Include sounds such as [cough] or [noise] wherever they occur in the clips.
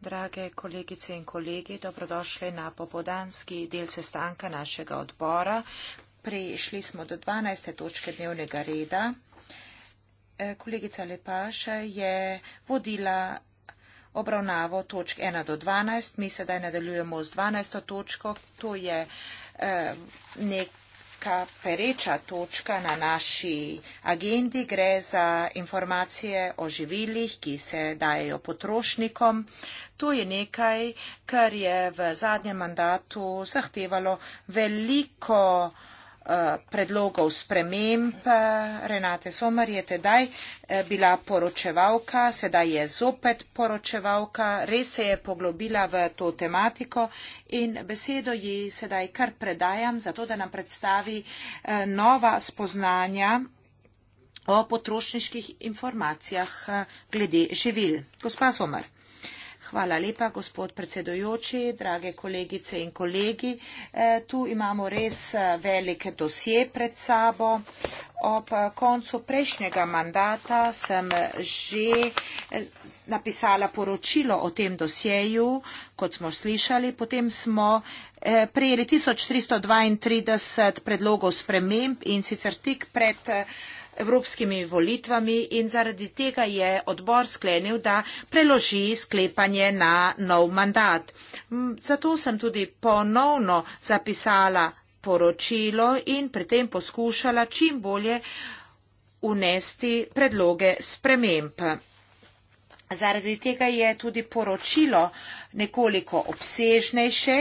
Drage kolegice in kolegi, dobrodošli na popodanski del sestanka našega odbora. Prišli smo do 12. točke dnevnega reda. E, kolegica Lepaš je vodila obravnavo točk 1 do 12. Mi sedaj nadaljujemo z 12. točko. To je e, nekaj kratka pereča točka na naši agendi. Gre za informacije o živilih, ki se dajejo potrošnikom. To je nekaj, kar je v zadnjem mandatu zahtevalo veliko uh, Eh, predlogov sprememb. Renate Somar je tedaj eh, bila poročevalka, sedaj je zopet poročevalka, res se je poglobila v to tematiko in besedo ji sedaj kar predajam, zato da nam predstavi eh, nova spoznanja o potrošniških informacijah glede živil. Gospa Somar. Hvala lepa, gospod predsedojoči, drage kolegice in kolegi. E, tu imamo res e, velike dosje pred sabo. Ob e, koncu prejšnjega mandata sem že napisala poročilo o tem dosjeju, kot smo slišali. Potem smo prejeli 1332 predlogov sprememb in sicer tik pred evropskimi volitvami in zaradi tega je odbor sklenil, da preloži sklepanje na nov mandat. Zato sem tudi ponovno zapisala poročilo in pri tem poskušala čim bolje unesti predloge sprememb. Zaradi tega je tudi poročilo nekoliko obsežnejše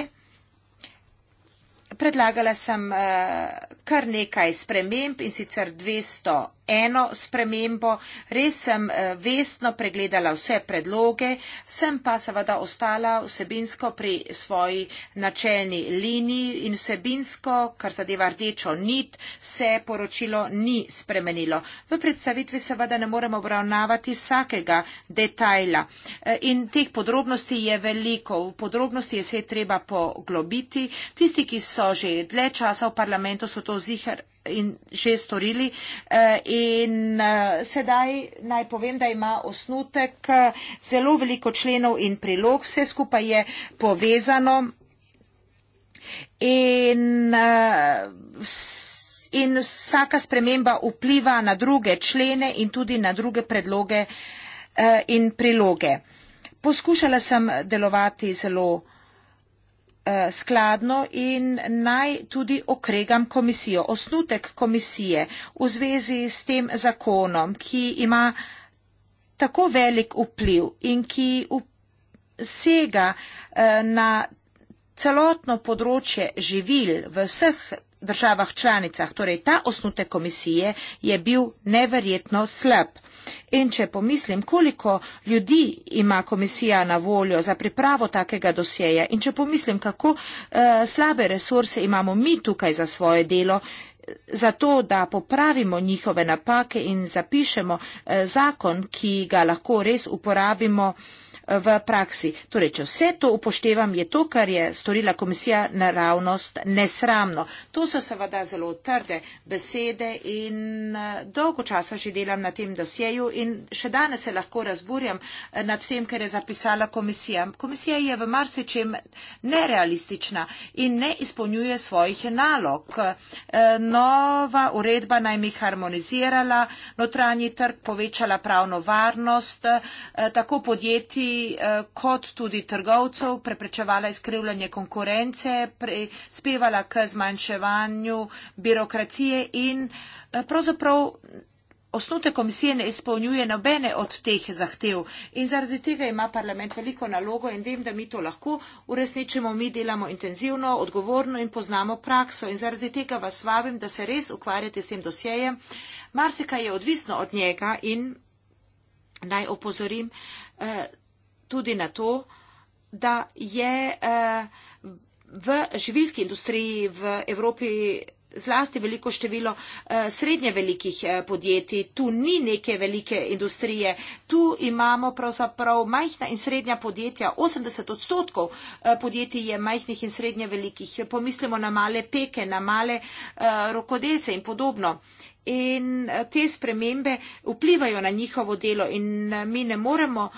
predlagala sem eh, kar nekaj sprememb in sicer 200 eno spremembo. Res sem eh, vestno pregledala vse predloge, sem pa seveda ostala vsebinsko pri svoji načelni liniji in vsebinsko, kar zadeva rdečo nit, se poročilo ni spremenilo. V predstavitvi seveda ne moremo obravnavati vsakega detajla eh, in teh podrobnosti je veliko. V podrobnosti je se treba poglobiti. Tisti, ki so že dlje časa v parlamentu, so to zihar in že storili. Eh, in eh, sedaj naj povem, da ima osnutek eh, zelo veliko členov in prilog, vse skupaj je povezano. In, in vsaka sprememba vpliva na druge člene in tudi na druge predloge in priloge. Poskušala sem delovati zelo Eh, skladno in naj tudi okregam komisijo. Osnutek komisije v zvezi s tem zakonom, ki ima tako velik vpliv in ki sega eh, na celotno področje živil v vseh državah članicah, torej ta osnutek komisije je bil neverjetno slab. In če pomislim, koliko ljudi ima komisija na voljo za pripravo takega dosjeja in če pomislim, kako eh, slabe resurse imamo mi tukaj za svoje delo, zato da popravimo njihove napake in zapišemo eh, zakon, ki ga lahko res uporabimo eh, v praksi. Torej, če vse to upoštevam, je to, kar je storila komisija naravnost, nesramno. To so seveda zelo trde besede in eh, dolgo časa že delam na tem dosjeju in še danes se lahko razburjam eh, nad tem, ker je zapisala komisija. Komisija je v marsičem nerealistična in ne izpolnjuje svojih nalog. Eh, nova uredba naj bi harmonizirala notranji trg, povečala pravno varnost, tako podjetji, Eh, kot tudi trgovcev, preprečevala izkrivljanje konkurence, spevala k zmanjševanju birokracije in eh, pravzaprav. Osnute komisije ne izpolnjuje nobene od teh zahtev in zaradi tega ima parlament veliko nalogo in vem, da mi to lahko uresničimo. Mi delamo intenzivno, odgovorno in poznamo prakso in zaradi tega vas vabim, da se res ukvarjate s tem dosjejem. Marsika je odvisno od njega in naj opozorim, eh, tudi na to, da je eh, v živilski industriji v Evropi zlasti veliko število eh, srednje velikih eh, podjetij. Tu ni neke velike industrije, tu imamo pravzaprav majhna in srednja podjetja. 80 odstotkov podjetij je majhnih in srednje velikih. Pomislimo na male peke, na male rokodelce in podobno. In te spremembe vplivajo na njihovo delo in mi ne moremo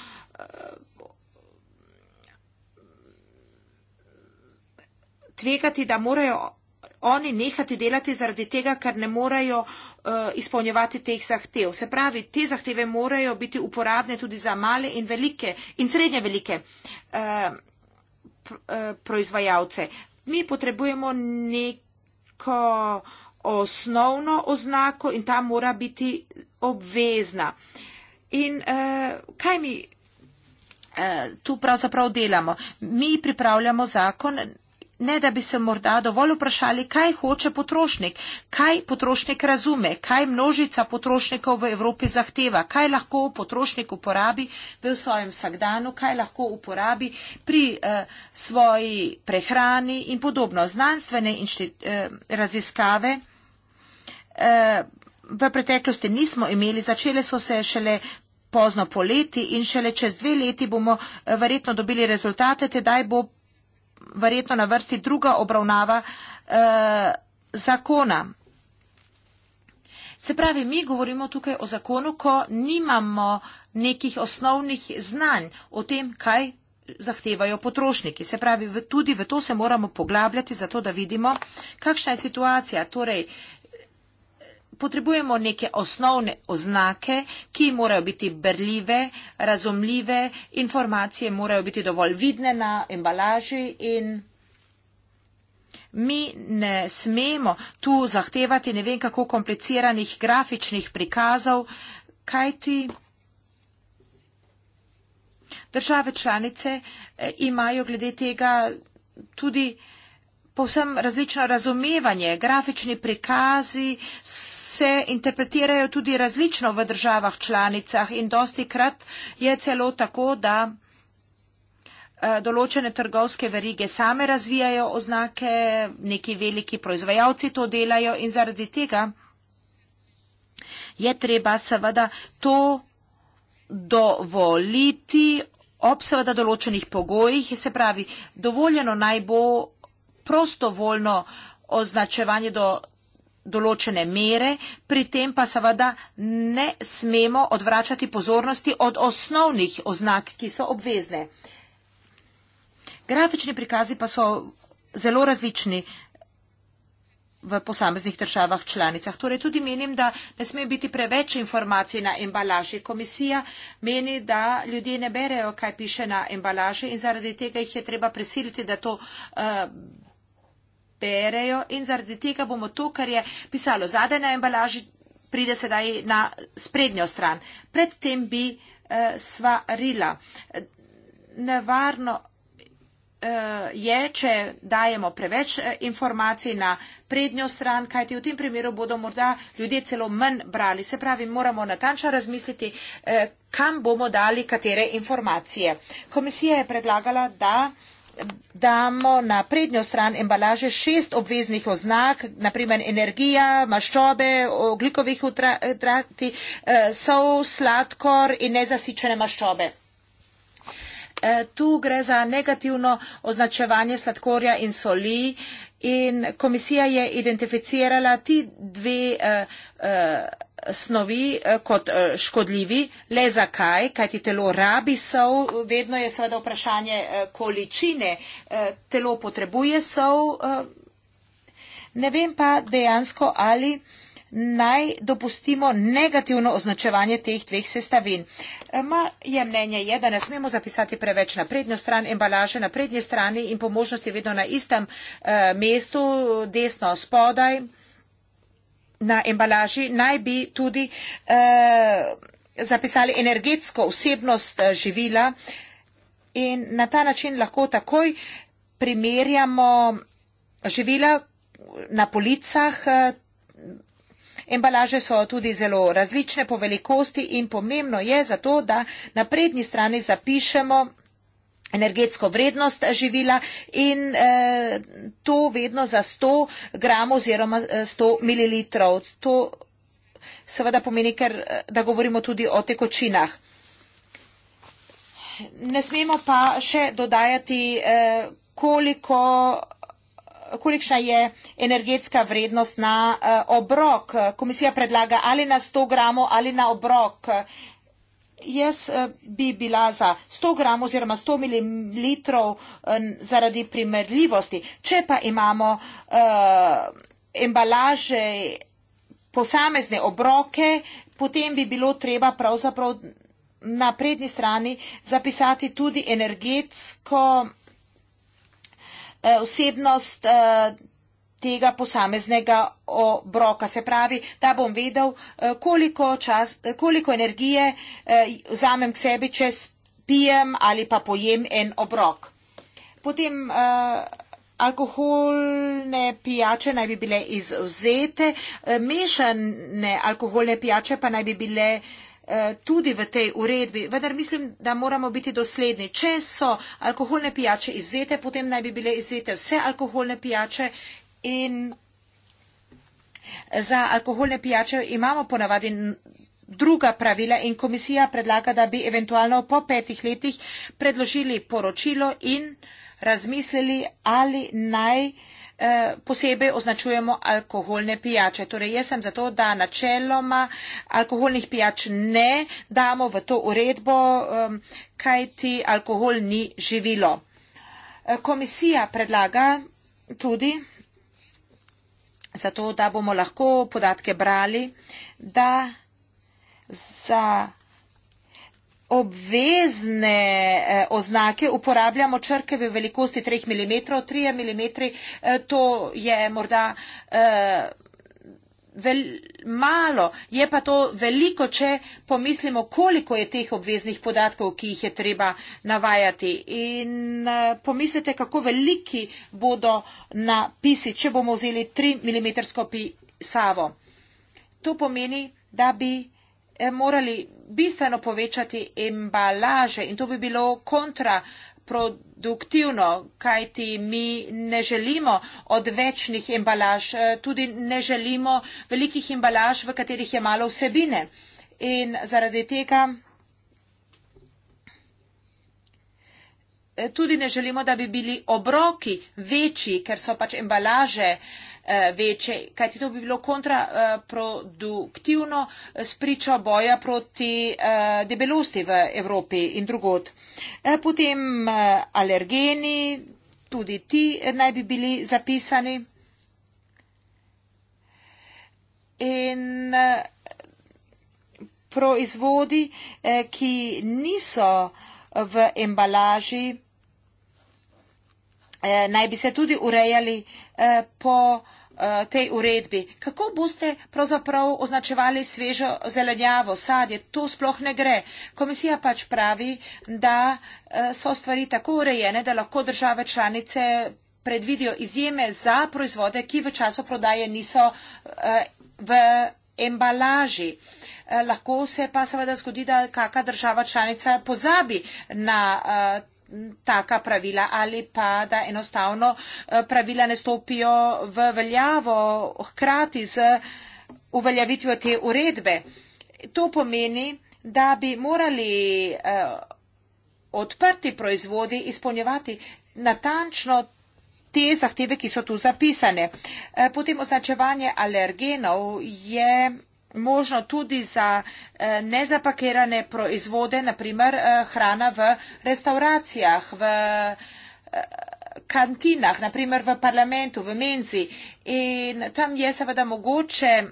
tvegati, da morajo oni nehati delati zaradi tega, ker ne morajo uh, eh, izpolnjevati teh zahtev. Se pravi, te zahteve morajo biti uporabne tudi za male in velike in srednje velike uh, pr, uh, proizvajalce. Mi potrebujemo neko osnovno oznako in ta mora biti obvezna. In uh, kaj mi uh, tu pravzaprav delamo? Mi pripravljamo zakon ne da bi se morda dovolj vprašali, kaj hoče potrošnik, kaj potrošnik razume, kaj množica potrošnikov v Evropi zahteva, kaj lahko potrošnik uporabi v svojem vsakdanu, kaj lahko uporabi pri eh, svoji prehrani in podobno. Znanstvene eh, raziskave eh, v preteklosti nismo imeli, začele so se šele. Pozno poleti in šele čez dve leti bomo eh, verjetno dobili rezultate, tedaj bo verjetno na vrsti druga obravnava eh, zakona. Se pravi, mi govorimo tukaj o zakonu, ko nimamo nekih osnovnih znanj o tem, kaj zahtevajo potrošniki. Se pravi, v, tudi v to se moramo poglabljati, zato da vidimo, kakšna je situacija. Torej, potrebujemo neke osnovne oznake, ki morajo biti berljive, razumljive, informacije morajo biti dovolj vidne na embalaži in mi ne smemo tu zahtevati ne vem kako kompliciranih grafičnih prikazov, kajti države članice eh, imajo glede tega tudi nekaj, povsem različno razumevanje. Grafični prikazi se interpretirajo tudi različno v državah članicah in dosti krat je celo tako, da eh, določene trgovske verige same razvijajo oznake, neki veliki proizvajalci to delajo in zaradi tega je treba seveda to dovoliti ob seveda določenih pogojih, se pravi, dovoljeno naj bo prostovoljno označevanje do določene mere, pri tem pa seveda ne smemo odvračati pozornosti od osnovnih oznak, ki so obvezne. Grafični prikazi pa so zelo različni v posameznih državah članicah. Torej tudi menim, da ne sme biti preveč informacij na embalaži. Komisija meni, da ljudje ne berejo, kaj piše na embalaži in zaradi tega jih je treba presiliti, da to uh, berejo in zaradi tega bomo to, kar je pisalo zadaj na embalaži, pride sedaj na sprednjo stran. Predtem bi eh, svarila. Nevarno eh, je, če dajemo preveč eh, informacij na prednjo stran, kajti v tem primeru bodo morda ljudje celo manj brali. Se pravi, moramo natančno razmisliti, eh, kam bomo dali katere informacije. Komisija je predlagala, da damo na prednjo stran embalaže šest obveznih oznak, naprimer energija, maščobe, oglikovi hidrati, eh, sol, sladkor in nezasičene maščobe. Eh, tu gre za negativno označevanje sladkorja in soli in komisija je identificirala ti dve uh, uh, snovi eh, kot eh, škodljivi. Le zakaj? Kaj ti telo rabi sol? Vedno je seveda vprašanje eh, količine. Telo potrebuje sol. Ne vem pa dejansko, ali naj dopustimo negativno označevanje teh dveh sestavin. Ma je mnenje je, da ne smemo zapisati preveč na prednjo stran embalaže, na prednji strani in po možnosti vedno na istem eh, mestu, desno spodaj na embalaži naj bi tudi eh, zapisali energetsko vsebnost eh, živila in na ta način lahko takoj primerjamo živila na policah. Eh, embalaže so tudi zelo različne po velikosti in pomembno je zato, da na prednji strani zapišemo energetsko vrednost živila in eh, to vedno za 100 gramov oziroma 100 eh, mililitrov. To seveda pomeni, ker, eh, da govorimo tudi o tekočinah. Ne smemo pa še dodajati, eh, koliko, kolikšna je energetska vrednost na eh, obrok. Komisija predlaga ali na 100 gramov ali na obrok. Eh, jaz eh, bi bila za 100 gram oziroma 100 ml eh, zaradi primerljivosti. Če pa imamo uh, embalaže posamezne obroke, potem bi bilo treba pravzaprav na prednji strani zapisati tudi energetsko uh, vsebnost uh, tega posameznega obroka. Se pravi, da bom vedel, eh, koliko, čas, eh, koliko energije eh, vzamem k sebi, če spijem ali pa pojem en obrok. Potem eh, alkoholne pijače naj bi bile izvzete, mešane alkoholne pijače pa naj bi bile tudi v tej uredbi, vendar mislim, da moramo biti dosledni. Če so alkoholne pijače izvzete, potem naj bi bile izvzete vse alkoholne pijače, In za alkoholne pijače imamo ponavadi druga pravila in komisija predlaga, da bi eventualno po petih letih predložili poročilo in razmislili, ali naj eh, posebej označujemo alkoholne pijače. Torej jaz sem zato, da načeloma alkoholnih pijač ne damo v to uredbo, kaj ti alkohol ni živilo. Eh, komisija predlaga tudi, zato da bomo lahko podatke brali, da za obvezne eh, oznake uporabljamo črke v velikosti 3 mm, 3 mm, to je morda eh, vel, malo, je pa to veliko, če pomislimo, koliko je teh obveznih podatkov, ki jih je treba navajati. In uh, pomislite, kako veliki bodo napisi, če bomo vzeli 3 mm pisavo. To pomeni, da bi eh, morali bistveno povečati embalaže in to bi bilo kontra produktivno, kajti mi ne želimo odvečnih embalaž, eh, tudi ne želimo velikih embalaž, v katerih je malo vsebine. In zaradi tega eh, tudi ne želimo, da bi bili obroki večji, ker so pač embalaže eh, Eh, večje, kajti to bi bilo kontraproduktivno eh, s pričo boja proti eh, debelosti v Evropi in drugod. Potem alergeni, tudi ti naj bi bili zapisani. In proizvodi, ki niso v embalaži, naj bi se tudi urejali po Eh, tej uredbi. Kako boste pravzaprav označevali svežo zelenjavo, sadje? To sploh ne gre. Komisija pač pravi, da eh, so stvari tako urejene, da lahko države članice predvidijo izjeme za proizvode, ki v času prodaje niso eh, v embalaži. Lahko se pa seveda zgodi, da kaka država članica pozabi na taka pravila ali pa da enostavno eh, pravila ne stopijo v veljavo hkrati z uveljavitvijo te uredbe. To pomeni, da bi morali eh, odprti proizvodi izpolnjevati natančno te zahteve, ki so tu zapisane. Eh, potem označevanje alergenov je možno tudi za eh, nezapakirane proizvode, naprimer eh, hrana v restauracijah, v eh, kantinah, naprimer v parlamentu, v menzi. In tam je seveda mogoče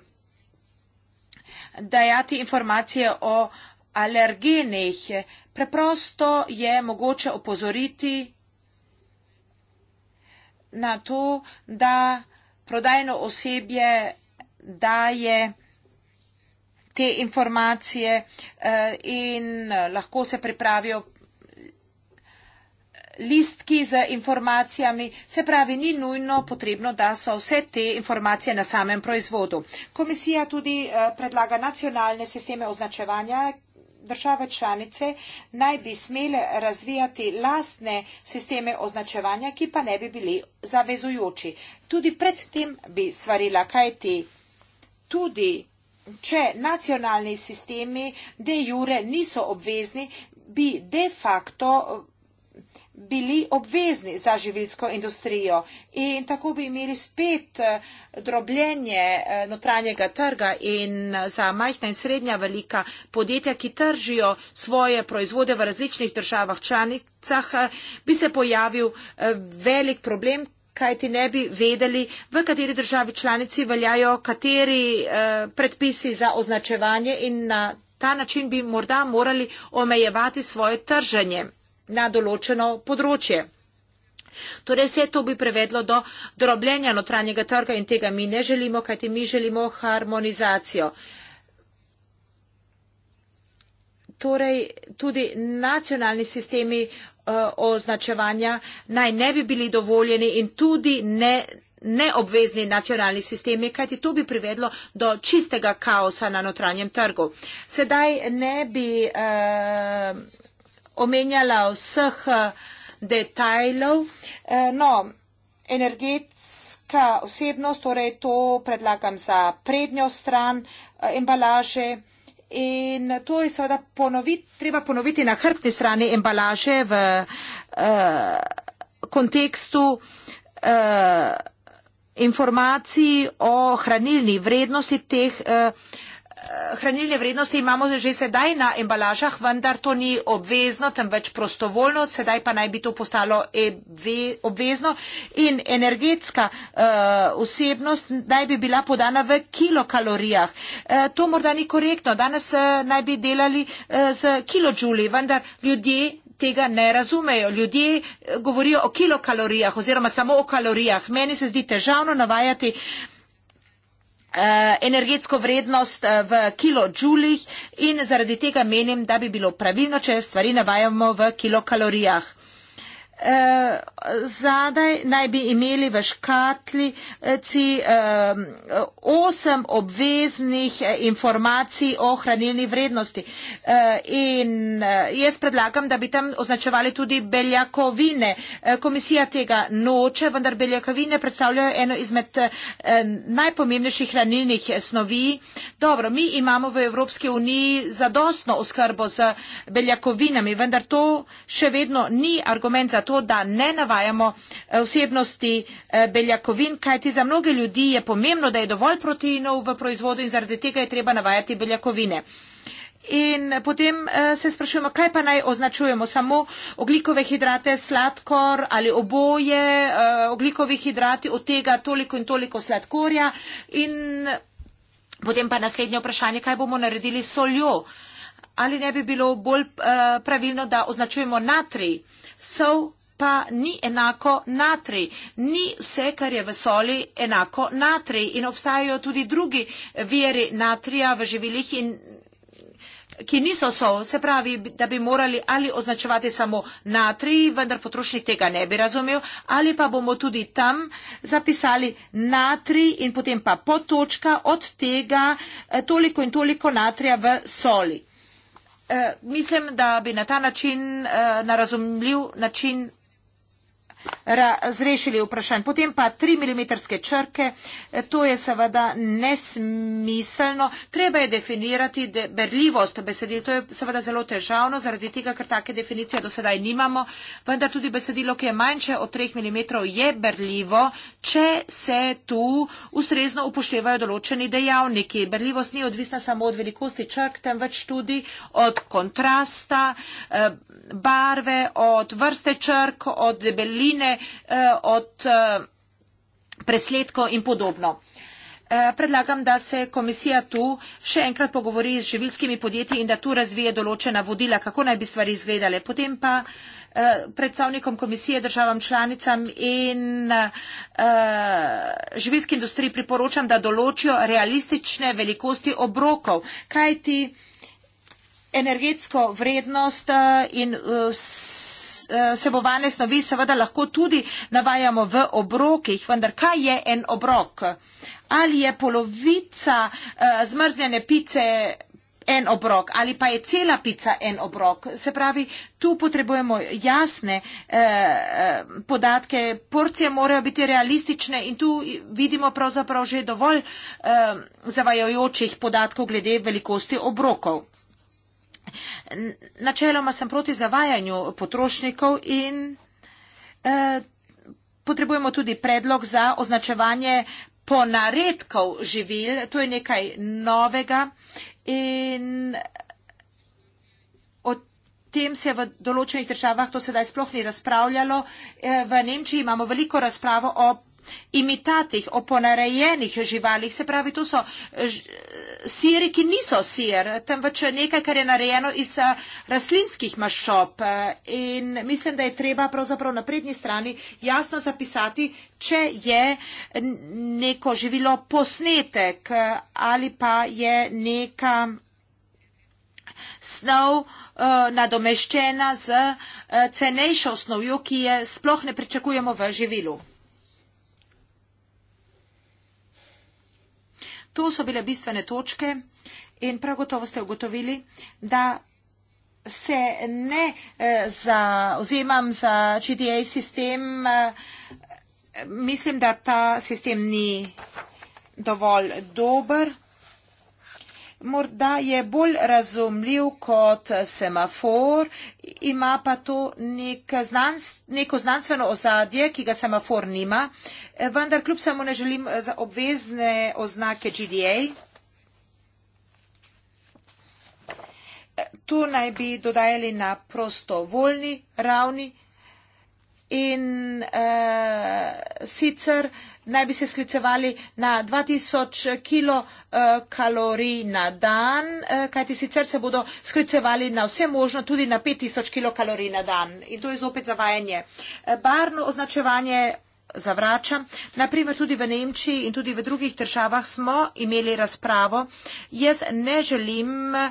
dajati informacije o alergenih. Preprosto je mogoče opozoriti na to, da prodajno osebje daje te informacije eh, in eh, lahko se pripravijo listki z informacijami. Se pravi, ni nujno potrebno, da so vse te informacije na samem proizvodu. Komisija tudi eh, predlaga nacionalne sisteme označevanja. Države članice naj bi smele razvijati lastne sisteme označevanja, ki pa ne bi bili zavezujoči. Tudi predtem bi svarila, kaj ti tudi če nacionalni sistemi de jure niso obvezni, bi de facto eh, bili obvezni za živilsko industrijo in tako bi imeli spet eh, drobljenje eh, notranjega trga in za majhna in srednja velika podjetja, ki tržijo svoje proizvode v različnih državah članicah, bi se pojavil velik problem, kajti ne bi vedeli, v kateri državi članici veljajo kateri eh, predpisi za označevanje in na ta način bi morda morali omejevati svoje trženje na določeno področje. Torej vse to bi prevedlo do drobljenja notranjega trga in tega mi ne želimo, kajti mi želimo harmonizacijo torej tudi nacionalni sistemi eh, označevanja naj ne bi bili dovoljeni in tudi ne neobvezni nacionalni sistemi, kajti to bi privedlo do čistega kaosa na notranjem trgu. Sedaj ne bi eh, omenjala vseh eh, detajlov. Eh, no, energetska osebnost, torej to predlagam za prednjo stran eh, embalaže, eh, in to je seveda ponovit, treba ponoviti na hrbti strani embalaže v uh, kontekstu uh, informacij o hranilni vrednosti teh uh, hranilne vrednosti imamo že sedaj na embalažah, vendar to ni obvezno, temveč prostovoljno, sedaj pa naj bi to postalo obvezno. In energetska uh, eh, osebnost naj bi bila podana v kilokalorijah. Uh, to morda ni korektno. Danes uh, naj bi delali uh, z kilođuli, vendar ljudje tega ne razumejo. Ljudje govorijo o kilokalorijah oziroma samo o kalorijah. Meni se zdi težavno navajati. Uh, Eh, energetsko vrednost eh, v kilojulih in zaradi tega menim, da bi bilo pravilno, če stvari navajamo v kilokalorijah. Eh, zadaj naj bi imeli v škatlici eh, eh, osem obveznih informacij o hranilni vrednosti. In jaz predlagam, da bi tam označevali tudi beljakovine. Komisija tega noče, vendar beljakovine predstavljajo eno izmed najpomembnejših hranilnih snovi. Dobro, mi imamo v Evropski uniji zadostno oskrbo z beljakovinami, vendar to še vedno ni argument za to, to, da ne navajamo eh, vsebnosti eh, beljakovin, kajti za mnoge ljudi je pomembno, da je dovolj proteinov v proizvodu in zaradi tega je treba navajati beljakovine. In eh, potem se sprašujemo, kaj pa naj označujemo, samo oglikove hidrate, sladkor ali oboje, oglikovi hidrati od tega toliko in toliko sladkorja in potem pa naslednje vprašanje, kaj bomo naredili s soljo. Ali ne bi bilo bolj pravilno, da označujemo natrij, sol, pa ni enako natri. Ni vse, kar je v soli, enako natri in obstajajo tudi drugi veri natrija v živilih in ki niso sol, se pravi, da bi morali ali označevati samo natri, vendar potrošnik tega ne bi razumel, ali pa bomo tudi tam zapisali natri in potem pa potočka od tega eh, toliko in toliko natrija v soli. E, mislim, da bi na ta način, e, na razumljiv način razrešili vprašanj. Potem pa tri milimetrske črke, e, to je seveda nesmiselno. Treba je definirati de berljivost besedil, to je seveda zelo težavno, zaradi tega, ker take definicije do sedaj nimamo, vendar tudi besedilo, ki je manjše od treh milimetrov, je berljivo, če se tu ustrezno upoštevajo določeni dejavniki. Berljivost ni odvisna samo od velikosti črk, temveč tudi od kontrasta, e, barve, od vrste črk, od debeline, vsebine eh, od eh, presledkov in podobno. Eh, predlagam, da se komisija tu še enkrat pogovori z živilskimi podjetji in da tu razvije določena vodila, kako naj bi stvari izgledale. Potem pa predstavnikom komisije, državam članicam in živilski industriji priporočam, da določijo realistične velikosti obrokov. Kaj ti? energetsko vrednost eh, in eh, eh, sebovane snovi seveda lahko tudi navajamo v obrokih, vendar kaj je en obrok? Ali je polovica zmrzljene pice en obrok ali pa je cela pica en obrok. Se pravi, tu potrebujemo jasne eh, podatke, porcije morajo biti realistične in tu vidimo pravzaprav že dovolj eh, zavajojočih podatkov glede velikosti obrokov. Načeloma sem proti zavajanju potrošnikov in eh, potrebujemo tudi predlog za označevanje ponaredkov živil. To je nekaj novega in o tem se je v določenih državah to sedaj sploh ni razpravljalo. Eh, v Nemčiji imamo veliko razpravo o ponaredkov imitatih, o ponarejenih živalih, se pravi, to so eh, siri, ki niso sir, temveč nekaj, kar je narejeno iz eh, rastlinskih maščob. Eh, in mislim, da je treba pravzaprav na prednji strani jasno zapisati, če je neko živilo posnetek ali pa je neka snov uh, nadomeščena z uh, cenejšo snovjo, ki je sploh ne pričakujemo v živilu. To so bile bistvene točke in prav gotovo ste ugotovili, da se ne zauzemam eh, za GDA sistem. Eh, mislim, da ta sistem ni dovolj dober morda je bolj razumljiv kot semafor, ima pa to nek znanst, neko znanstveno ozadje, ki ga semafor nima, vendar kljub samo ne želim eh, za obvezne oznake GDA. Eh, tu naj bi dodajali na prostovoljni ravni in uh, sicer uh, naj bi se sklicevali na 2000 eh, kilokalorij eh, na dan, eh, kajti sicer se bodo sklicevali na vse možno, tudi na 5000 kilokalorij na dan. In to je zopet zavajanje. Barno označevanje zavračam. Naprimer, tudi v Nemčiji in tudi v drugih državah smo imeli razpravo. Jaz ne želim eh,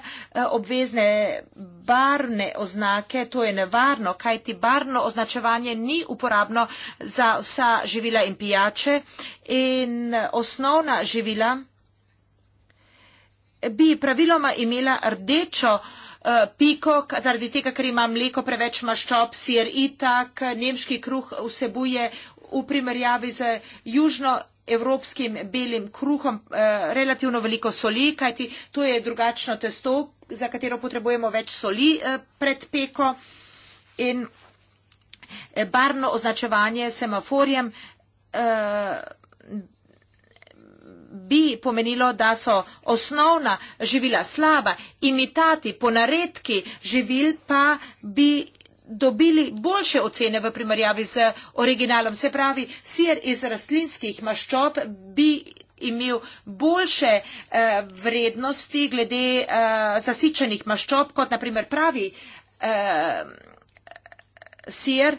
obvezne barne oznake, to je nevarno, kaj ti barno označevanje ni uporabno za vsa živila in pijače in osnovna živila bi praviloma imela rdečo eh, piko, zaradi tega, ker ima mleko preveč maščob, sir itak, nemški kruh vsebuje v primerjavi z južno evropskim belim kruhom eh, relativno veliko soli, kajti to je drugačno testo, za katero potrebujemo več soli eh, pred peko in eh, barno označevanje semaforjem bi pomenilo, da so osnovna živila slaba, imitati po naredki živil pa bi dobili boljše ocene v primerjavi z originalom. Se pravi, sir iz rastlinskih maščob bi imel boljše eh, vrednosti glede eh, zasičenih maščob kot naprimer pravi eh, sir.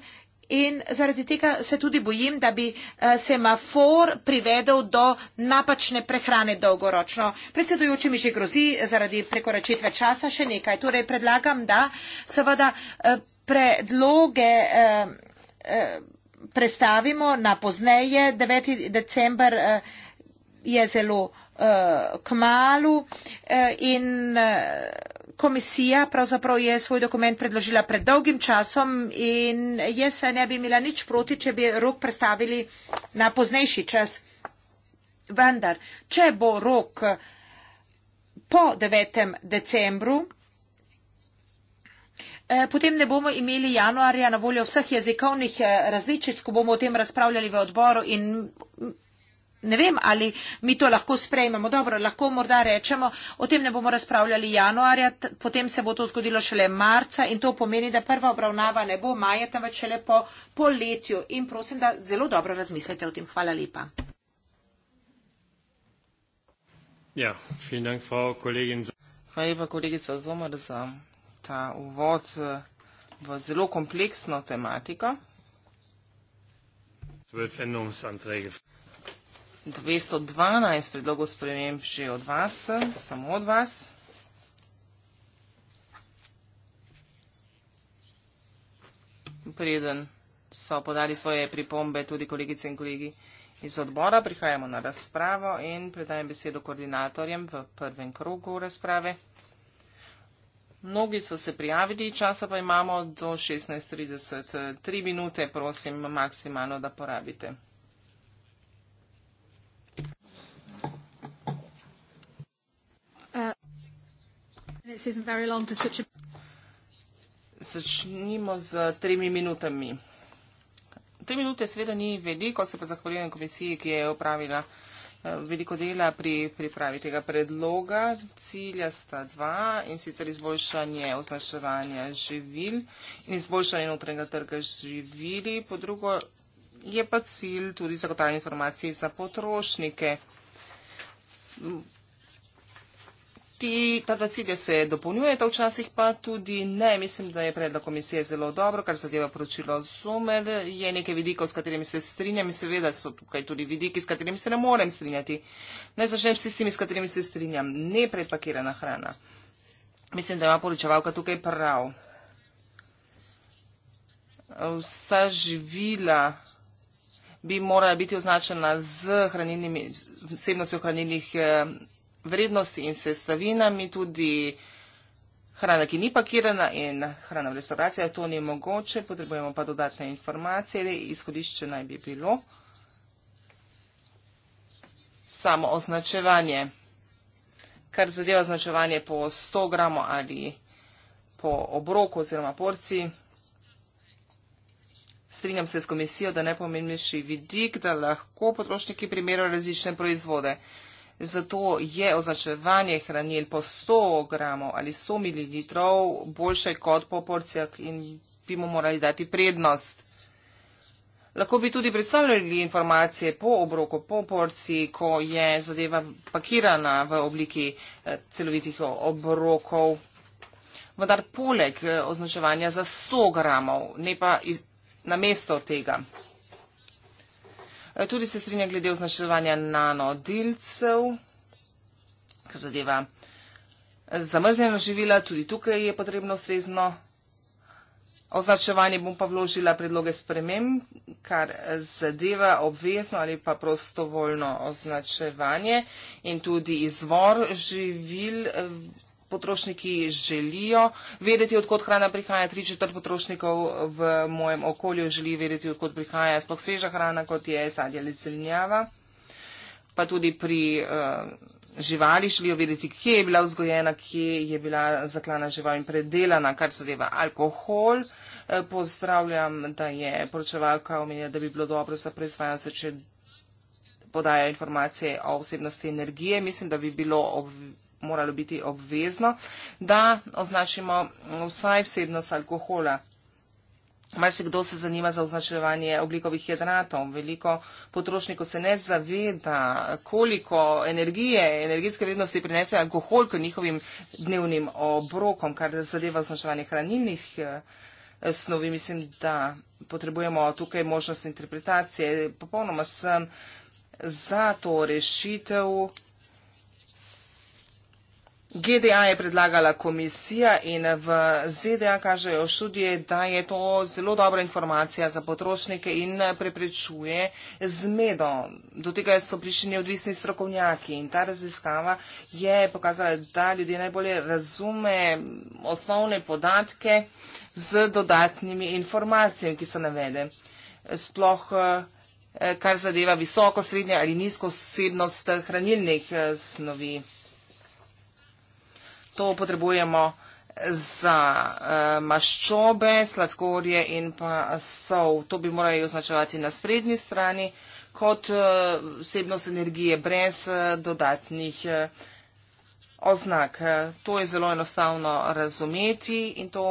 In zaradi tega se tudi bojim, da bi eh, semafor privedel do napačne prehrane dolgoročno. Predsedujoči mi že grozi zaradi prekoračitve časa še nekaj. Torej predlagam, da seveda. Eh, predloge eh, eh, prestavimo na pozneje. 9. december eh, je zelo kmalu in komisija pravzaprav je svoj dokument predložila pred dolgim časom in jaz se ne bi imela nič proti, če bi rok predstavili na poznejši čas. Vendar, če bo rok po 9. decembru, Eh, potem ne bomo imeli januarja na voljo vseh jezikovnih eh, različic, ko bomo o tem razpravljali v odboru in ne vem, ali mi to lahko sprejmemo. Dobro, lahko morda rečemo, o tem ne bomo razpravljali januarja, potem se bo to zgodilo šele marca in to pomeni, da prva obravnava ne bo maja, temveč šele po poletju. In prosim, da zelo dobro razmislite o tem. Hvala lepa. Ja, vielen Dank, Frau Kollegin. Hvala lepa, kolegica Zomer, za ta uvod eh, v zelo kompleksno tematiko. 212 predlogov sprememb že od vas, samo od vas. Preden so podali svoje pripombe tudi kolegice in kolegi iz odbora, prihajamo na razpravo in predajem besedo koordinatorjem v prvem krogu razprave. Mnogi so se prijavili, časa pa imamo do 16.30. Tri minute, prosim, maksimalno, da porabite. Uh, Začnimo z tremi minutami. Tri minute seveda ni veliko, se pa zahvaljujem komisiji, ki je upravila. Eh, veliko dela pri pripravi tega predloga. Cilja sta dva in sicer izboljšanje označevanja živil in izboljšanje notranjega trga živili. Po drugo je pa cilj tudi zagotavljanje informacij za potrošnike. Ti, ta dva cilja se dopolnjujeta včasih, pa tudi ne. Mislim, da je predlog komisije zelo dobro, kar zadeva poročilo Zumer. Je nekaj vidikov, s katerimi se strinjam in seveda so tukaj tudi vidiki, s katerimi se ne morem strinjati. Naj začnem s tistimi, s katerimi se strinjam. Ne predpakirana hrana. Mislim, da ima poročevalka tukaj prav. Vsa živila bi morala biti označena z hranilnimi, vsebnostjo hranilnih. Eh, vrednosti in sestavinami, tudi hrana, ki ni pakirana in hrana v restauracijah, to ni mogoče, potrebujemo pa dodatne informacije, izhodišče naj bi bilo samo označevanje. Kar zadeva označevanje po 100 gramov ali po obroku oziroma porciji, strinjam se s komisijo, da ne pomeni še vidik, da lahko potrošniki primerjajo različne proizvode. Zato je označevanje hranil po 100 gramov ali 100 mililitrov boljše kot po porcijah in bi mu morali dati prednost. Lahko bi tudi predstavljali informacije po obroku, po porciji, ko je zadeva pakirana v obliki eh, celovitih obrokov. Vendar poleg eh, označevanja za 100 gramov, ne pa iz, na mesto tega. Eh, tudi se strinja glede označevanja nanodelcev, kar zadeva eh, zamrznjena živila, tudi tukaj je potrebno ustrezno označevanje. Bom pa vložila predloge spremem, kar eh, zadeva obvezno ali pa prostovoljno označevanje in tudi izvor živil potrošniki želijo vedeti, odkot hrana prihaja. Tri četrt potrošnikov v mojem okolju želi vedeti, odkot prihaja sploh sveža hrana, kot je sadje ali celinjava. Pa tudi pri uh, živali želijo vedeti, kje je bila vzgojena, kje je bila zaklana žival in predelana, kar zadeva alkohol. Eh, pozdravljam, da je poročevalka omenila, da bi bilo dobro za proizvajalce, če podajo informacije o vsebnosti energije. Mislim, da bi bilo ob, moralo biti obvezno, da označimo vsaj vsebnost alkohola. Mar se kdo se zanima za označevanje oglikovih hidratov? Veliko potrošnikov se ne zaveda, koliko energije, energetske vrednosti prinese alkohol k njihovim dnevnim obrokom, kar zadeva označevanje hranilnih eh, snovi. Mislim, da potrebujemo tukaj možnost interpretacije. Popolnoma sem za to rešitev, GDA je predlagala komisija in v ZDA kažejo študije, da je to zelo dobra informacija za potrošnike in preprečuje zmedo. Do tega so prišli neodvisni strokovnjaki in ta raziskava je pokazala, da ljudje najbolje razume osnovne podatke z dodatnimi informacijami, ki se navede. Sploh eh, kar zadeva visoko, srednje ali nizko vsebnost eh, hranilnih eh, snovi. To potrebujemo za uh, maščobe, sladkorje in pa sol. To bi morali označevati na sprednji strani kot uh, vsebnost energije brez uh, dodatnih. Uh, oznak. To je zelo enostavno razumeti in to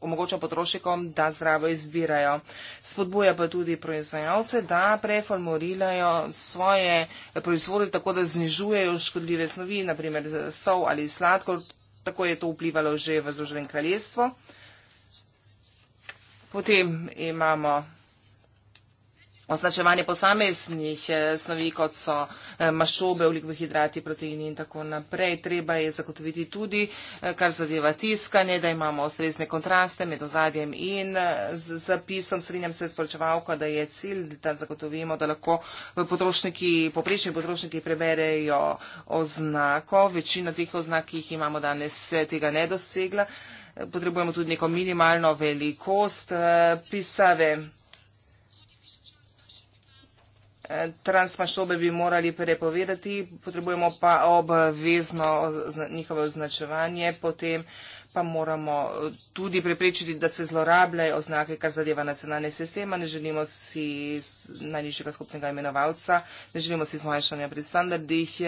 omogoča potrošnikom, da zdravo izbirajo. Spodbuja pa tudi proizvajalce, da preformulirajo svoje proizvode tako, da znižujejo škodljive snovi, naprimer sol ali sladkor. Tako je to vplivalo že v Združenem kraljestvu. Potem imamo označevanje posameznih eh, snovi, kot so eh, mašobe, ulikovi hidrati, proteini in tako naprej. Treba je zagotoviti tudi, eh, kar zadeva tiskanje, da imamo ustrezne kontraste med ozadjem in zapisom. Strinjam se s poročevalko, da je cilj, da zagotovimo, da lahko potrošniki, poprečni potrošniki preberejo oznako. Večina teh oznak, ki jih imamo danes, tega ne dosegla. Potrebujemo tudi neko minimalno velikost pisave transmašobe bi morali prepovedati, potrebujemo pa obvezno njihovo označevanje, potem pa moramo tudi preprečiti, da se zlorabljajo oznake, kar zadeva nacionalne sisteme. Ne želimo si najnižjega skupnega imenovalca, ne želimo si zmanjšanja pri standardih,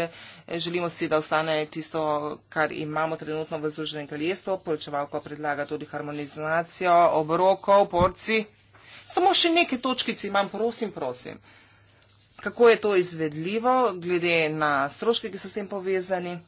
želimo si, da ostane tisto, kar imamo trenutno v Združenem kraljestvu. Poročevalko predlaga tudi harmonizacijo obrokov, porci. Samo še nekaj točkic imam, prosim, prosim kako je to izvedljivo, glede na stroške, ki so s tem povezani.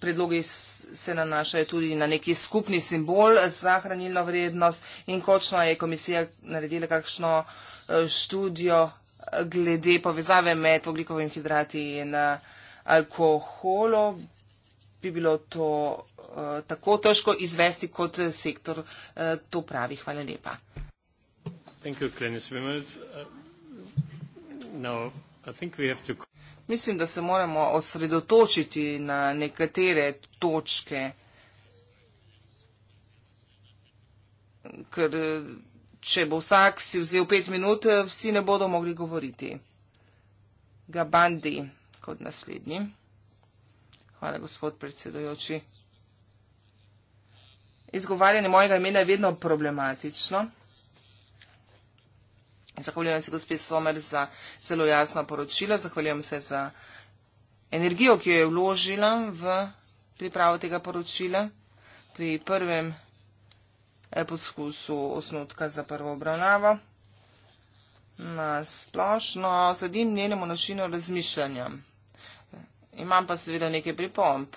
Predlogi se nanašajo tudi na neki skupni simbol za hranilno vrednost in kočno je komisija naredila kakšno eh, študijo eh, glede povezave med oglikovim hidrati in eh, alkoholo. Bi bilo to tako težko izvesti, kot sektor to pravi. Hvala lepa. Thank you, Klenis Wimmels. No, Mislim, da se moramo osredotočiti na nekatere točke, ker če bo vsak si vzel pet minut, vsi ne bodo mogli govoriti. Gabandi kot naslednji. Hvala, gospod predsedojoči. Izgovarjanje mojega imena je vedno problematično. Zahvaljujem se gospe Somer za zelo jasno poročilo, zahvaljujem se za energijo, ki jo je vložila v pripravo tega poročila pri prvem eh, poskusu osnutka za prvo obravnavo. Na splošno sledim njenemu načinu razmišljanja. Imam pa seveda nekaj pripomp.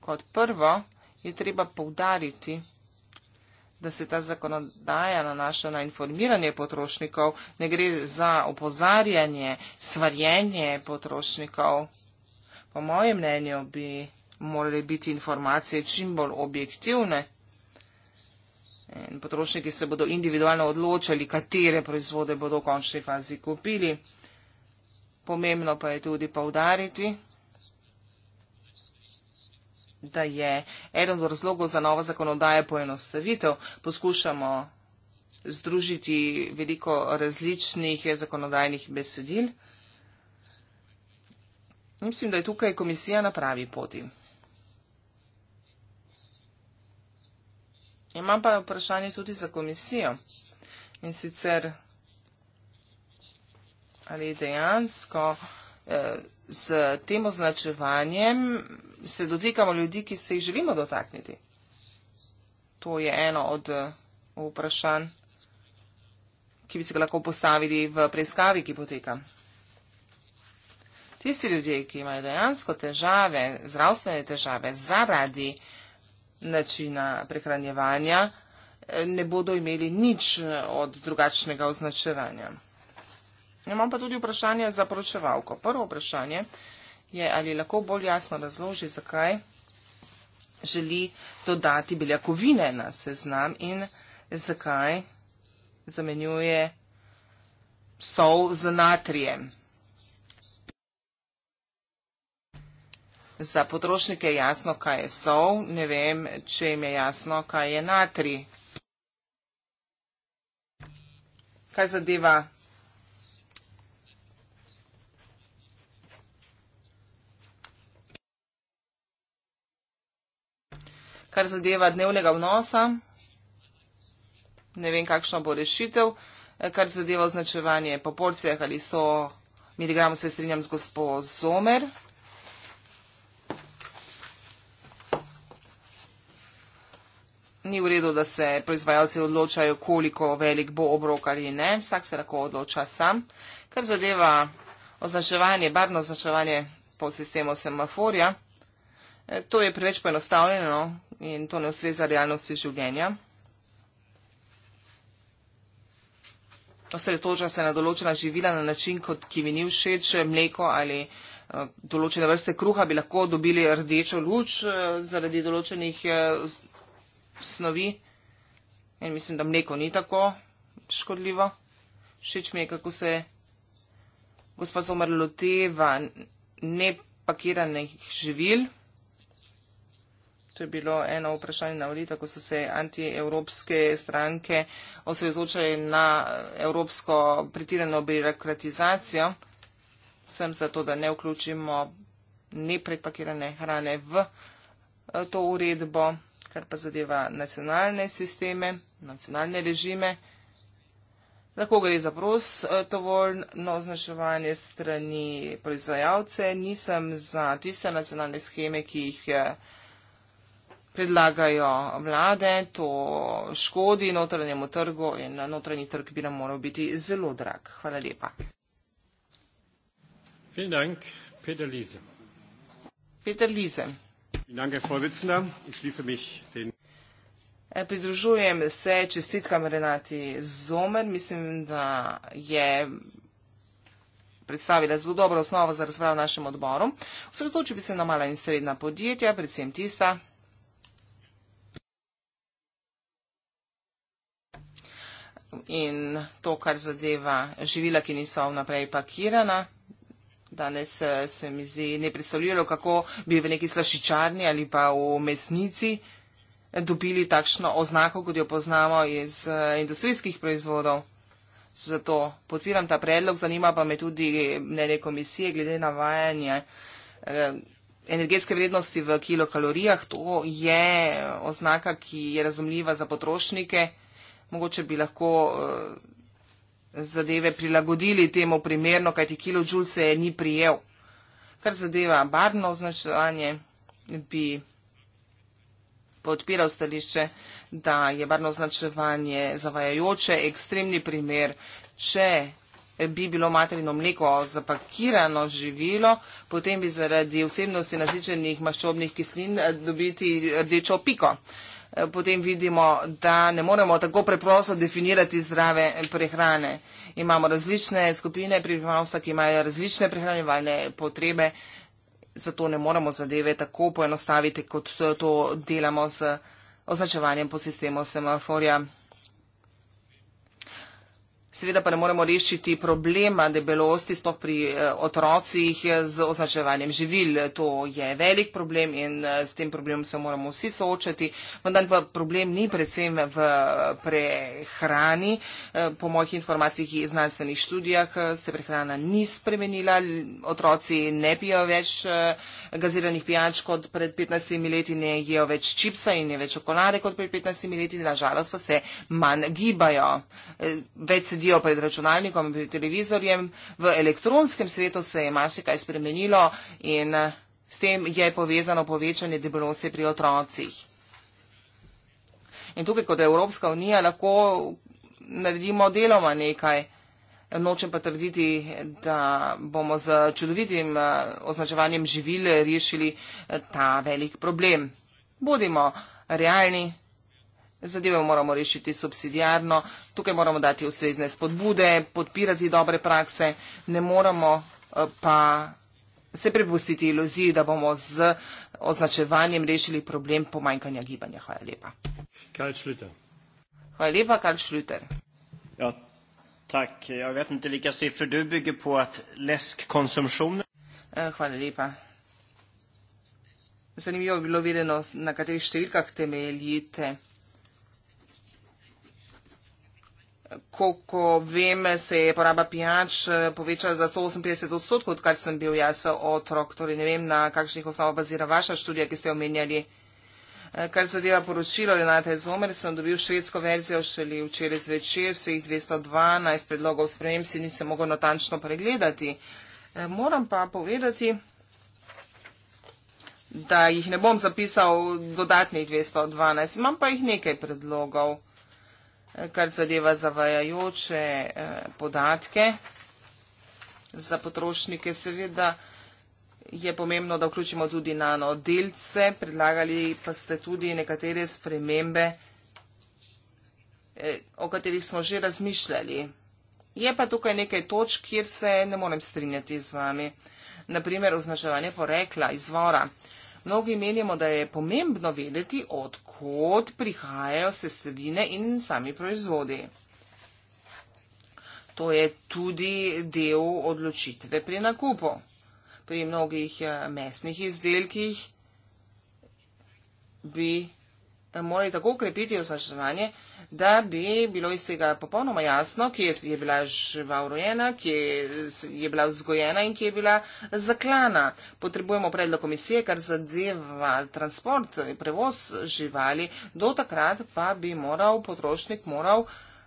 Kot prvo je treba poudariti, da se ta zakonodaja nanaša na informiranje potrošnikov, ne gre za opozarjanje, svarjenje potrošnikov. Po mojem mnenju bi morali biti informacije čim bolj objektivne. In potrošniki se bodo individualno odločali, katere proizvode bodo v končni fazi kupili. Pomembno pa je tudi poudariti, da je eden od razlogov za novo zakonodajo poenostavitev. Poskušamo združiti veliko različnih zakonodajnih besedil. Mislim, da je tukaj komisija na pravi poti. Imam pa vprašanje tudi za komisijo. In sicer, ali dejansko. Eh, s tem označevanjem se dotikamo ljudi, ki se jih želimo dotakniti. To je eno od eh, vprašanj, ki bi se lahko postavili v preiskavi, ki poteka. Tisti ljudje, ki imajo dejansko težave, zdravstvene težave zaradi načina prehranjevanja, eh, ne bodo imeli nič eh, od drugačnega označevanja. Imam pa tudi vprašanje za poročevalko. Prvo vprašanje je, ali lahko bolj jasno razloži, zakaj želi dodati beljakovine na seznam in zakaj zamenjuje sol z natrijem. Za potrošnike je jasno, kaj je sol, ne vem, če jim je jasno, kaj je natri. Kaj zadeva kar zadeva dnevnega vnosa. Ne vem, kakšna bo rešitev, eh, kar zadeva označevanje po porcijah ali 100 mg, se strinjam z gospod Zomer. Ni v redu, da se proizvajalci odločajo, koliko velik bo obrok ali ne, vsak se lahko odloča sam. Kar zadeva označevanje, barno označevanje po sistemu semaforja, eh, to je preveč poenostavljeno, in to ne ustreza realnosti življenja. Osredotoča se na določena živila na način, kot ki mi ni všeč, mleko ali eh, določene vrste kruha bi lahko dobili rdečo luč eh, zaradi določenih eh, snovi. In mislim, da mleko ni tako škodljivo. Všeč mi je, kako se gospa Zomer loteva nepakiranih živil. To je bilo eno vprašanje na volitvah, ko so se antievropske stranke osredotočale na evropsko pretirano birokratizacijo. Sem za to, da ne vključimo neprepakirane hrane v eh, to uredbo, kar pa zadeva nacionalne sisteme, nacionalne režime. Lahko gre za pros eh, tovoljno označevanje strani proizvajalce. Nisem za tiste nacionalne scheme, ki jih. Je, eh, predlagajo vlade, to škodi notranjemu trgu in notranji trg bi nam moral biti zelo drag. Hvala lepa. Dank, Peter Liese. Peter Liese. Danke, ich mich den... E, pridružujem se čestitkam Renati Zomer. Mislim, da je predstavila zelo dobro osnovo za razpravo našem odboru. Osredotočil bi se na mala in srednja podjetja, predvsem tista, in to, kar zadeva živila, ki niso vnaprej pakirana. Danes eh, se mi zdi nepredstavljivo, kako bi v neki slašičarni ali pa v mesnici eh, dobili takšno oznako, kot jo poznamo iz eh, industrijskih proizvodov. Zato podpiram ta predlog, zanima pa me tudi mnenje komisije glede navajanja energetske vrednosti v kilokalorijah. To je oznaka, ki je razumljiva za potrošnike mogoče bi lahko uh, zadeve prilagodili temu primerno, kajti kilojoule se je ni prijel. Kar zadeva barno označevanje, bi podpiral stališče, da je barno označevanje zavajajoče, ekstremni primer, če bi bilo materino mleko zapakirano živilo, potem bi zaradi vsebnosti nasičenih maščobnih kislin eh, dobiti rdečo piko. Uh, Eh, potem vidimo, da ne moremo tako preprosto definirati zdrave prehrane. Imamo različne skupine prebivalstva, ki imajo različne prehranjevalne potrebe, zato ne moremo zadeve tako poenostaviti, kot to delamo z označevanjem po sistemu semaforja. Seveda pa ne moremo rešiti problema debelosti, sploh pri eh, otrocih eh, z označevanjem živil. To je velik problem in eh, s tem problemom se moramo vsi soočati. Vendar pa problem ni predvsem v prehrani. Po mojih informacijah in znanstvenih študijah se prehrana ni spremenila. Otroci ne pijo več gaziranih pijač kot pred 15 leti, ne jejo več čipsa in ne več čokolade kot pred 15 leti. Nažalost pa se manj gibajo. Več sedijo pred računalnikom, pred televizorjem, v elektronskem svetu se je marsikaj spremenilo in eh, s tem je povezano povečanje debelosti pri otrocih. In tukaj, kot je Evropska unija, lahko naredimo deloma nekaj. Nočem pa trditi, da bomo z čudovitim eh, označevanjem živile rešili eh, ta velik problem. Bodimo realni. Zadeve moramo rešiti subsidijarno, tukaj moramo dati ustrezne spodbude, podpirati dobre prakse, ne moramo eh, pa se prepustiti iluziji, da bomo z označevanjem rešili problem pomanjkanja gibanja. Hvala lepa. Karl Schlüter. Hvala lepa, Karl Schlüter. Ja, tak, ja, vetnite, lika cifre, du bygge po at lesk konsumšum. Eh, hvala lepa. Zanimivo bi bilo vedeno, na katerih številkah temeljite. Koliko vem, se je poraba pijač eh, povečala za 158 odstotkov, odkar sem bil jaz otrok. Torej ne vem, na kakšnih osnovah bazira vaša študija, ki ste omenjali. Eh, kar zadeva poročilo Renate Zomer, sem dobil švedsko verzijo šele včeraj zvečer, vseh 212 predlogov sprejem si nisem mogel natančno pregledati. Eh, moram pa povedati, da jih ne bom zapisal dodatnih 212, imam pa jih nekaj predlogov kar zadeva zavajajoče eh, podatke. Za potrošnike seveda je pomembno, da vključimo tudi nanodelce, predlagali pa ste tudi nekatere spremembe, eh, o katerih smo že razmišljali. Je pa tukaj nekaj točk, kjer se ne morem strinjati z vami. Naprimer, označevanje porekla, izvora. Mnogi menimo, da je pomembno vedeti, odkud odkot prihajajo sestavine in sami proizvodi. To je tudi del odločitve pri nakupu. Pri mnogih eh, mesnih izdelkih bi morali tako ukrepiti osnaževanje, da bi bilo iz tega popolnoma jasno, kje je bila živa urojena, kje je bila vzgojena in kje je bila zaklana. Potrebujemo predlog komisije, kar zadeva transport, prevoz živali. Do takrat pa bi moral potrošnik moral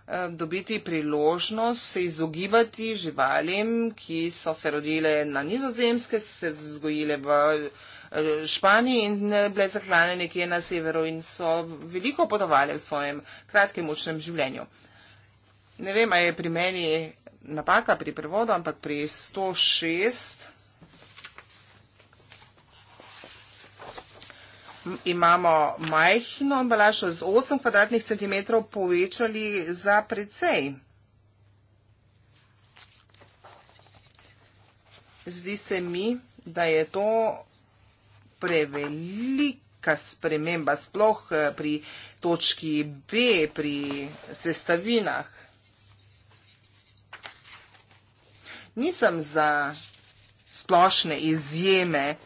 eh, dobiti priložnost se izogibati živalim, ki so se rodile na nizozemske, se zgojile v. Eh, Španiji in eh, bile zahranjene nekje na severu in so veliko potovali v svojem kratkem močnem življenju. Ne vem, ali je pri meni napaka pri prevodu, ampak pri 106 imamo majhno embalažo z 8 kvadratnih centimetrov povečali za precej. Zdi se mi, da je to prevelika sprememba, sploh eh, pri točki B, pri sestavinah. Nisem za splošne izjeme,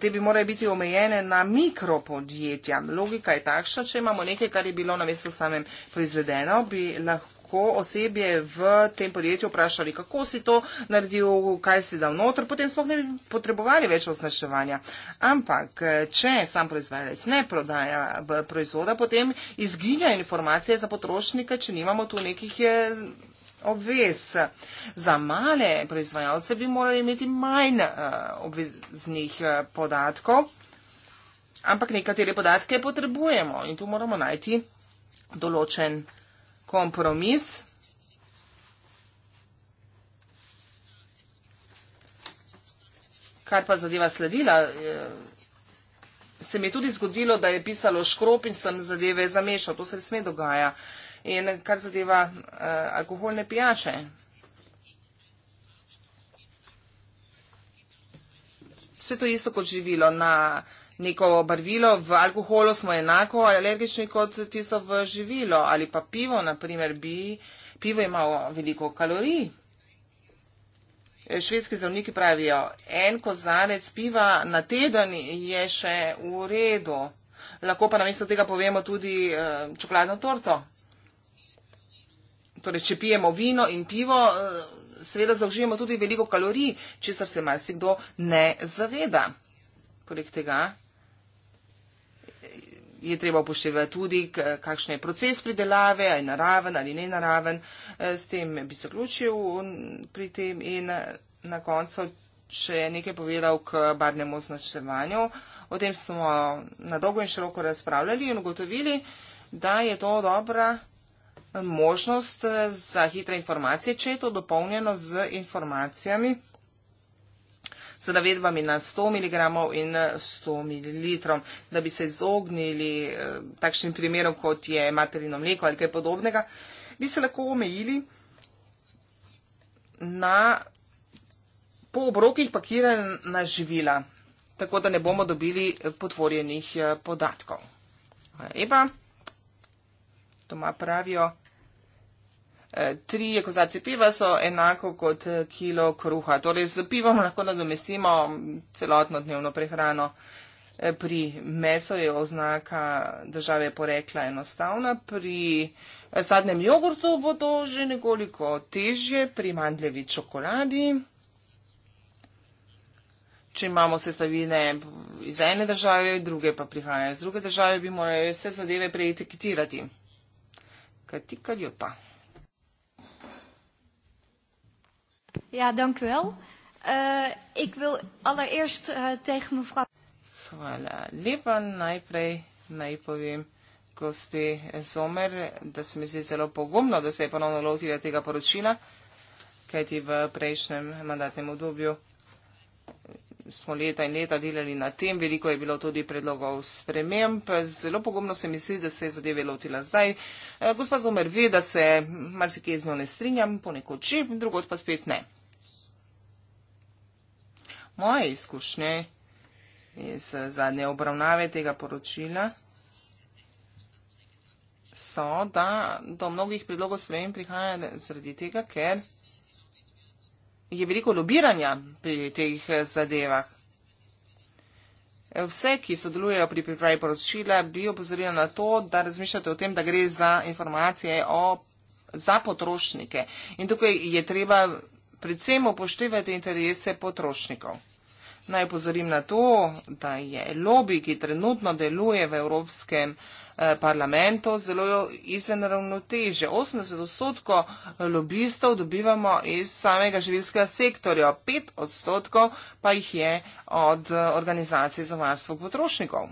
te bi morali biti omejene na mikropodjetja. Logika je takšna, če imamo nekaj, kar je bilo na mestu samem proizvedeno, bi lahko lahko osebje v tem podjetju vprašali, kako si to naredil, kaj si dal noter, potem sploh ne bi potrebovali več označevanja. Ampak, če sam proizvajalec ne prodaja proizvoda, potem izginja informacije za potrošnike, če nimamo tu nekih. Je, eh, Obvez. Za male proizvajalce bi morali imeti manj eh, obveznih eh, podatkov, ampak nekatere podatke potrebujemo in tu moramo najti določen kompromis. Kar pa zadeva sledila, se mi je tudi zgodilo, da je pisalo škrop in sem zadeve zamešal. To se sme dogaja. In kar zadeva eh, alkoholne pijače. Vse to isto kot živilo na neko barvilo, v alkoholu smo enako alergični kot tisto v živilo ali pa pivo, naprimer, bi, pivo ima veliko kalorij. Švedski zdravniki pravijo, en kozarec piva na teden je še v redu. Lahko pa namesto tega povemo tudi eh, čokoladno torto. Torej, če pijemo vino in pivo, eh, seveda zaužijemo tudi veliko kalorij, česar se marsikdo ne zaveda. Poleg tega je treba upoštevati tudi, kakšen je proces pridelave, ali naraven ali ne naraven. E, s tem bi se vključil pri tem in na koncu še nekaj povedal k barnemu označevanju. O tem smo na dolgo in široko razpravljali in ugotovili, da je to dobra možnost za hitre informacije, če je to dopolnjeno z informacijami z navedbami na 100 mg in 100 eh, ml. Da bi se izognili eh, takšnim primerom, kot je materino mleko ali kaj podobnega, bi se lahko omejili na po obrokih pakirana živila, tako da ne bomo dobili eh, potvorjenih podatkov. Hvala lepa. Doma pravijo. Eh, tri kozarce piva so enako kot eh, kilo kruha. Torej z pivom lahko nadomestimo mm, celotno dnevno prehrano. Eh, pri meso je oznaka države porekla enostavna, pri sadnem jogurtu bo to že nekoliko težje, pri mandljevi čokoladi. Če imamo sestavine iz ene države, druge pa prihajajo iz druge države, bi morali vse zadeve prej etiketirati. Kaj ti kar jo pa? Ja, dank u wel. Uh, ik wil allereerst uh, tegen mevrouw. Hvala lepa. Najprej naj povem gospe Zomer, da se mi zdi zelo pogumno, da se je ponovno lotila tega poročila, kajti v prejšnjem mandatnem obdobju smo leta in leta delali na tem, veliko je bilo tudi predlogov sprememb. Zelo pogumno se mi zdi, da se je zadeve lotila zdaj. Eh, gospa Zomer ve, da se marsikaj z njo ne strinjam, ponekoči, drugot pa spet ne moje izkušnje iz zadnje obravnave tega poročila so, da do mnogih predlogov sprejem prihaja zaradi tega, ker je veliko lobiranja pri teh zadevah. Vse, ki sodelujejo pri pripravi poročila, bi opozorili na to, da razmišljate o tem, da gre za informacije o, za potrošnike. In tukaj je treba predvsem upoštevati interese potrošnikov. Naj pozorim na to, da je lobby, ki trenutno deluje v Evropskem eh, parlamentu, zelo izven ravnoteže. 80 odstotkov lobistov dobivamo iz samega živilskega sektorja, 5 odstotkov pa jih je od eh, organizacij za varstvo potrošnikov.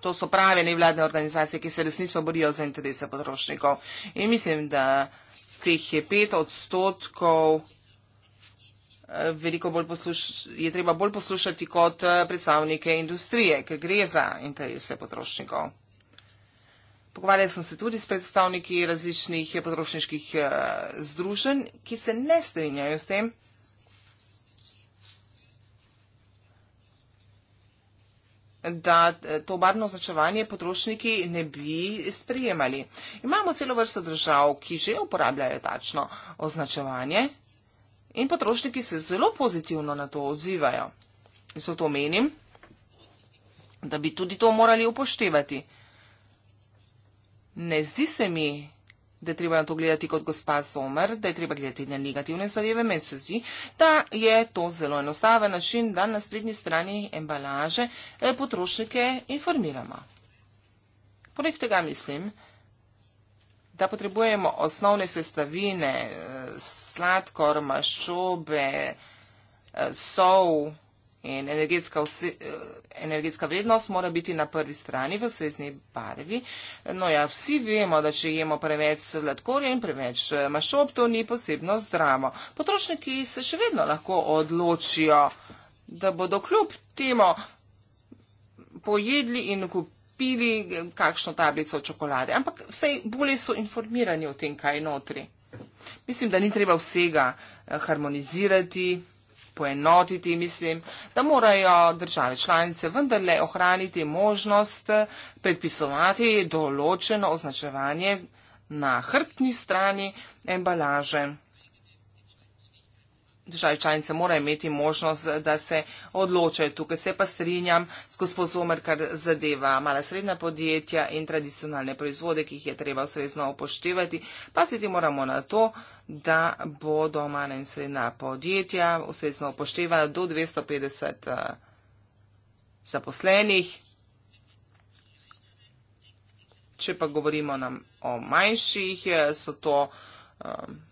To so prave nevladne organizacije, ki se resnično borijo za interese potrošnikov. In mislim, da teh je pet odstotkov, eh, veliko bolj poslušati, je treba bolj poslušati kot eh, predstavnike industrije, ker gre za interese potrošnikov. Pogovarjal sem se tudi s predstavniki različnih eh, potrošniških združenj, ki se ne strinjajo s tem, da eh, to barno označevanje potrošniki ne bi sprejemali. Imamo celo vrsto držav, ki že uporabljajo tačno označevanje in potrošniki se zelo pozitivno na to odzivajo. Zato menim, da bi tudi to morali upoštevati. Ne zdi se mi, da je treba na to gledati kot gospa Somer, da je treba gledati na negativne zadeve, meni se zdi, da je to zelo enostaven način, da na sprednji strani embalaže eh, potrošnike informiramo. Poleg tega mislim, da potrebujemo osnovne sestavine, eh, sladkor, maščobe, eh, sol. In energetska, vse, eh, energetska vrednost mora biti na prvi strani v srednji barvi. No ja, vsi vemo, da če jemo preveč sladkorja in preveč eh, mašob, to ni posebno zdravo. Potrošniki se še vedno lahko odločijo, da bodo kljub temu pojedli in kupili eh, kakšno tablico čokolade. Ampak vsej bolje so informirani o tem, kaj je notri. Mislim, da ni treba vsega harmonizirati poenotiti. Mislim, da morajo države članice vendarle ohraniti možnost predpisovati določeno označevanje na hrbtni strani embalaže države članice morajo imeti možnost, da se odločajo. Tukaj se pa strinjam s gospodomer, kar zadeva mala srednja podjetja in tradicionalne proizvode, ki jih je treba ustrezno upoštevati. Pa se ti moramo na to, da bodo mala in srednja podjetja ustrezno upoštevala do 250 uh, eh, zaposlenih. Če pa govorimo nam o manjših, eh, so to. Um,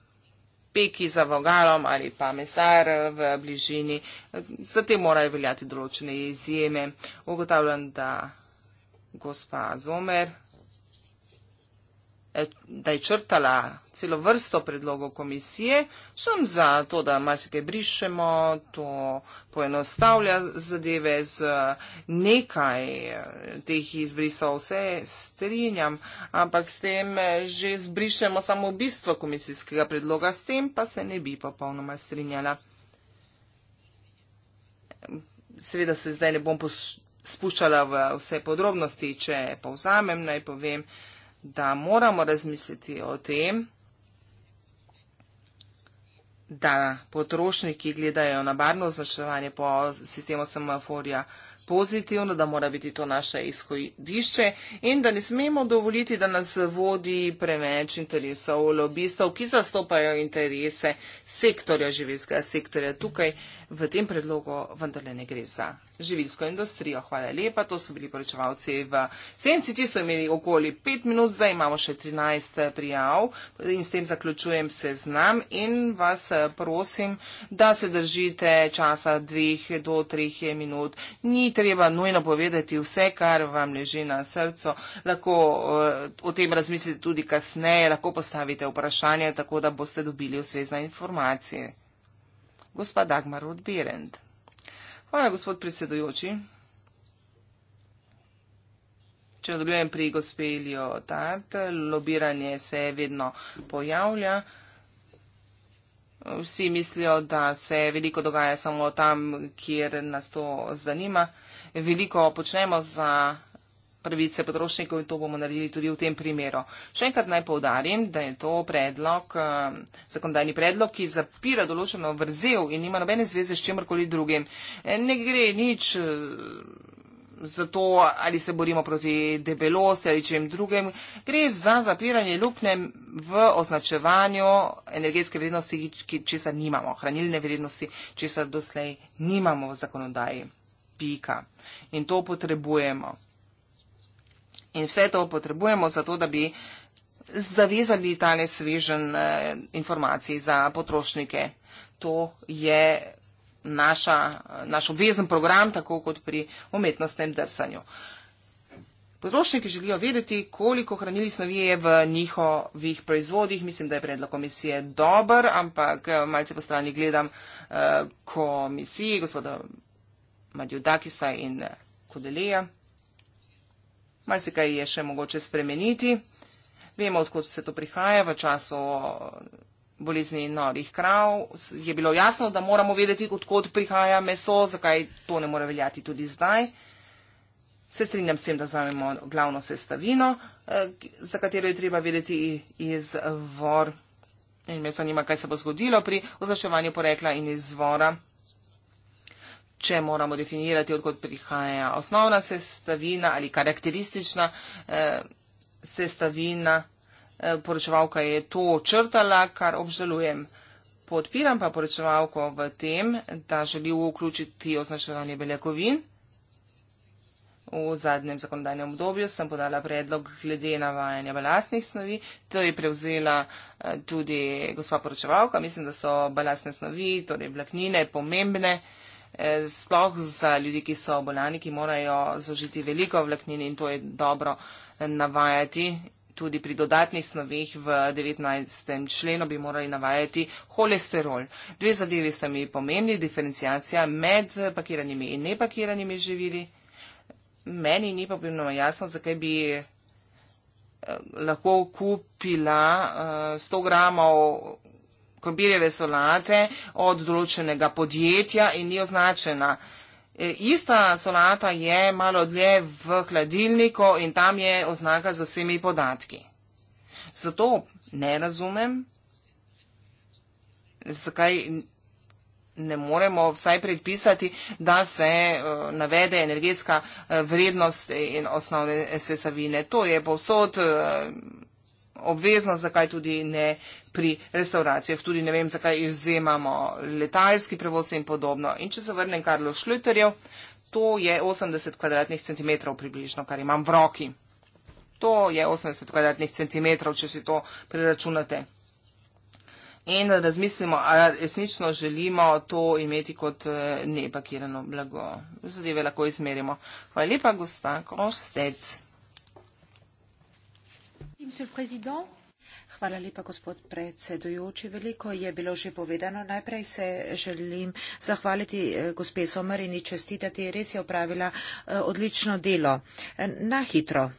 peki za vogalom ali pa mesar v bližini. Za te morajo veljati določene izjeme. Ugotavljam, da gospa Zomer E, da je črtala celo vrsto predlogov komisije, sem za to, da marsikaj brišemo, to poenostavlja zadeve z nekaj e, teh izbrisov, vse strinjam, ampak s tem e, že zbrišemo samo bistvo komisijskega predloga, s tem pa se ne bi popolnoma strinjala. Seveda se zdaj ne bom spuščala v vse podrobnosti, če povzamem, naj povem, da je da moramo razmisliti o tem, da potrošniki gledajo na barno označevanje po sistemu semaforja, pozitivno, da mora biti to naše izhodišče in da ne smemo dovoliti, da nas vodi preveč interesov lobistov, ki zastopajo interese sektorja, živilskega sektorja. Tukaj v tem predlogu vendarle ne gre za živilsko industrijo. Hvala lepa, to so bili poročevalci v Senci, ti so imeli okoli pet minut, zdaj imamo še 13 prijav in s tem zaključujem seznam in vas eh, prosim, da se držite časa dveh do treh minut. Niti treba nujno povedati vse, kar vam leži na srcu. Lahko eh, o tem razmislite tudi kasneje, lahko postavite vprašanje, tako da boste dobili ustrezna informacije. Gospa Dagmar Odbirend. Hvala, gospod predsedujoči. Če nadaljujem pri gospeljo Tart, lobiranje se vedno pojavlja. Vsi mislijo, da se veliko dogaja samo tam, kjer nas to zanima veliko počnemo za pravice potrošnikov in to bomo naredili tudi v tem primeru. Še enkrat naj povdarim, da je to predlog, eh, zakonodajni predlog, ki zapira določeno vrzel in nima nobene zveze s čemorkoli drugim. Eh, ne gre nič eh, za to, ali se borimo proti debelosti ali čem drugem. Gre za zapiranje lukne v označevanju energetske vrednosti, česar nimamo, hranilne vrednosti, česar doslej nimamo v zakonodaji pika. In to potrebujemo. In vse to potrebujemo zato, da bi zavezali tale svežen eh, informacij za potrošnike. To je naša, naš obvezen program, tako kot pri umetnostnem drsanju. Potrošniki želijo vedeti, koliko hranilnih snovi je v njihovih proizvodih. Mislim, da je predlog komisije dober, ampak eh, malce po strani gledam eh, komisiji, gospoda Madjudakisa in eh, Kodeleja. Malo se kaj je še mogoče spremeniti. Vemo, odkot se to prihaja v času eh, bolezni norih krav. Je bilo jasno, da moramo vedeti, odkot prihaja meso, zakaj to ne more veljati tudi zdaj. Se strinjam s tem, da vzamemo glavno sestavino, eh, za katero je treba vedeti izvor. In me zanima, kaj se bo zgodilo pri označevanju porekla in izvora če moramo definirati, odkot prihaja osnovna sestavina ali karakteristična eh, sestavina. Eh, poročevalka je to črtala, kar obžalujem. Podpiram pa poročevalko v tem, da želi vključiti označevanje beljakovin. V zadnjem zakonodajnem obdobju sem podala predlog glede navajanja balastnih snovi. To je prevzela eh, tudi gospa poročevalka. Mislim, da so balastne snovi, torej vlaknine, pomembne eh, E, sploh za ljudi, ki so bolani, ki morajo zažiti veliko vlaknin in to je dobro e, navajati. Tudi pri dodatnih snoveh v 19. členu bi morali navajati holesterol. Dve zadevi sta mi pomembni, diferencijacija med pakiranimi in nepakiranimi živili. Meni ni popolnoma jasno, zakaj bi e, lahko kupila 100 gramov krompirjeve solate od določenega podjetja in ni označena. E, ista solata je malo dlje v hladilniku in tam je oznaka z vsemi podatki. Zato ne razumem, zakaj ne moremo vsaj predpisati, da se e, navede energetska e, vrednost in osnovne sesavine. To je povsod obvezno, zakaj tudi ne pri restauracijah. Tudi ne vem, zakaj izvzemamo letalski prevoz in podobno. In če se vrnem Karlo Šluterjev, to je 80 kvadratnih centimetrov približno, kar imam v roki. To je 80 kvadratnih centimetrov, če si to preračunate. In razmislimo, ali resnično želimo to imeti kot eh, nepakirano blago. Zadeve lahko izmerimo. Hvala lepa, gospa Kostet. Hvala lepa, gospod predsedujoči. Veliko je bilo že povedano. Najprej se želim zahvaliti eh, gospe Somer in ji čestitati. Res je upravila eh, odlično delo. Eh, na hitro.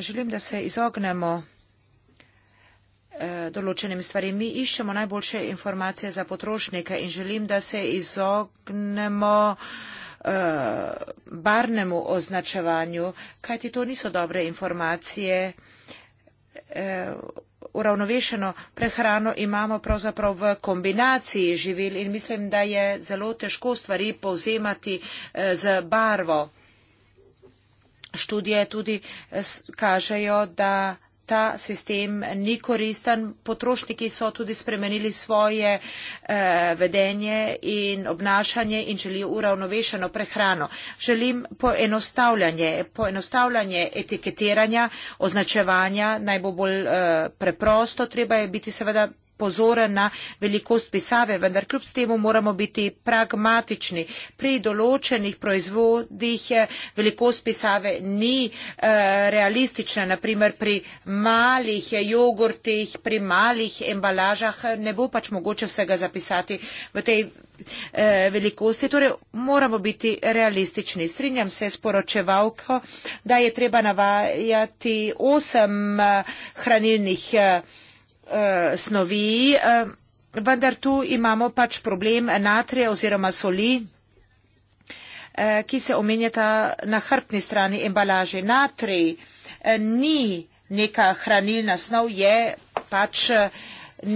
Želim, da se izognemo določenim stvarim. Mi iščemo najboljše informacije za potrošnike in želim, da se izognemo Eh, barnemu označevanju, kajti to niso dobre informacije. Eh, uravnovešeno prehrano imamo pravzaprav v kombinaciji živil in mislim, da je zelo težko stvari povzemati eh, z barvo. Študije tudi kažejo, da ta sistem ni koristen. Potrošniki so tudi spremenili svoje eh, vedenje in obnašanje in želijo uravnovešeno prehrano. Želim poenostavljanje, poenostavljanje etiketiranja, označevanja, naj bo bolj eh, preprosto, treba je biti seveda pozoren na velikost pisave, vendar kljub temu moramo biti pragmatični. Pri določenih proizvodih eh, velikost pisave ni e, realistična, naprimer pri malih eh, jogurtih, pri malih embalažah ne bo pač mogoče vsega zapisati v tej e, velikosti. Torej moramo biti realistični. Strinjam se s poročevalko, da je treba navajati osem e, hranilnih e, uh, snovi, uh, vendar tu imamo pač problem natrija oziroma soli, uh, ki se omenjata na hrbni strani embalaže. Natrij uh, ni neka hranilna snov, je pač. Uh,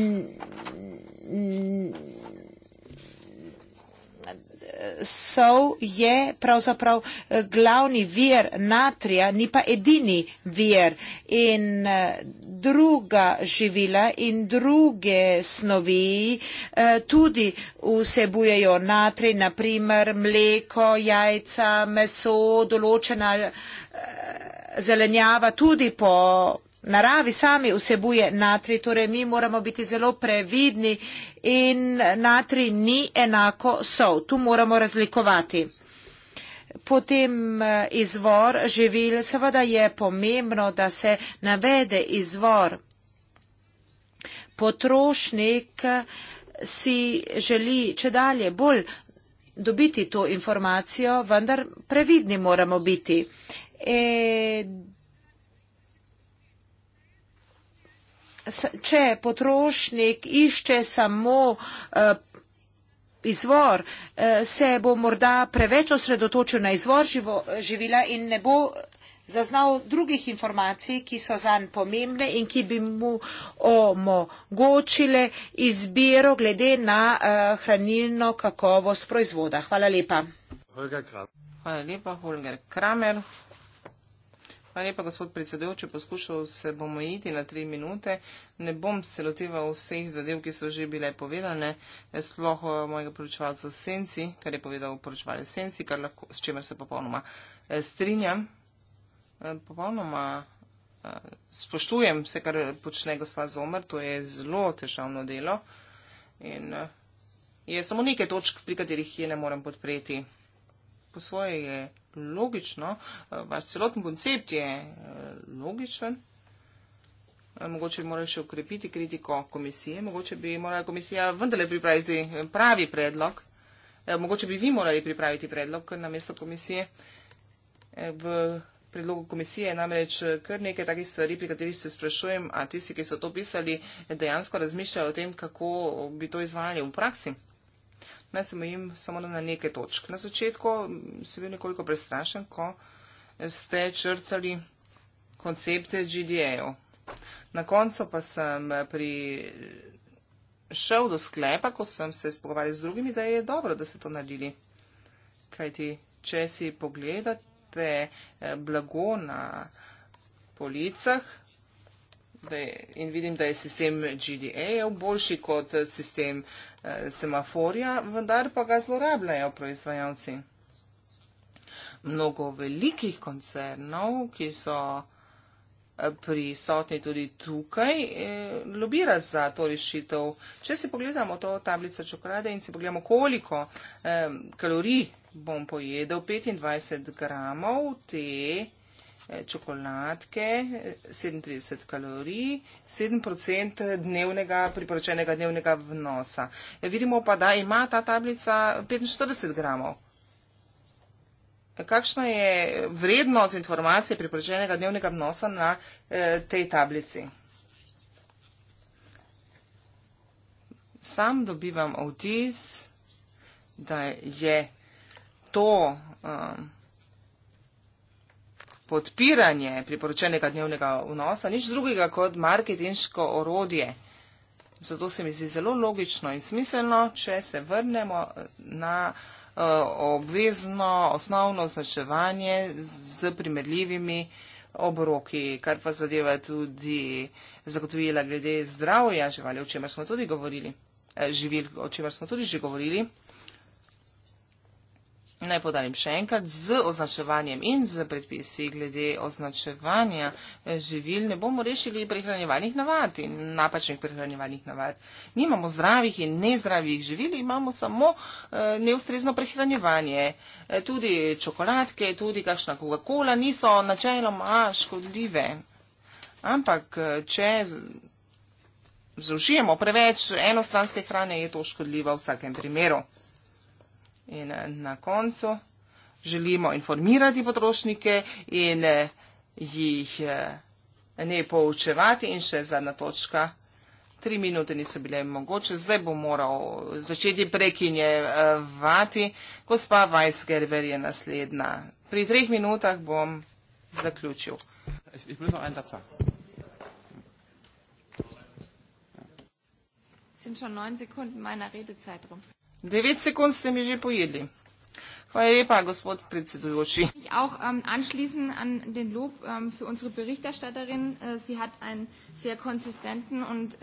sol je pravzaprav eh, glavni vir natrija, ni pa edini vir. In eh, druga živila in druge snovi eh, tudi vsebujejo natrij, naprimer mleko, jajca, meso, določena zelenjava tudi po naravi sami vsebuje natri, torej mi moramo biti zelo previdni in natri ni enako sol. Tu moramo razlikovati. Potem eh, izvor živil, seveda je pomembno, da se navede izvor. Potrošnik eh, si želi če dalje bolj dobiti to informacijo, vendar previdni moramo biti. E, če potrošnik išče samo eh, izvor, eh, se bo morda preveč osredotočil na izvor živo, živila in ne bo zaznal drugih informacij, ki so zanj pomembne in ki bi mu omogočile izbiro glede na uh, hranilno kakovost proizvoda. Hvala lepa. Holger Kramer. Hvala lepa, Holger Kramer. Hvala lepa, gospod predsedujoči. Poskušal se bom ojiti na tri minute. Ne bom se lotival vseh zadev, ki so že bile povedane, sploh eh, mojega poročevalca Senci, kar je povedal poročevalce Senci, kar lahko, s čemer se popolnoma eh, strinjam. Eh, popolnoma spoštujem vse, kar počne gospod Zomer, to je zelo težavno delo. In je samo nekaj točk, pri katerih je ne morem podpreti. Po svoje je logično, eh, vaš celoten koncept je eh, logičen. Eh, mogoče bi morali še ukrepiti kritiko komisije, mogoče bi morala komisija vendarle pripraviti pravi predlog, mogoče bi vi morali pripraviti predlog na mesto komisije. V predlogu komisije je namreč kar nekaj takih stvari, pri katerih se sprašujem, a tisti, ki so to pisali, dejansko razmišljajo o tem, kako bi to izvajali v praksi. Naj se mojim samo na nekaj točk. Na začetku sem bil nekoliko prestrašen, ko ste črtali koncepte GDA-jev. Na koncu pa sem prišel do sklepa, ko sem se spogovarjal z drugimi, da je dobro, da ste to naredili. Kajti, če si pogledate eh, blago na policah, Da je, in vidim, da je sistem GDA-jev boljši kot eh, sistem eh, semaforja, vendar pa ga zlorabljajo proizvajalci. Mnogo velikih koncernov, ki so eh, prisotni tudi tukaj, eh, lobira za to rešitev. Če si pogledamo to tablico čokolade in si pogledamo, koliko eh, kalorij bom pojedel, 25 gramov te. Eh, čokoladke, 37 eh, kalorij, 7% dnevnega, priporočenega dnevnega vnosa. Eh, vidimo pa, da ima ta tablica 45 gramov. Kakšna je vrednost informacije priporočenega dnevnega vnosa na tej tablici? Sam dobivam vtis, da je to um, podpiranje priporočenega dnevnega vnosa nič drugega kot marketinško orodje. Zato se mi zdi zelo logično in smiselno, če se vrnemo eh, na eh, obvezno osnovno označevanje z primerljivimi obroki, kar pa zadeva tudi zagotovila glede zdravja živali, o čemer smo tudi govorili, eh, živil, o čemer smo tudi že govorili. Naj podarim še enkrat, z označevanjem in z predpisi glede označevanja eh, živil ne bomo rešili prehranjevalnih navad in napačnih prehranjevalnih navad. Nimamo zdravih in nezdravih živil, imamo samo e, neustrezno prehranjevanje. E, tudi čokoladke, tudi kakšna Coca-Cola niso načeloma škodljive. Ampak, če zaužijemo preveč enostranske hrane, je to škodljivo v vsakem primeru. In eh, na koncu želimo informirati potrošnike in eh, jih eh, ne poučevati in še zadnja točka. Tri minute niso bile mogoče, zdaj bo moral začeti prekinjevati. Gospa Weisgerber je naslednja. Pri treh minutah bom zaključil. Sind schon neun Sekunden meiner Redezeit rum. 9 sekund ste mi že pojedli. Hvala lepa, gospod predsedujoči. Auch um, anschließen an den Lob um, für unsere Berichterstatterin. Uh, sie hat einen sehr konsistenten und...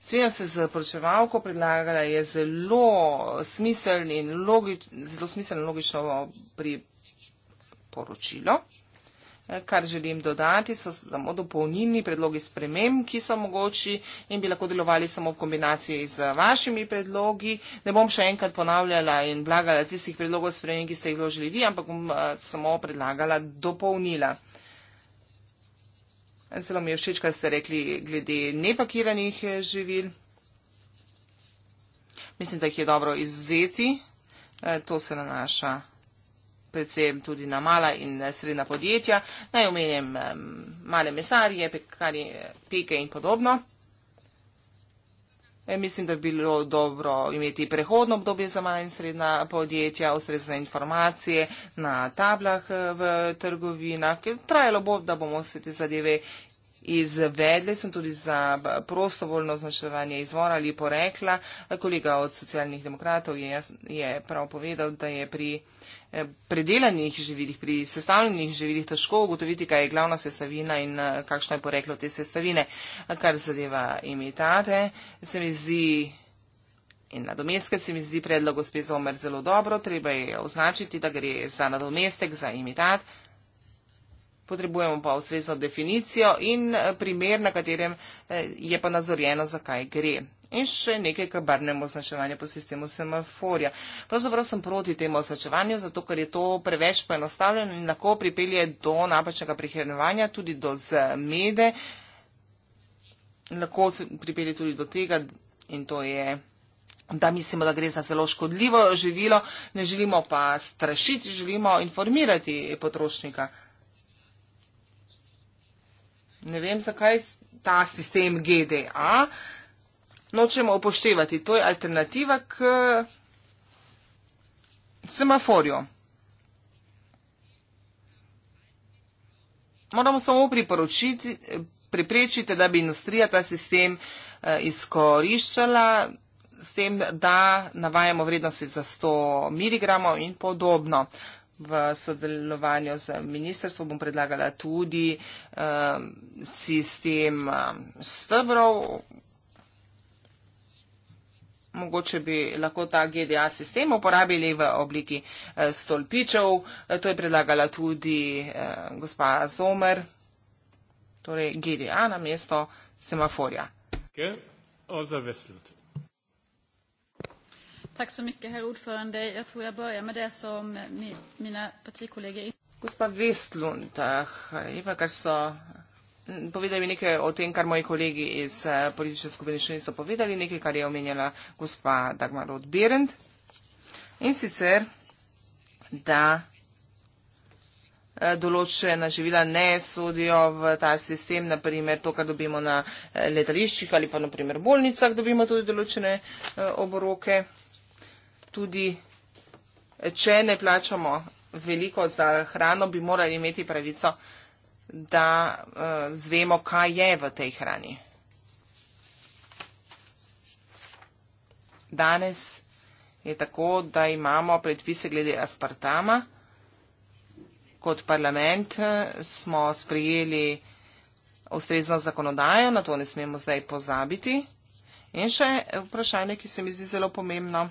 Sejo se z poročevalko predlagala je zelo smiselno in logično, zelo smiselno logično pri poročilo. Kar želim dodati, so samo dopolnilni predlogi sprememb, ki so mogoči in bi lahko delovali samo v kombinaciji z vašimi predlogi. Ne bom še enkrat ponavljala in blagala tistih predlogov sprememb, ki ste jih vložili vi, ampak bom eh, samo predlagala dopolnila. Zelo mi je všeč, kar ste rekli glede nepakiranih eh, živil. Mislim, da jih je dobro izzeti. Eh, to se nanaša. Na predvsem tudi na mala in eh, srednja podjetja. Naj omenjem male mesarje, pekarje, peke in podobno. E, mislim, da bi bilo dobro imeti prehodno obdobje za manj srednja podjetja, ustrezne informacije na tablah eh, v trgovinah, ker trajalo bo, da bomo se te zadeve izvedli, sem tudi za prostovoljno označevanje izvora ali porekla. Kolega od socialnih demokratov je, je prav povedal, da je pri eh, predelanih živilih, pri sestavljenih živilih težko ugotoviti, kaj je glavna sestavina in eh, kakšno je poreklo te sestavine. Kar zadeva imitate, se mi zdi. In nadomestke se mi zdi predlog gospe Zomer zelo dobro, treba je označiti, da gre za nadomestek, za imitat, Potrebujemo pa ustrezno definicijo in eh, primer, na katerem eh, je pa nazorjeno, zakaj gre. In še nekaj, kar barnemo označevanje po sistemu semaforja. Pravzaprav sem proti temu označevanju, zato ker je to preveč poenostavljeno in lahko pripelje do napačnega prihranjevanja, tudi do zmede. Lahko se pripelje tudi do tega in to je da mislimo, da gre za zelo škodljivo živilo, ne želimo pa strašiti, želimo informirati potrošnika ne vem, zakaj ta sistem GDA nočemo upoštevati. To je alternativa k semaforju. Moramo samo priporočiti, priprečiti, da bi industrija ta sistem eh, izkoriščala s tem, da navajamo vrednosti za 100 mg in podobno v sodelovanju z ministrstvom bom predlagala tudi um, sistem um, stebrov. Mogoče bi lahko ta GDA sistem uporabili v obliki eh, stolpičev. Eh, to je predlagala tudi eh, gospa Zomer, torej GDA na mesto semaforja. Okay. Tack så mycket, herr ordförande. Jag tror jag börjar med det som mi, mina partikollegor... Gospa Westlund, eh, ipak kar so mm, povedali nekaj o tem, kar moji kolegi iz eh, politične skupine še niso povedali, nekaj, kar je omenjala gospa Dagmar Odberend. In sicer, da eh, določena živila ne sodijo v ta sistem, naprimer to, kar dobimo na letališčih ali pa naprimer v bolnicah, dobimo tudi določene obroke tudi če ne plačamo veliko za hrano, bi morali imeti pravico, da eh, zvemo, kaj je v tej hrani. Danes je tako, da imamo predpise glede aspartama. Kot parlament eh, smo sprejeli ustrezno zakonodajo, na to ne smemo zdaj pozabiti. In še vprašanje, ki se mi zdi zelo pomembno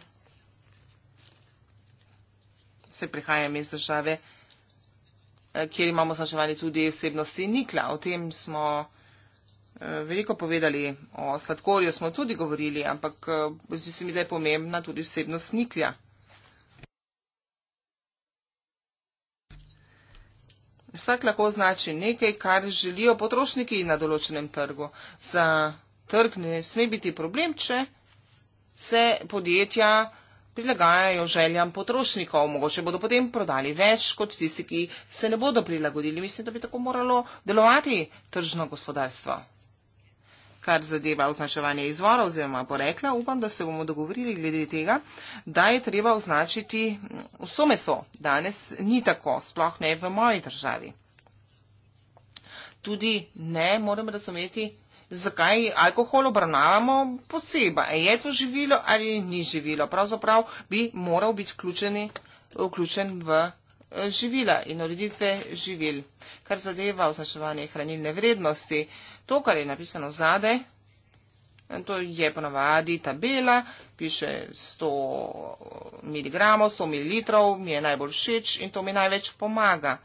se prihajam iz države, eh, kjer imamo označevanje tudi vsebnosti nikla. O tem smo eh, veliko povedali, o sladkorju smo tudi govorili, ampak eh, zdi se mi, da je pomembna tudi vsebnost niklja. Vsak lahko označi nekaj, kar želijo potrošniki na določenem trgu. Za trg ne sme biti problem, če se podjetja prilagajajo željam potrošnikov, mogoče bodo potem prodali več kot tisti, ki se ne bodo prilagodili. Mislim, da bi tako moralo delovati tržno gospodarstvo. Kar zadeva označevanje izvora oziroma porekla, upam, da se bomo dogovorili glede tega, da je treba označiti mm, vso meso. Danes ni tako, sploh ne v moji državi. Tudi ne morem razumeti zakaj alkohol obravnavamo posebej. Je to živilo ali ni živilo? Pravzaprav bi moral biti vključeni, vključen v eh, živila in ureditve živil. Kar zadeva označevanje hranilne vrednosti, to, kar je napisano zadaj, eh, to je ponavadi tabela, piše 100 mg, 100 ml, mi je najbolj všeč in to mi največ pomaga.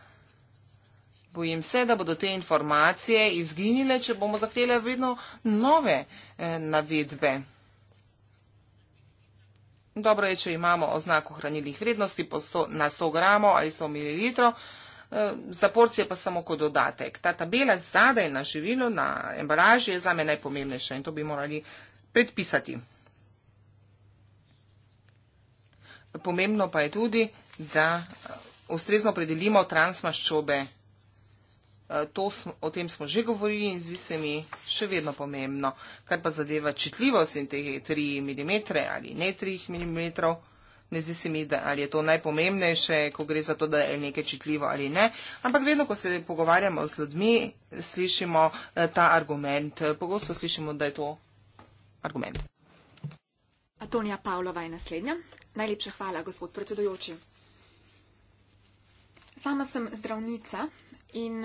Bojim se, da bodo te informacije izginile, če bomo zahteli vedno nove eh, navedbe. Dobro je, če imamo oznako hranilnih vrednosti na 100 gramov ali 100 ml, eh, za porcije pa samo kot dodatek. Ta tabela zadaj na živilu, na embalaži je zame najpomembnejša in to bi morali predpisati. Pomembno pa je tudi, da eh, ustrezno predelimo transmaščobe. Eh, to, o tem smo že govorili in zdi se mi še vedno pomembno. Kar pa zadeva čitljivost in te 3 mm ali ne 3 mm, ne zdi se mi, da, ali je to najpomembnejše, ko gre za to, da je nekaj čitljivo ali ne. Ampak vedno, ko se pogovarjamo z ljudmi, slišimo eh, ta argument. Pogosto slišimo, da je to argument. Antonija Pavlova je naslednja. Najlepša hvala, gospod predsedujoči. Sama sem zdravnica. In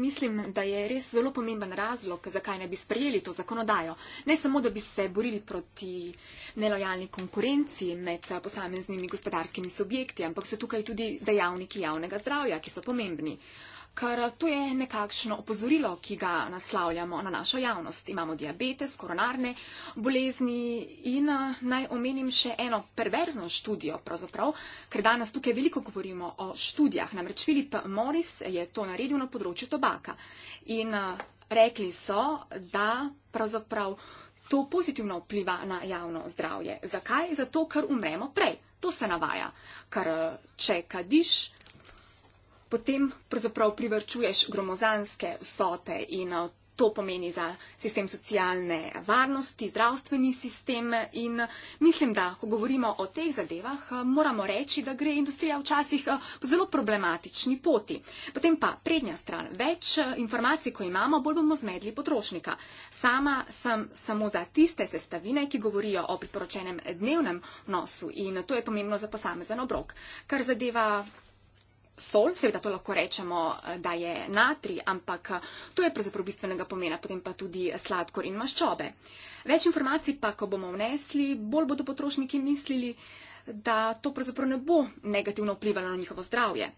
mislim, da je res zelo pomemben razlog, zakaj ne bi sprejeli to zakonodajo. Ne samo, da bi se borili proti nelojalni konkurenci med posameznimi gospodarskimi subjekti, ampak so tukaj tudi dejavniki javnega zdravja, ki so pomembni. Uh, Kar eh, to je nekakšno opozorilo, ki ga naslavljamo na našo javnost. Imamo diabetes, koronarne bolezni in eh, naj omenim še eno perverzno študijo, pravzaprav, ker danes tukaj veliko govorimo o študijah. Namreč Filip Morris je to naredil na področju tobaka in eh, rekli so, da pravzaprav to pozitivno vpliva na javno zdravje. Zakaj? Zato, ker umremo prej. To se navaja, ker če kadiš, potem pravzaprav privrčuješ gromozanske vsote in eh, to pomeni za sistem socialne varnosti, zdravstveni sistem in eh, mislim, da ko govorimo o teh zadevah, eh, moramo reči, da gre industrija včasih po zelo problematični poti. Potem pa prednja stran, več informacij, ko imamo, bolj bomo zmedli potrošnika. Sama sem samo za tiste sestavine, ki govorijo o priporočenem dnevnem nosu in to je pomembno za posamezen obrok. Kar zadeva sol, seveda to lahko rečemo, eh, da je natri, ampak eh, to je pravzaprav bistvenega pomena, potem pa tudi sladkor in maščobe. Več informacij pa, ko bomo vnesli, bolj bodo potrošniki mislili, da to pravzaprav ne bo negativno vplivalo na njihovo zdravje.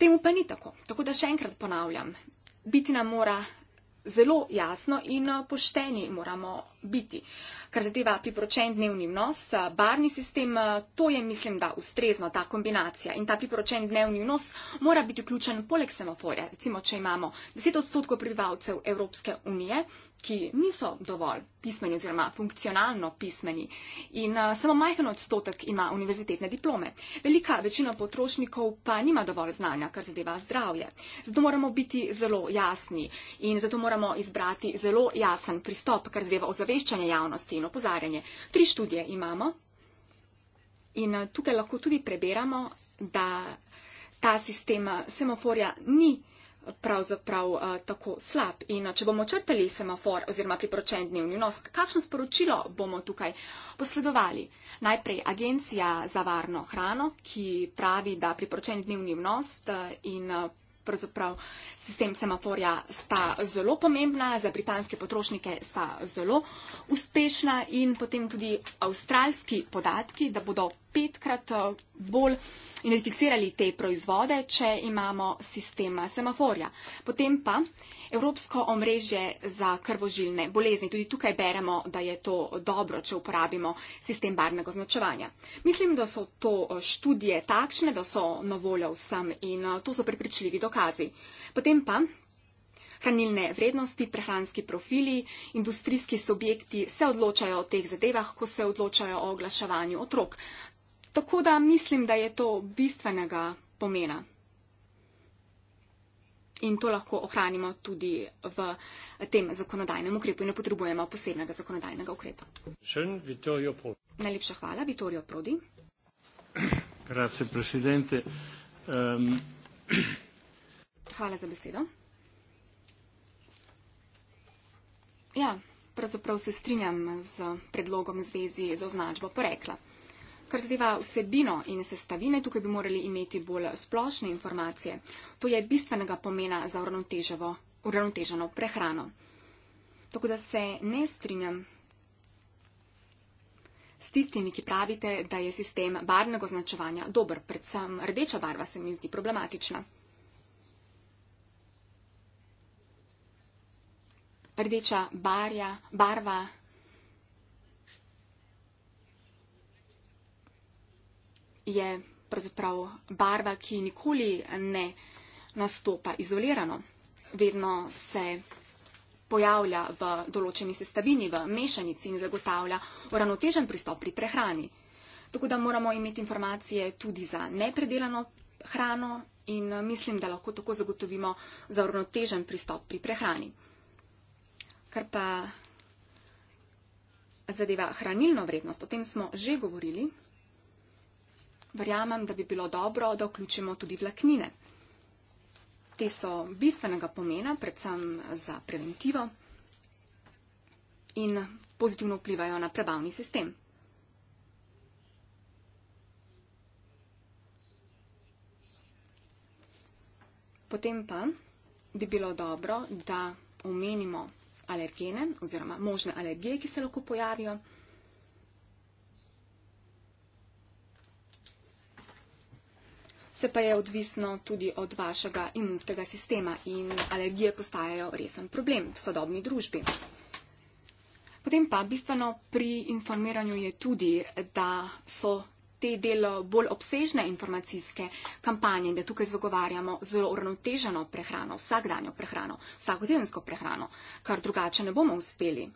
Temu pa ni tako. Tako da še enkrat ponavljam, biti nam mora zelo jasno in eh, pošteni moramo biti. Kar zadeva priporočen dnevni vnos, eh, barni sistem, eh, to je, mislim, da ustrezno ta kombinacija. In ta priporočen dnevni vnos mora biti vključen poleg semaforja. Recimo, če imamo 10 odstotkov prebivalcev Evropske unije, ki niso dovolj pismeni oziroma funkcionalno pismeni. In uh, samo majhen odstotek ima univerzitetne diplome. Velika večina potrošnikov pa nima dovolj znanja, kar zadeva zdravje. Zato moramo biti zelo jasni in zato moramo izbrati zelo jasen pristop, kar zadeva ozaveščanje javnosti in opozarjanje. Tri študije imamo in uh, tukaj lahko tudi preberamo, da ta sistem eh, semaforja ni pravzaprav uh, tako slab. In uh, če bomo črtali semafor oziroma priporočen dnevni nos, kakšno sporočilo bomo tukaj posledovali? Najprej agencija za varno hrano, ki pravi, da priporočen dnevni nos eh, in uh, pravzaprav sistem semaforja sta zelo pomembna, za britanske potrošnike sta zelo uspešna in potem tudi avstralski podatki, da bodo petkrat eh, bolj identificirali te proizvode, če imamo sistema semaforja. Potem pa Evropsko omrežje za krvožilne bolezni. Tudi tukaj beremo, da je to dobro, če uporabimo sistem barnega označevanja. Mislim, da so to eh, študije takšne, da so na voljo vsem in eh, to so prepričljivi dokazi. Potem pa. Hranilne vrednosti, prehranski profili, industrijski subjekti se odločajo o teh zadevah, ko se odločajo o oglaševanju otrok. Tako da mislim, da je to bistvenega pomena in to lahko ohranimo tudi v tem zakonodajnem ukrepu in ne potrebujemo posebnega zakonodajnega ukrepa. Šen, Najlepša hvala, Vittorio Prodi. Grazie, presidente. Um... [clears throat] Hvala za besedo. Ja, pravzaprav se strinjam z predlogom v zvezi z označbo porekla. Kar zadeva vsebino in sestavine, tukaj bi morali imeti bolj splošne informacije. To je bistvenega pomena za uravnoteženo prehrano. Tako da se ne strinjam s tistimi, ki pravite, da je sistem barvnega označevanja dober. Predvsem rdeča barva se mi zdi problematična. Rdeča barja, barva. je pravzaprav barva, ki nikoli ne nastopa izolirano. Vedno se pojavlja v določeni sestavini, v mešanici in zagotavlja uravnotežen pristop pri prehrani. Tako da moramo imeti informacije tudi za nepredelano hrano in eh, mislim, da lahko tako zagotovimo za uravnotežen pristop pri prehrani. Kar pa zadeva hranilno vrednost, o tem smo že govorili verjamem, da bi bilo dobro, da vključimo tudi vlaknine. Te so bistvenega pomena, predvsem za preventivo in pozitivno vplivajo na prebavni sistem. Potem pa bi bilo dobro, da omenimo alergene oziroma možne alergije, ki se lahko pojavijo. se pa je odvisno tudi od vašega imunskega sistema in alergije postajajo resen problem v sodobni družbi. Potem pa bistveno pri informiranju je tudi, da so te delo bolj obsežne informacijske kampanje, da tukaj zagovarjamo zelo uravnoteženo prehrano, vsakdanjo prehrano, vsakodnevno prehrano, kar drugače ne bomo uspeli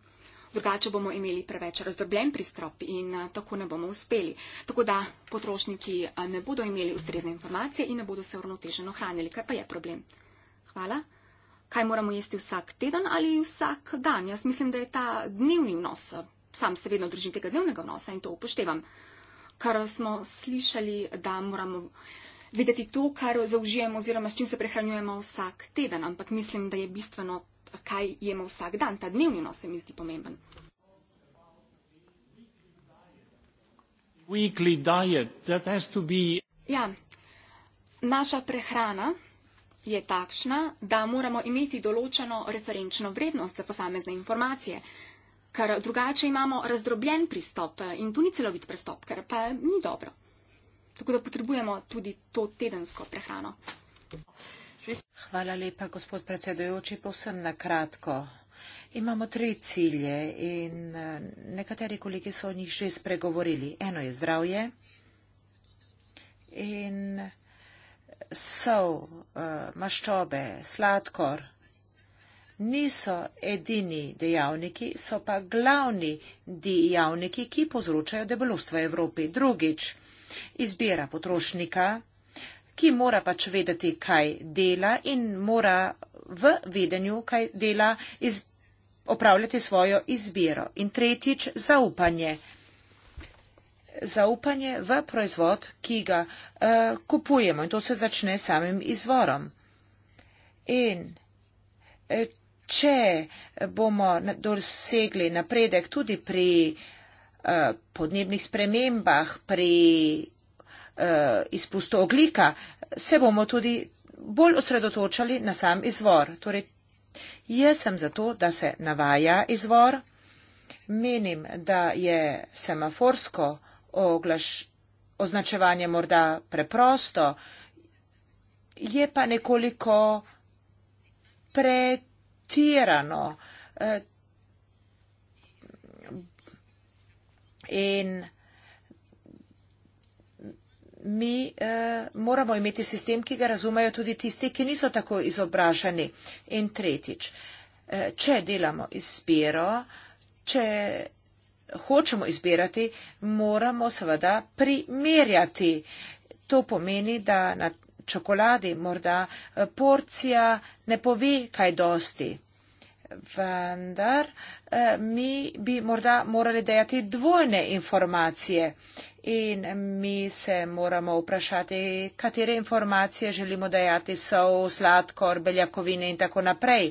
drugače bomo imeli preveč razdrobljen pristrop in eh, tako ne bomo uspeli. Tako da potrošniki eh, ne bodo imeli ustrezne informacije in ne bodo se uravnoteženo hranili, kar pa je problem. Hvala. Kaj moramo jesti vsak teden ali vsak dan? Jaz mislim, da je ta dnevni vnos. Eh, sam se vedno držim tega dnevnega vnosa in to upoštevam. Kar smo slišali, da moramo vedeti to, kar zaužijemo oziroma s čim se prehranjujemo vsak teden, ampak mislim, da je bistveno kaj jemo vsak dan. Ta dnevni nos se mi zdi pomemben. Diet, be... Ja, naša prehrana je takšna, da moramo imeti določeno referenčno vrednost za posamezne informacije, ker drugače imamo razdrobljen pristop eh, in tu ni celovit pristop, ker pa ni dobro. Tako da potrebujemo tudi to tedensko prehrano. Uh, Hvala lepa, gospod predsedojoči, povsem na kratko. Imamo tri cilje in eh, nekateri kolegi so o njih že spregovorili. Eno je zdravje in sov, eh, maščobe, sladkor niso edini dejavniki, so pa glavni dejavniki, ki povzročajo debelost v Evropi. Drugič, izbira potrošnika ki mora pač vedeti, kaj dela in mora v vedenju, kaj dela, iz, opravljati svojo izbiro. In tretjič, zaupanje. Zaupanje v proizvod, ki ga uh, kupujemo in to se začne samim izvorom. In eh, če bomo dosegli napredek tudi pri uh, podnebnih spremembah, pri Eh, izpustov oglika, se bomo tudi bolj osredotočali na sam izvor. Torej, jaz sem zato, da se navaja izvor. Menim, da je semaforsko oglaš, označevanje morda preprosto, je pa nekoliko pretirano. Eh, in mi eh, moramo imeti sistem, ki ga razumejo tudi tisti, ki niso tako izobraženi. In tretjič, eh, če delamo izbiro, če hočemo izbirati, moramo seveda primerjati. To pomeni, da na čokoladi morda eh, porcija ne pove kaj dosti. Vendar Eh, mi bi morda morali dejati dvojne informacije in mi se moramo vprašati, katere informacije želimo dejati so sladkor, beljakovine in tako naprej.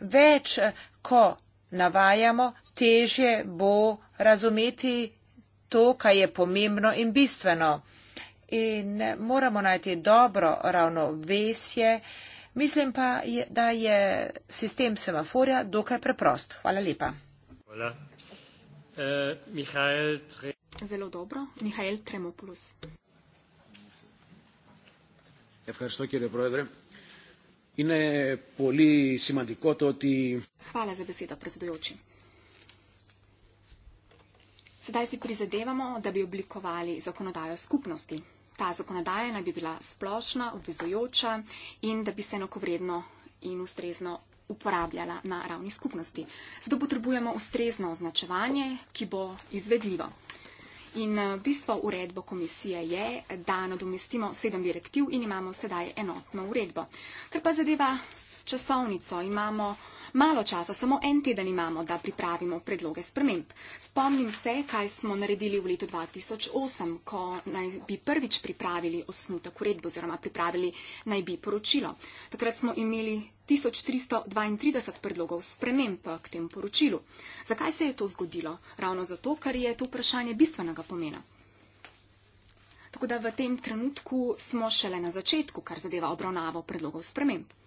Več, ko navajamo, težje bo razumeti to, kaj je pomembno in bistveno. In moramo najti dobro ravnovesje, vesje, Mislim pa, da je sistem semaforja dokaj preprost. Hvala lepa. Hvala. Uh, Tre... Zelo dobro. Mihajl Tremopulus. Hvala za besedo, predsedujoči. Sedaj si prizadevamo, da bi oblikovali zakonodajo skupnosti. Ta zakonodaja naj bi bila splošna, obvezujoča in da bi se enakovredno in ustrezno uporabljala na ravni skupnosti. Zato potrebujemo ustrezno označevanje, ki bo izvedljivo. In eh, bistvo uredbo komisije je, da nadomestimo sedem direktiv in imamo sedaj enotno uredbo. Ker pa zadeva časovnico, imamo Malo časa, samo en teden imamo, da pripravimo predloge sprememb. Spomnim se, kaj smo naredili v letu 2008, ko naj bi prvič pripravili osnutek uredbo oziroma pripravili naj bi poročilo. Takrat smo imeli 1332 predlogov sprememb k temu poročilu. Zakaj se je to zgodilo? Ravno zato, ker je to vprašanje bistvenega pomena. Tako da v tem trenutku smo šele na začetku, kar zadeva obravnavo predlogov sprememb.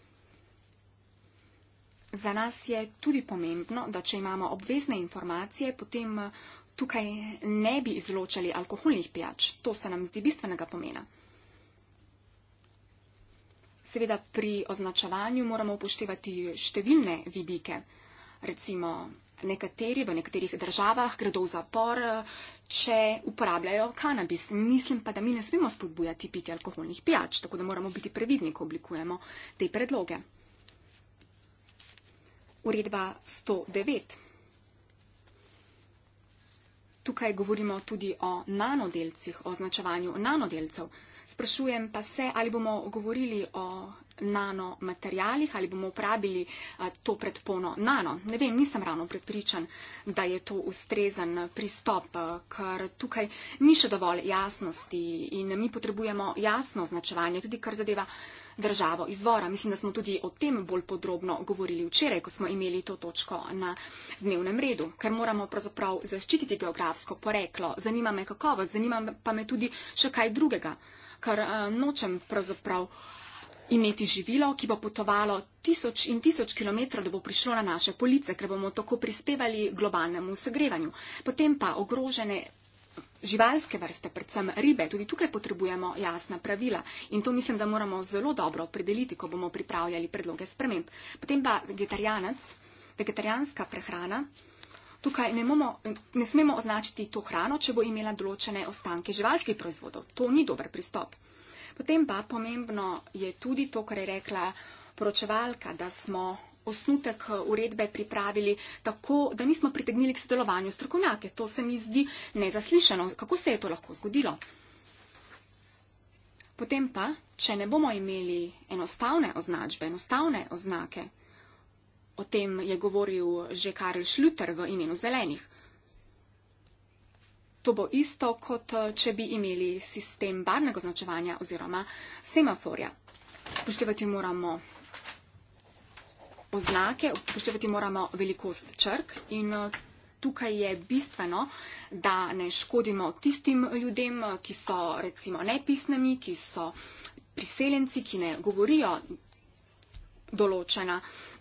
Za nas je tudi pomembno, da če imamo obvezne informacije, potem eh, tukaj ne bi izločali alkoholnih pijač. To se nam zdi bistvenega pomena. Seveda pri označevanju moramo upoštevati številne vidike. Recimo nekateri v nekaterih državah gredo v zapor, eh, če uporabljajo kanabis. Mislim pa, da mi ne smemo spodbujati piti alkoholnih pijač, tako da moramo biti previdni, ko oblikujemo te predloge uredba 109. Tukaj govorimo tudi o nanodelcih, označevanju nanodelcev. Sprašujem pa se, ali bomo govorili o nanomaterialih ali bomo uporabili eh, to predpono nano. Ne vem, nisem ravno prepričan, da je to ustrezen eh, pristop, eh, ker tukaj ni še dovolj jasnosti in mi potrebujemo jasno označevanje, tudi kar zadeva državo izvora. Mislim, da smo tudi o tem bolj podrobno govorili včeraj, ko smo imeli to točko na dnevnem redu, ker moramo pravzaprav zaščititi geografsko poreklo. Zanima me kakovost, zanima pa me tudi še kaj drugega, ker nočem pravzaprav uh, imeti živilo, ki bo potovalo tisoč in tisoč kilometrov, da bo prišlo na naše police, ker bomo tako prispevali globalnemu segrevanju. Potem pa ogrožene živalske vrste, predvsem ribe, tudi tukaj potrebujemo jasna pravila in to mislim, da moramo zelo dobro opredeliti, ko bomo pripravljali predloge sprememb. Potem pa vegetarijanec, vegetarijanska prehrana. Tukaj ne, momo, ne smemo označiti to hrano, če bo imela določene ostanke živalskih proizvodov. To ni dober pristop. Potem pa pomembno je tudi to, kar je rekla pročevalka, da smo osnutek eh, uredbe pripravili tako, da nismo pritegnili k sodelovanju strokovnjake. To se mi zdi nezaslišano. Kako se je to lahko zgodilo? Potem pa, če ne bomo imeli enostavne označbe, enostavne oznake, o tem je govoril že Karl Schluter v imenu zelenih, To bo isto, kot eh, če bi imeli sistem barnega označevanja oziroma semaforja. Poštevati moramo oznake, poštevati moramo velikost črk in eh, tukaj je bistveno, da ne škodimo tistim ljudem, ki so recimo nepisnemi, ki so priseljenci, ki ne govorijo določena,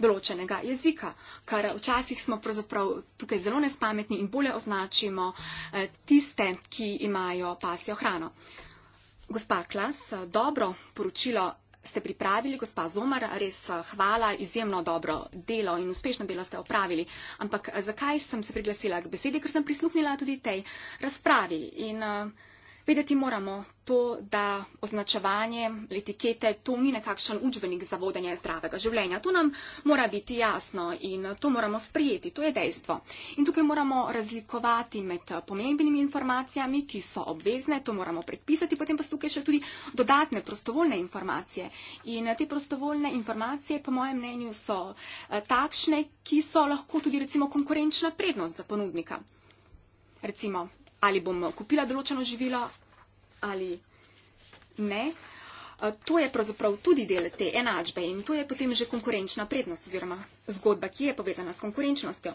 določenega jezika, kar včasih smo pravzaprav tukaj zelo nespametni in bolje označimo eh, tiste, ki imajo pasjo hrano. Gospa Klas, dobro poročilo ste pripravili, gospa Zomar, res eh, hvala, izjemno dobro delo in uspešno delo ste opravili. Ampak eh, zakaj sem se priglasila k besedi, ker sem prisluhnila tudi tej razpravi in uh, Vedeti moramo to, da označevanje etikete to ni nekakšen učbenik za vodenje zdravega življenja. To nam mora biti jasno in to moramo sprijeti. To je dejstvo. In tukaj moramo razlikovati med pomembnimi informacijami, ki so obvezne, to moramo predpisati, potem pa so tukaj še tudi dodatne prostovoljne informacije. In te prostovoljne informacije, po mojem mnenju, so eh, takšne, ki so lahko tudi recimo konkurenčna prednost za ponudnika. Recimo, ali bom kupila določeno živilo ali ne. Eh, to je pravzaprav tudi del te enačbe in to je potem že konkurenčna prednost oziroma zgodba, ki je povezana s konkurenčnostjo.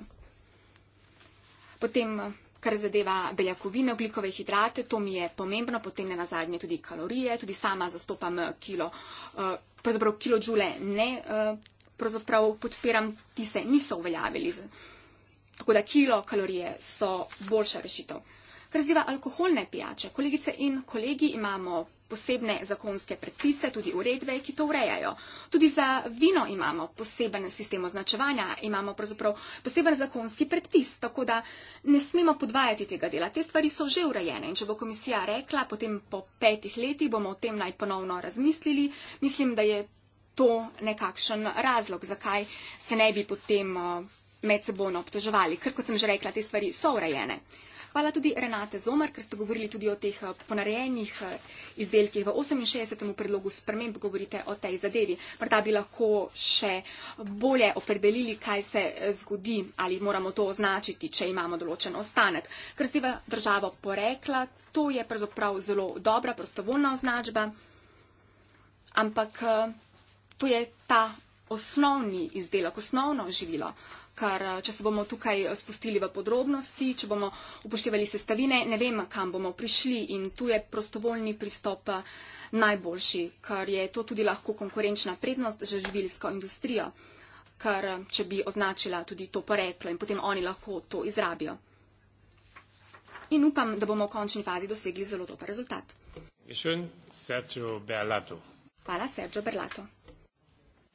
Potem, eh, kar zadeva beljakovine, oglikove hidrate, to mi je pomembno, potem ne nazadnje tudi kalorije, tudi sama zastopam kilo, eh, pravzaprav kilo džule ne, pravzaprav podpiram, ti se niso uveljavili. Tako da kilo kalorije so boljša rešitev. Kar zdiva alkoholne pijače, kolegice in kolegi, imamo posebne zakonske predpise, tudi uredbe, ki to urejajo. Tudi za vino imamo poseben sistem označevanja, imamo pravzaprav poseben zakonski predpis, tako da ne smemo podvajati tega dela. Te stvari so že urejene in če bo komisija rekla, potem po petih letih bomo o tem naj ponovno razmislili. Mislim, da je to nekakšen razlog, zakaj se ne bi potem eh, med sebojno obtoževali, ker kot sem že rekla, te stvari so urejene. Hvala tudi Renate Zomar, ker ste govorili tudi o teh eh, ponarejenih eh, izdelkih. V 68. predlogu sprememb govorite o tej zadevi. Morda bi lahko še bolje opredelili, kaj se eh, zgodi ali moramo to označiti, če imamo določen ostanek. Ker ste v državo porekla, to je pravzaprav zelo dobra prostovoljna označba, ampak to je ta osnovni izdelek, osnovno živilo kar, eh, če se bomo tukaj eh, spustili v podrobnosti, če bomo upoštevali sestavine, ne vem, kam bomo prišli in tu je prostovoljni pristop eh, najboljši, kar je to tudi lahko konkurenčna prednost za živilsko industrijo, kar če bi označila tudi to poreklo in potem oni lahko to izrabijo. In upam, da bomo v končni fazi dosegli zelo dober rezultat. Hvala, Sergio Berlato.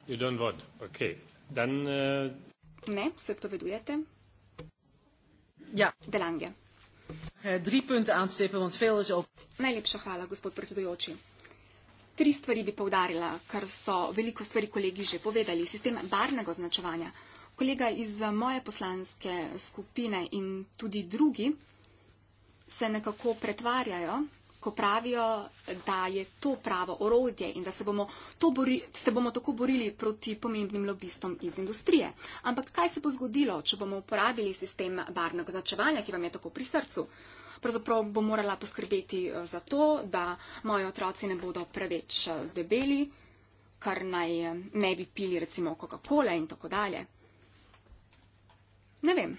You don't vote? Okay. Then uh... Ne, se odpovedujete? Ja. Delange. Tri eh, punte anstepen, want veel is op. Najlepša hvala, gospod predsedujoči. Tri stvari bi povdarila, kar so veliko stvari kolegi že povedali. Sistem barnega označevanja. Kolega iz eh, moje poslanske skupine in tudi drugi se nekako pretvarjajo, ko pravijo, da je to pravo orodje in da se bomo, to bori, se bomo tako borili proti pomembnim lobistom iz industrije. Ampak kaj se bo zgodilo, če bomo uporabili sistem barnega značevanja, ki vam je tako pri srcu? Pravzaprav bom morala poskrbeti eh, za to, da moji otroci ne bodo preveč eh, debeli, kar naj eh, ne bi pili recimo Coca-Cola in tako dalje. Ne vem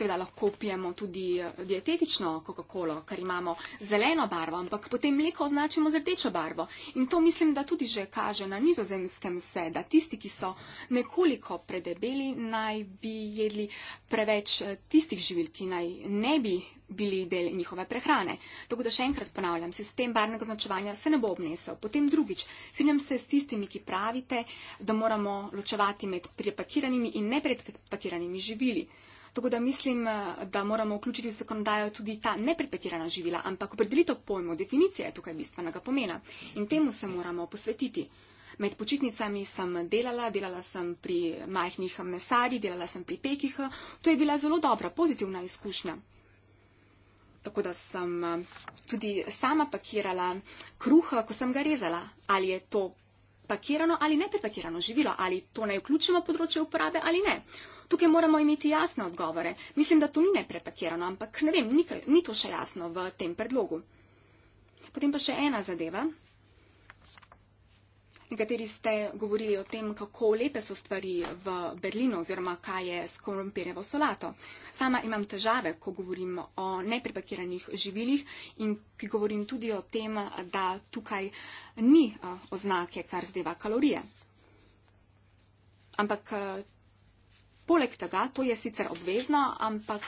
seveda lahko pijemo tudi eh, dietetično Coca-Colo, ker imamo zeleno barvo, ampak potem mleko označimo z rdečo barvo. In to mislim, da tudi že kaže na nizozemskem se, da tisti, ki so nekoliko predebeli, naj bi jedli preveč eh, tistih živil, ki naj ne bi bili del njihove prehrane. Tako da še enkrat ponavljam, sistem barvnega označevanja se ne bo obnesel. Potem drugič, strinjam se s tistimi, ki pravite, da moramo ločevati med prepakiranimi in nepredpakiranimi živili. Tako da mislim, eh, da moramo vključiti v zakonodajo tudi ta nepripetirana živila, ampak opredelitev pojmov, definicija je tukaj bistvenega pomena in temu se moramo posvetiti. Med počitnicami sem delala, delala sem pri majhnih mesari, delala sem pri pekih. To je bila zelo dobra, pozitivna izkušnja. Tako da sem eh, tudi sama pakirala kruh, ko sem ga rezala. Ali je to pakirano ali ne pripakirano živilo, ali to naj vključimo področje uporabe ali ne. Uh, Tukaj moramo imeti jasne odgovore. Mislim, da to ni neprepakirano, ampak ne vem, ni, ni to še jasno v tem predlogu. Potem pa še ena zadeva. Nekateri ste govorili o tem, kako lepe so stvari v Berlinu oziroma kaj je s korumpirjevo solato. Sama imam težave, ko govorim o neprepakiranih živilih in ki govorim tudi o tem, da tukaj ni eh, oznake, kar zdeva kalorije. Ampak eh, poleg tega, to je sicer obvezno, ampak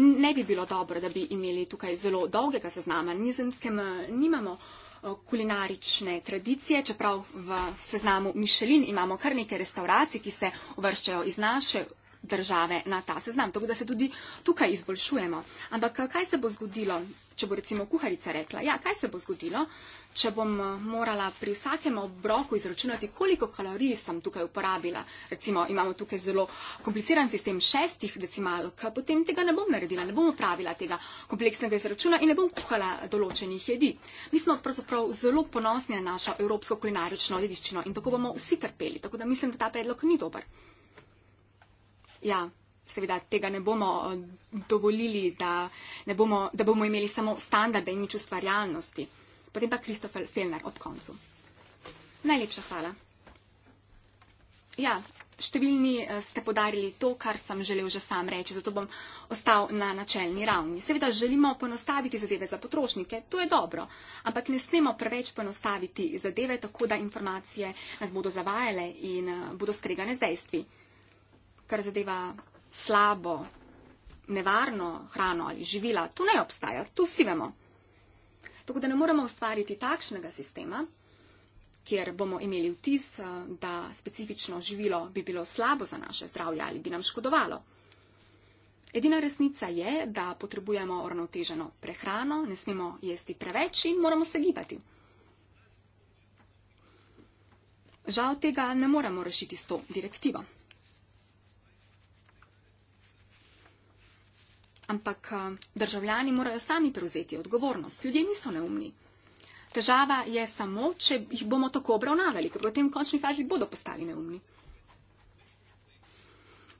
ne bi bilo dobro, da bi imeli tukaj zelo dolgega seznama. Na nizemskem eh, nimamo eh, kulinarične tradicije, čeprav v seznamu Mišelin imamo kar neke restauracije, ki se uvrščajo iz naše države na ta seznam. Tako da se tudi tukaj izboljšujemo. Ampak eh, kaj se bo zgodilo? če bo recimo kuharica rekla, ja, kaj se bo zgodilo, če bom eh, morala pri vsakem obroku izračunati, koliko kalorij sem tukaj uporabila. Recimo imamo tukaj zelo kompliciran sistem šestih decimalk, potem tega ne bom naredila, ne bom upravila tega kompleksnega izračuna in ne bom kuhala določenih jedi. Mi smo pravzaprav zelo ponosni na našo evropsko kulinarično dediščino in tako bomo vsi trpeli, tako da mislim, da ta predlog ni dober. Ja seveda tega ne bomo eh, dovolili, da, ne bomo, da bomo imeli samo standarde in nič ustvarjalnosti. Potem pa Kristofel Felner ob koncu. Najlepša hvala. Ja, številni eh, ste podarili to, kar sem želel že sam reči, zato bom ostal na načelni ravni. Seveda želimo ponostaviti zadeve za potrošnike, to je dobro, ampak ne smemo preveč ponostaviti zadeve, tako da informacije nas bodo zavajale in eh, bodo skregane z dejstvi. Kar zadeva slabo, nevarno hrano ali živila, to ne obstaja, to vsi vemo. Tako da ne moremo ustvariti takšnega sistema, kjer bomo imeli vtis, eh, da specifično živilo bi bilo slabo za naše zdravje ali bi nam škodovalo. Edina resnica je, da potrebujemo uravnoteženo prehrano, ne smemo jesti preveč in moramo se gibati. Žal tega ne moremo rešiti s to direktivo. ampak eh, državljani morajo sami prevzeti odgovornost. Ljudje niso neumni. Težava je samo, če jih bomo tako obravnavali, ker potem v končni fazi bodo postali neumni.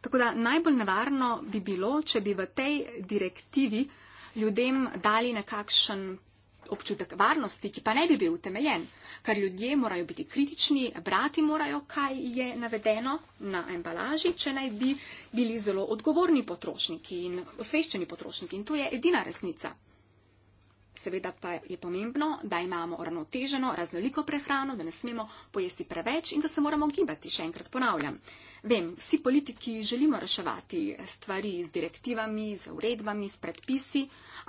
Tako da najbolj nevarno bi bilo, če bi v tej direktivi ljudem dali nekakšen občutek varnosti, ki pa ne bi bil utemeljen, ker ljudje morajo biti kritični, brati morajo, kaj je navedeno na embalaži, če naj bi bili zelo odgovorni potrošniki in osveščeni potrošniki. In to je edina resnica. Seveda pa je pomembno, da imamo uravnoteženo, raznoliko prehrano, da ne smemo pojesti preveč in da se moramo gibati, še enkrat ponavljam. Vem, vsi politiki želimo reševati stvari z direktivami, z uredbami, s predpisi,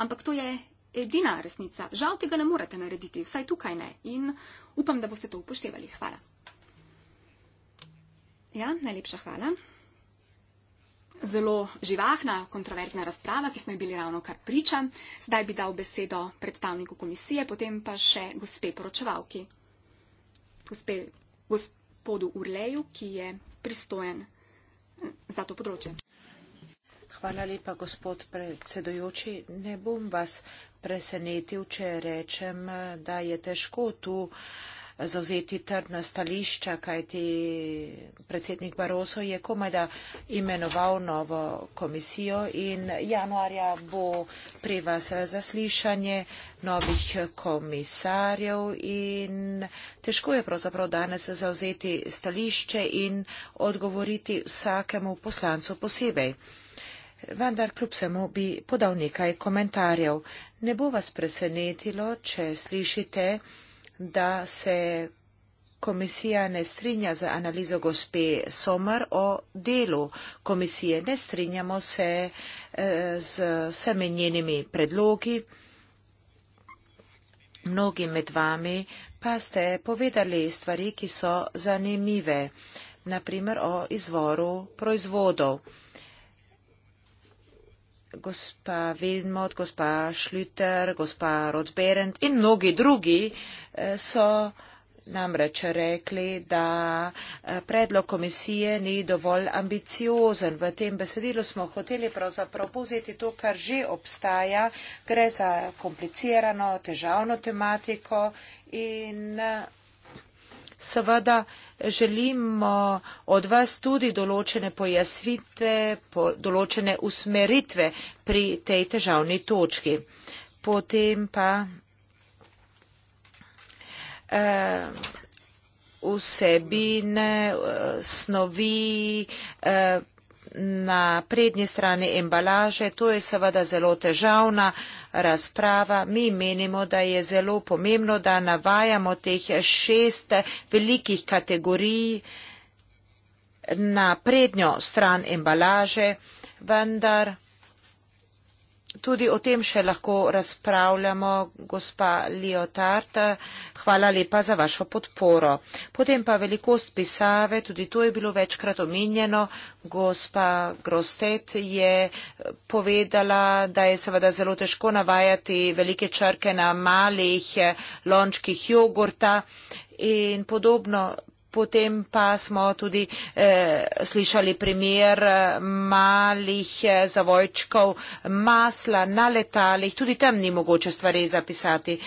ampak to je edina resnica. Žal tega ne morete narediti, vsaj tukaj ne. In upam, da boste to upoštevali. Hvala. Ja, najlepša hvala. Zelo živahna, kontroverzna razprava, ki smo ji bili ravno kar priča. Zdaj bi dal besedo predstavniku komisije, potem pa še gospe poročevalki. Gospe, gospodu Urleju, ki je pristojen eh, za to področje. Hvala lepa, gospod predsedojoči. Ne bom vas presenetil, če rečem, da je težko tu zauzeti trdna stališča, kajti predsednik Baroso je komaj da imenoval novo komisijo in januarja bo pri vas zaslišanje novih komisarjev in težko je pravzaprav danes zauzeti stališče in odgovoriti vsakemu poslancu posebej. Vendar kljub vsemu bi podal nekaj komentarjev. Ne bo vas presenetilo, če slišite, da se komisija ne strinja z analizo gospe Somar o delu komisije. Ne strinjamo se eh, z vsemi njenimi predlogi. Mnogi med vami pa ste povedali stvari, ki so zanimive, naprimer o izvoru proizvodov gospa Wilmot, gospa Schlüter, gospa Rodberend in mnogi drugi eh, so namreč rekli, da eh, predlog komisije ni dovolj ambiciozen. V tem besedilu smo hoteli pravzaprav pozeti to, kar že obstaja. Gre za komplicirano, težavno tematiko in eh, seveda želimo od vas tudi določene pojasvitve, po, določene usmeritve pri tej težavni točki. Potem pa eh, vsebine, eh, snovi, eh, na prednji strani embalaže. To je seveda zelo težavna razprava. Mi menimo, da je zelo pomembno, da navajamo teh šest velikih kategorij na prednjo stran embalaže, vendar Tudi o tem še lahko razpravljamo, gospa Liotard. Hvala lepa za vašo podporo. Potem pa velikost pisave, tudi to je bilo večkrat omenjeno. Gospa Grostet je povedala, da je seveda zelo težko navajati velike črke na malih lončkih jogurta. In podobno Potem pa smo tudi eh, slišali primer eh, malih eh, zavojčkov masla na letalih. Tudi tam ni mogoče stvari zapisati.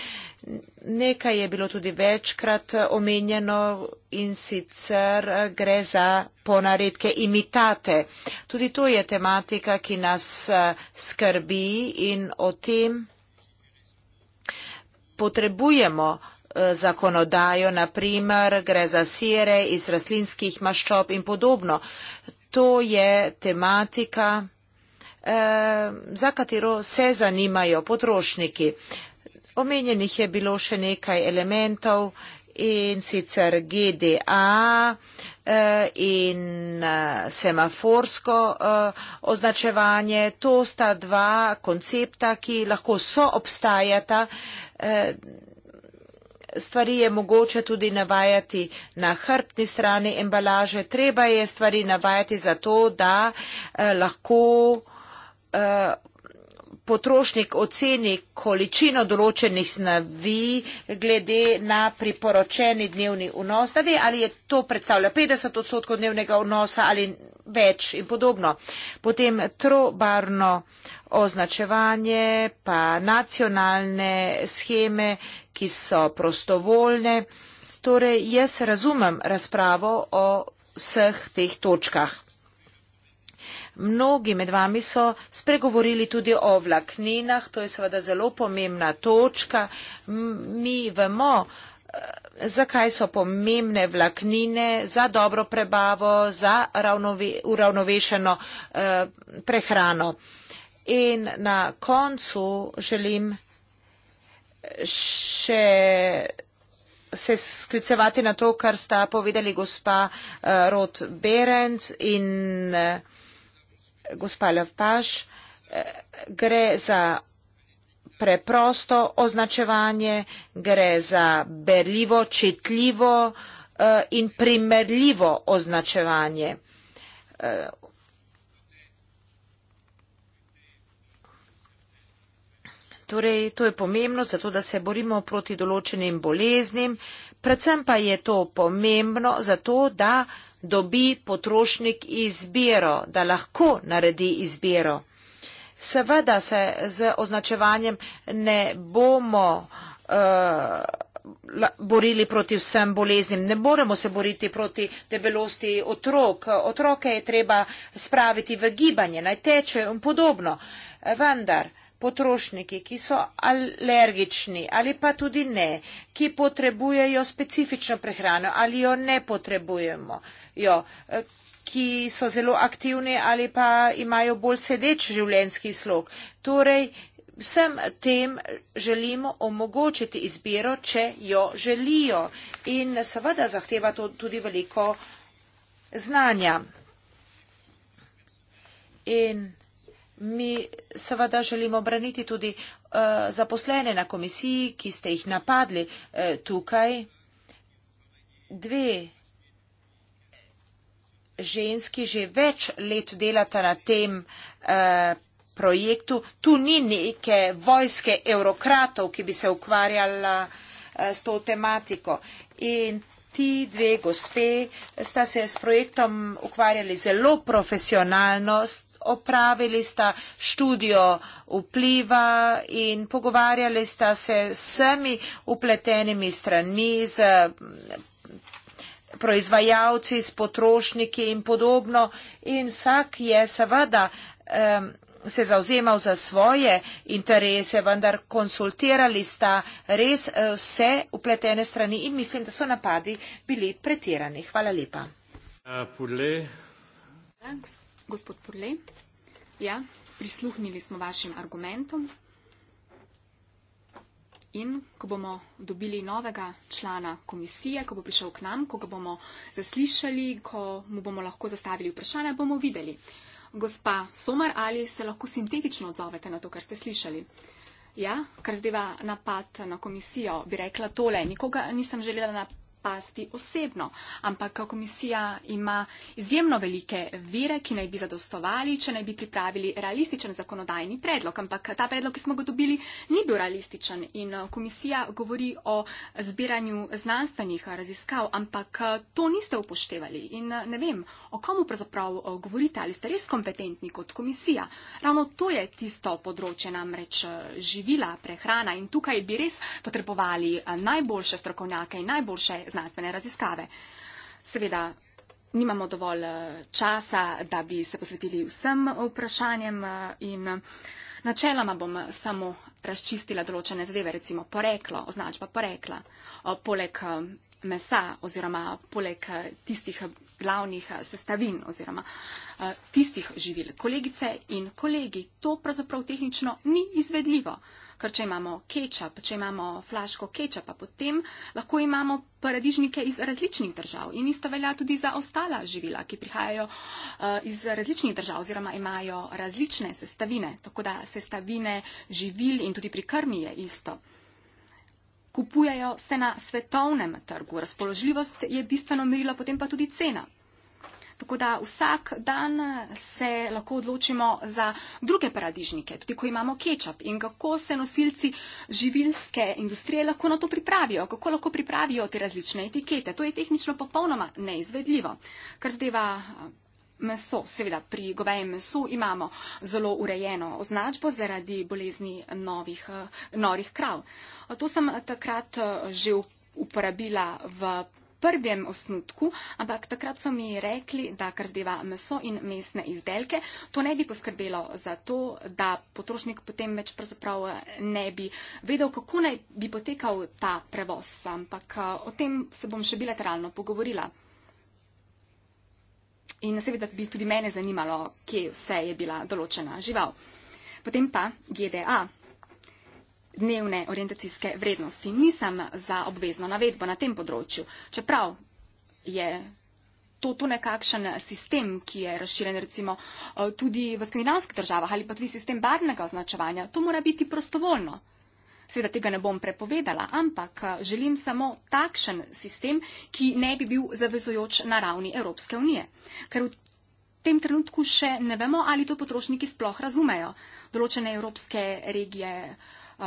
Nekaj je bilo tudi večkrat omenjeno in sicer eh, gre za ponaredke imitate. Tudi to je tematika, ki nas skrbi in o tem potrebujemo eh, zakonodajo, na primer gre za sire iz rastlinskih maščob in podobno. To je tematika, eh, za katero se zanimajo potrošniki. Omenjenih je bilo še nekaj elementov in sicer GDA eh, in eh, semaforsko označevanje. To sta dva koncepta, ki lahko soobstajata stvari je mogoče tudi navajati na hrbtni strani embalaže. Treba je stvari navajati zato, da eh, lahko eh, potrošnik oceni količino določenih snavi glede na priporočeni dnevni vnos, da ve, ali je to predstavlja 50 odstotkov dnevnega vnosa ali več in podobno. Potem trobarno označevanje, pa nacionalne scheme, ki so prostovoljne. Torej, jaz razumem razpravo o vseh teh točkah. Mnogi med vami so spregovorili tudi o vlakninah, to je seveda zelo pomembna točka. Mi vemo, eh, zakaj so pomembne vlaknine za dobro prebavo, za ravnove, uravnovešeno eh, prehrano. In na koncu želim še se sklicevati na to, kar sta povedali gospa uh, Rod Berend in uh, gospa Lavpaš. Uh, gre za preprosto označevanje, gre za berljivo, čitljivo uh, in primerljivo označevanje. Uh, Torej, to je pomembno, zato da se borimo proti določenim boleznim, predvsem pa je to pomembno, zato da dobi potrošnik izbiro, da lahko naredi izbiro. Seveda se z označevanjem ne bomo uh, borili proti vsem boleznim, ne moremo se boriti proti debelosti otrok. Otroke je treba spraviti v gibanje, naj teče in podobno. Vendar, uh, potrošniki, ki so alergični ali pa tudi ne, ki potrebujejo specifično prehrano ali jo ne potrebujemo, jo, eh, ki so zelo aktivni ali pa imajo bolj sedeč življenjski slog. Torej, Vsem tem želimo omogočiti izbiro, če jo želijo in seveda zahteva to tudi veliko znanja. In Mi seveda želimo braniti tudi uh, zaposlene na komisiji, ki ste jih napadli uh, tukaj. Dve ženski že več let delata na tem uh, projektu. Tu ni neke vojske eurokratov, ki bi se ukvarjala uh, s to tematiko. In Ti dve gospe sta se s projektom ukvarjali zelo profesionalno, opravili sta študijo vpliva in pogovarjali sta se vsemi upletenimi stranmi z proizvajalci, s potrošniki in podobno. In vsak je seveda um, se zauzemal za svoje interese, vendar konsultirali sta res eh, vse upletene strani in mislim, da so napadi bili pretirani. Hvala lepa. Uh, Gospod Purle, ja, prisluhnili smo vašim argumentom in ko bomo dobili novega člana komisije, ko bo prišel k nam, ko ga bomo zaslišali, ko mu bomo lahko zastavili vprašanja, bomo videli. Gospa Somar, ali se lahko sintetično odzovete na to, kar ste slišali? Ja, kar zdeva napad na komisijo, bi rekla tole, nikoga nisem želela napad napasti osebno, ampak komisija ima izjemno velike vire, ki naj bi zadostovali, če naj bi pripravili realističen zakonodajni predlog. Ampak ta predlog, ki smo ga dobili, ni bil realističen in eh, komisija govori o zbiranju znanstvenih raziskav, ampak eh, to niste upoštevali in eh, ne vem, o komu pravzaprav govorite, ali ste res kompetentni kot komisija. Ravno to je tisto področje namreč živila, prehrana in tukaj bi res potrebovali najboljše strokovnjake in najboljše znanstvene raziskave. Seveda, nimamo dovolj eh, časa, da bi se posvetili vsem eh, vprašanjem eh, in načeloma bom samo razčistila določene zadeve, recimo poreklo, označba porekla, poleg mesa oziroma poleg tistih glavnih sestavin oziroma tistih živil. Kolegice in kolegi, to pravzaprav tehnično ni izvedljivo ker če imamo kečap, če imamo flaško kečapa, potem lahko imamo paradižnike iz različnih držav. In isto velja tudi za ostala živila, ki prihajajo eh, iz različnih držav oziroma imajo različne sestavine. Tako da sestavine živil in tudi pri krmi je isto. Kupujajo se na svetovnem trgu, razpoložljivost je bistveno merila, potem pa tudi cena. Tako da vsak dan se lahko odločimo za druge paradižnike, tudi ko imamo kečap in kako se nosilci živilske industrije lahko na to pripravijo, kako lahko pripravijo te različne etikete. To je tehnično popolnoma neizvedljivo. Kar zdeva eh, meso, seveda pri govejem mesu imamo zelo urejeno označbo zaradi bolezni novih, eh, norih krav. To sem takrat eh, že uporabila v prvem osnutku, ampak takrat so mi rekli, da kar zdeva meso in mesne izdelke, to ne bi poskrbelo za to, da potrošnik potem več pravzaprav eh, ne bi vedel, kako naj bi potekal ta prevoz. Ampak eh, o tem se bom še bilateralno pogovorila. In seveda bi tudi mene zanimalo, kje vse je bila določena žival. Potem pa GDA dnevne orientacijske vrednosti. Nisem za obvezno navedbo na tem področju, čeprav je to, to nekakšen sistem, ki je razširjen recimo eh, tudi v skandinavskih državah ali pa tudi sistem barvnega označevanja, to mora biti prostovoljno. Seveda tega ne bom prepovedala, ampak eh, želim samo takšen sistem, ki ne bi bil zavezojoč na ravni Evropske unije. Ker v tem trenutku še ne vemo, ali to potrošniki sploh razumejo. Določene evropske regije uh,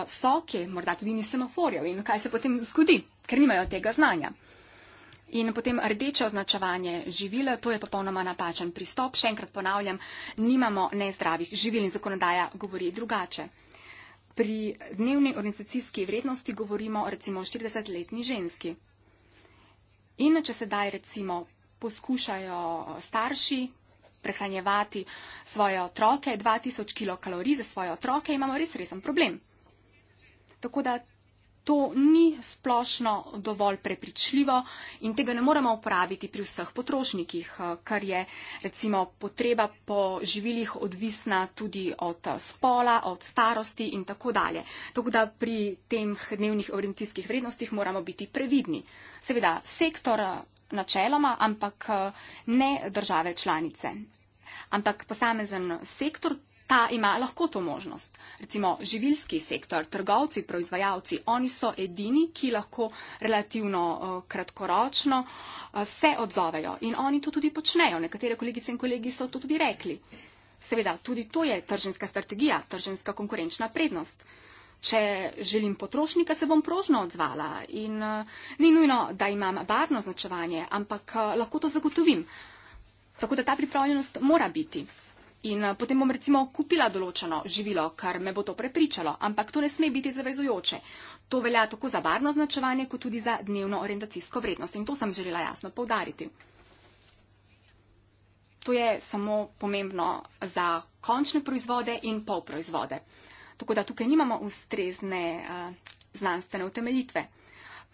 so, ki morda tudi ni semaforjev in kaj se potem zgodi, ker nimajo tega znanja. In potem rdeče označevanje živila, to je popolnoma napačen pristop. Še enkrat ponavljam, nimamo nezdravih živil in zakonodaja govori drugače. Pri dnevni organizacijski vrednosti govorimo recimo o 40-letni ženski. In če sedaj recimo poskušajo starši prehranjevati svoje otroke, 2000 kilokalorij za svoje otroke, imamo res resen problem. Tako da to ni splošno dovolj prepričljivo in tega ne moremo uporabiti pri vseh potrošnikih, eh, ker je recimo potreba po živilih odvisna tudi od eh, spola, od starosti in tako dalje. Tako da pri tem dnevnih orientijskih vrednostih moramo biti previdni. Seveda sektor eh, načeloma, ampak ne države članice. Ampak posamezen sektor ta ima lahko to možnost. Recimo živilski sektor, trgovci, proizvajalci, oni so edini, ki lahko relativno uh, kratkoročno uh, se odzovejo in oni to tudi počnejo. Nekatere kolegice in kolegi so to tudi rekli. Seveda, tudi to je tržinska strategija, tržinska konkurenčna prednost. Če želim potrošnika, se bom prožno odzvala in uh, ni nujno, da imam varno značevanje, ampak uh, lahko to zagotovim. Tako da ta pripravljenost mora biti in eh, potem bom recimo kupila določeno živilo, kar me bo to prepričalo, ampak to ne sme biti zavezujoče. To velja tako za varno značevanje, kot tudi za dnevno orientacijsko vrednost in to sem želela jasno povdariti. To je samo pomembno za končne proizvode in polproizvode. Tako da tukaj nimamo ustrezne eh, znanstvene utemeljitve.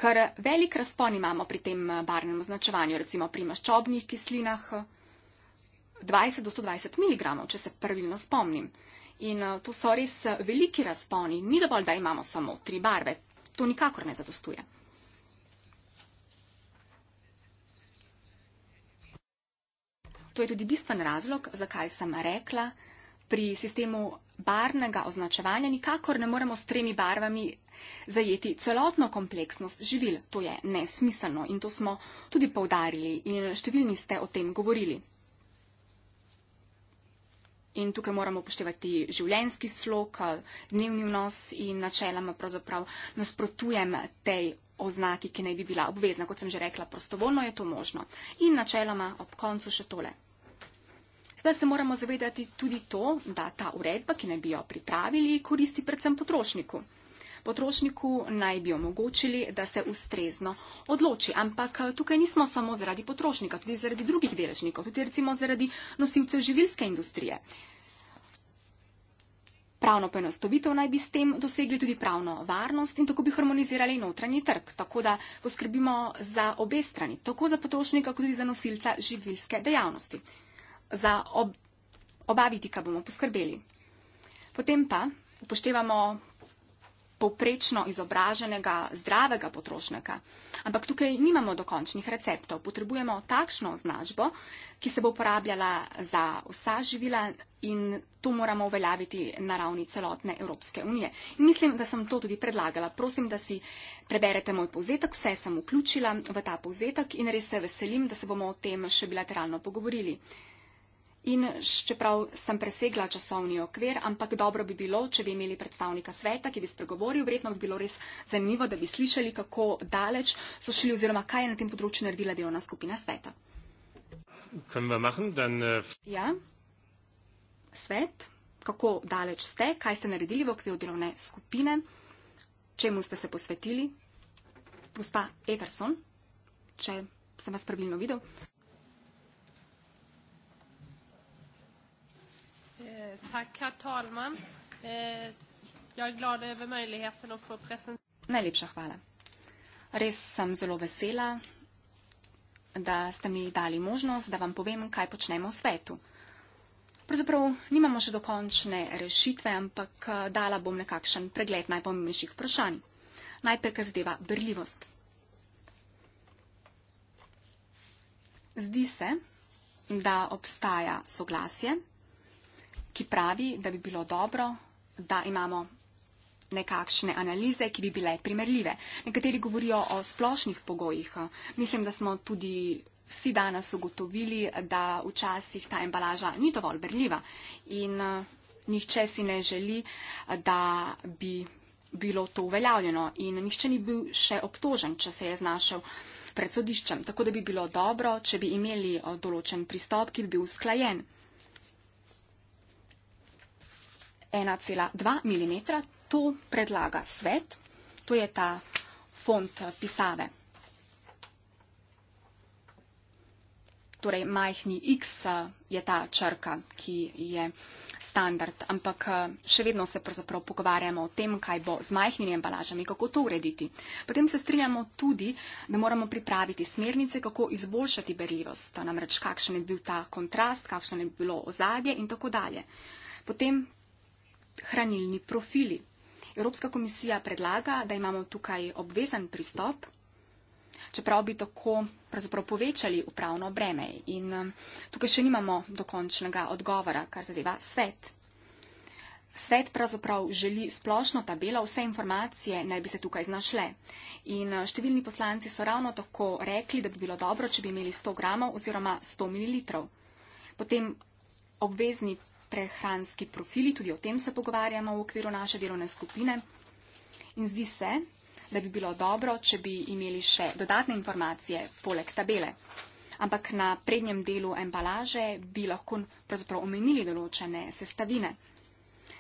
Ker velik razpon imamo pri tem barnem eh, označevanju, recimo pri maščobnih kislinah, 20 do 120 mg, če se pravilno spomnim. In eh, to so res eh, veliki razponi. Ni dovolj, da imamo samo tri barve. To nikakor ne zadostuje. To je tudi bistven razlog, zakaj sem rekla, pri sistemu barvnega označevanja nikakor ne moremo s tremi barvami zajeti celotno kompleksnost živil. To je nesmiselno in to smo tudi povdarili in številni ste o tem govorili. In tukaj moramo upoštevati življenski slog, eh, dnevni vnos in načeloma pravzaprav nasprotujem tej oznaki, ki naj bi bila obvezna. Kot sem že rekla, prostovoljno je to možno. In načeloma ob koncu še tole. Zdaj se moramo zavedati tudi to, da ta uredba, ki naj bi jo pripravili, koristi predvsem potrošniku. Potrošniku naj bi omogočili, da se ustrezno odloči. Ampak eh, tukaj nismo samo zaradi potrošnika, tudi zaradi drugih deležnikov, tudi recimo zaradi nosilcev živilske industrije. Pravno poenostavitev naj bi s tem dosegli tudi pravno varnost in tako bi harmonizirali notranji trg, tako da poskrbimo za obe strani, tako za potrošnika, kot tudi za nosilca živilske dejavnosti. Za ob, obaviti, kaj bomo poskrbeli. Potem pa upoštevamo povprečno izobraženega, zdravega potrošnika. Ampak tukaj nimamo dokončnih receptov. Potrebujemo takšno označbo, ki se bo uporabljala za vsa živila in to moramo uveljaviti na ravni celotne Evropske unije. In mislim, da sem to tudi predlagala. Prosim, da si preberete moj povzetek. Vse sem vključila v ta povzetek in res se veselim, da se bomo o tem še bilateralno pogovorili. In čeprav sem presegla časovni okvir, ampak dobro bi bilo, če bi imeli predstavnika sveta, ki bi spregovoril, vredno bi bilo res zanimivo, da bi slišali, kako daleč so šli oziroma kaj je na tem področju naredila delovna skupina sveta. Äh, ja, svet, kako daleč ste, kaj ste naredili v okviru delovne skupine, čemu ste se posvetili, gospa Everson, če sem vas pravilno videl. Tack, herr talman. Eh, jag är glad över möjligheten att få presentera... Najlepša hvala. Res sem zelo vesela, da ste mi dali možnost, da vam povem, kaj počnemo v svetu. Pravzaprav nimamo še dokončne rešitve, ampak eh, dala bom nekakšen pregled najpomembnejših vprašanj. Najprej, kar zadeva brljivost. Zdi se, da obstaja soglasje, ki pravi, da bi bilo dobro, da imamo nekakšne analize, ki bi bile primerljive. Nekateri govorijo o splošnih pogojih. Mislim, da smo tudi vsi danes ugotovili, da včasih ta embalaža ni dovolj berljiva in eh, nihče si ne želi, da bi bilo to uveljavljeno in nihče ni bil še obtožen, če se je znašel pred sodiščem. Tako da bi bilo dobro, če bi imeli eh, določen pristop, ki bi bil usklajen. 1,2 mm. To predlaga svet, to je ta font pisave. Torej, majhni X eh, je ta črka, ki je standard. Ampak eh, še vedno se pogovarjamo o tem, kaj bo z majhnimi embalažami, kako to urediti. Potem se strinjamo tudi, da moramo pripraviti smernice, kako izboljšati berljivost. Namreč, kakšen je bil ta kontrast, kakšno je bilo ozadje in tako dalje. Potem hranilni profili. Evropska komisija predlaga, da imamo tukaj obvezen pristop, čeprav bi tako povečali upravno breme. In um, tukaj še nimamo dokončnega odgovora, kar zadeva svet. Svet pravzaprav želi splošno tabelo, vse informacije naj bi se tukaj znašle. In uh, številni poslanci so ravno tako rekli, da bi bilo dobro, če bi imeli 100 gramov oziroma 100 ml. Potem obvezni prehranski profili, tudi o tem se pogovarjamo v okviru naše delovne skupine. In zdi se, da bi bilo dobro, če bi imeli še dodatne informacije poleg tabele. Ampak na prednjem delu embalaže bi lahko omenili določene sestavine.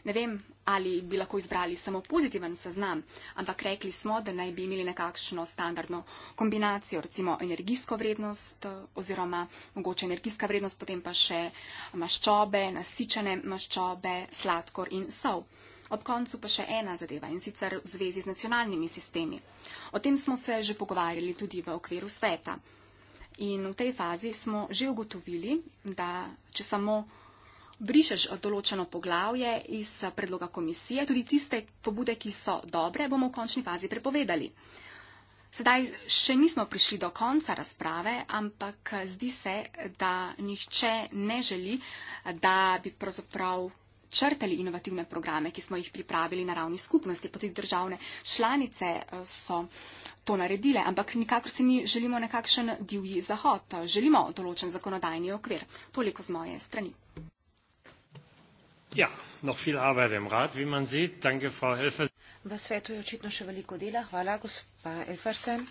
Ne vem, ali bi lahko izbrali samo pozitiven seznam, ampak rekli smo, da naj bi imeli nekakšno standardno kombinacijo, recimo energijsko vrednost eh, oziroma mogoče energijska vrednost, potem pa še maščobe, nasičene maščobe, sladkor in sol. Ob koncu pa še ena zadeva in sicer v zvezi z nacionalnimi sistemi. O tem smo se že pogovarjali tudi v okviru sveta. In v tej fazi smo že ugotovili, da če samo brišeš določeno poglavje iz predloga komisije, tudi tiste pobude, ki so dobre, bomo v končni fazi prepovedali. Sedaj še nismo prišli do konca razprave, ampak zdi se, da nihče ne želi, da bi pravzaprav črtali inovativne programe, ki smo jih pripravili na ravni skupnosti, pa tudi državne članice eh, so to naredile, ampak nikakor si ni želimo nekakšen divji zahod, želimo določen zakonodajni okvir. Toliko z moje strani. Ja, noch viel Arbeit im Rat, wie man sieht. Danke, Frau Elfersen. V svetu je očitno še veliko dela. Hvala, gospa Elfersen.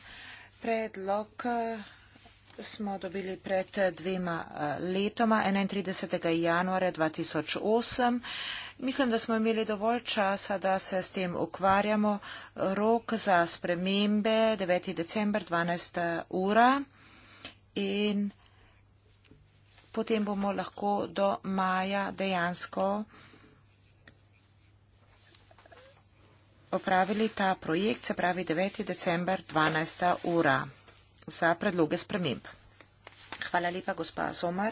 Predlog eh, smo dobili pred eh, dvema eh, letoma, 31. januarja 2008. Mislim, da smo imeli dovolj časa, da se s tem ukvarjamo. Rok za spremembe 9. december 12. ura. In potem bomo lahko do maja dejansko opravili ta projekt, se pravi 9. december 12. ura za predloge sprememb. Hvala lepa, gospa Somar.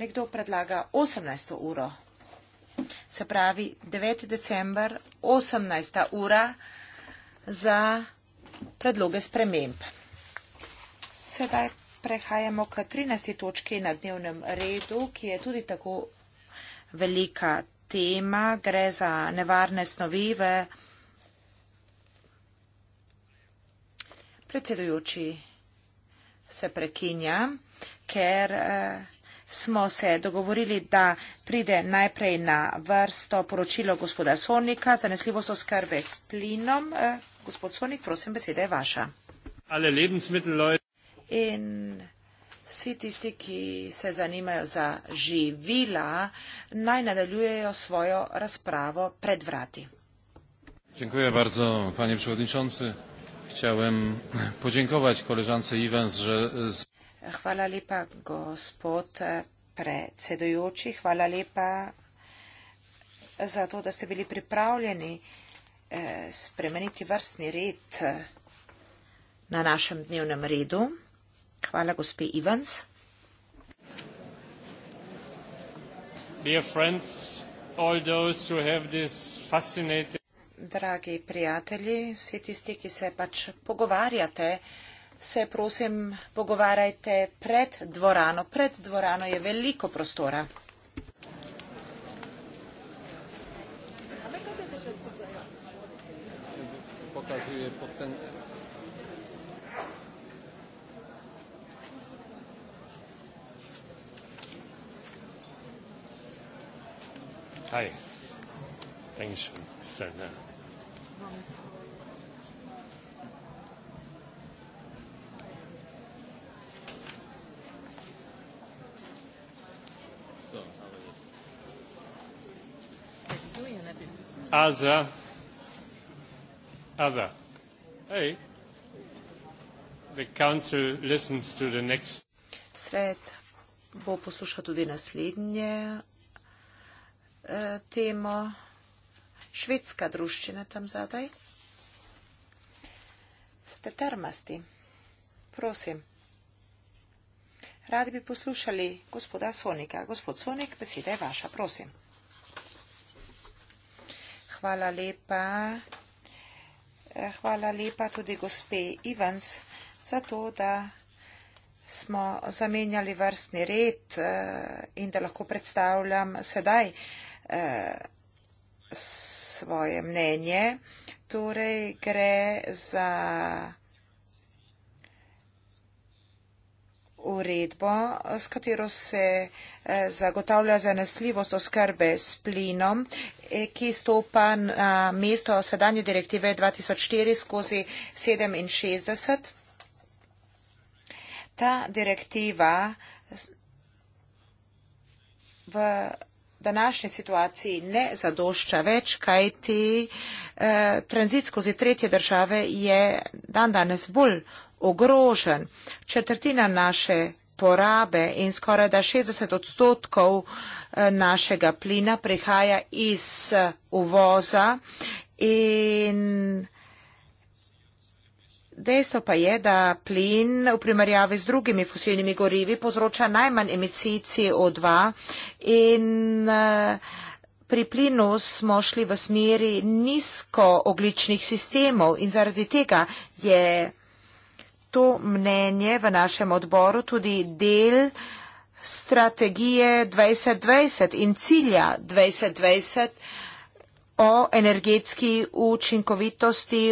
Nekdo predlaga 18. uro. Se pravi 9. december 18. ura za predloge sprememb. Sedaj prehajamo k 13. točki na dnevnem redu, ki je tudi tako velika tema. Gre za nevarne snovive. Predsedujoči se prekinja, ker eh, smo se dogovorili, da pride najprej na vrsto poročilo gospoda Sonika, zanesljivost oskrbe s plinom. Eh, gospod Sonik, prosim, beseda je vaša. Alle Lebensmittel, Leute. In vsi tisti, ki se zanimajo za živila, naj nadaljujejo svojo razpravo pred vrati. Dziękuję bardzo, panie przewodniczący. Chciałem podziękować koleżance Iwens, że... Hvala lepa, gospod predsedujoči. Hvala lepa za to, da ste bili pripravljeni eh, spremeniti vrstni red eh, na našem dnevnem redu. Hvala, gospe Ivans. Dear friends, all those who have this fascinating... Dragi prijatelji, vsi tisti, ki se pač pogovarjate, se prosim pogovarjajte pred dvorano. Pred dvorano je veliko prostora. Pokazuje potencijal. Hi. Thanks for saying that. Aza. Other. Hey. The council listens to the next. Svet bo poslušal tudi naslednje eh, temo švedska druščina tam zadaj. Ste termasti? Prosim. Radi bi poslušali gospoda Sonika. Gospod Sonik, beseda je vaša, prosim. Hvala lepa. E, hvala lepa tudi gospe Ivans za to, da smo zamenjali vrstni red e, in da lahko predstavljam sedaj svoje mnenje. Torej gre za uredbo, s katero se eh, zagotavlja zanesljivost oskrbe s plinom, eh, ki stopa na mesto sedanje direktive 2004 skozi 67. Ta direktiva v današnji situaciji ne zadošča več, kajti eh, tranzit skozi tretje države je dan danes bolj ogrožen. Četrtina naše porabe in skoraj da 60 odstotkov eh, našega plina prihaja iz eh, uvoza in eh, Dejstvo pa je, da plin v primerjavi z drugimi fosilnimi gorivi povzroča najmanj emisij CO2 in eh, pri plinu smo šli v smeri nizkoogličnih sistemov in zaradi tega je to mnenje v našem odboru tudi del strategije 2020 in cilja 2020 o energetski učinkovitosti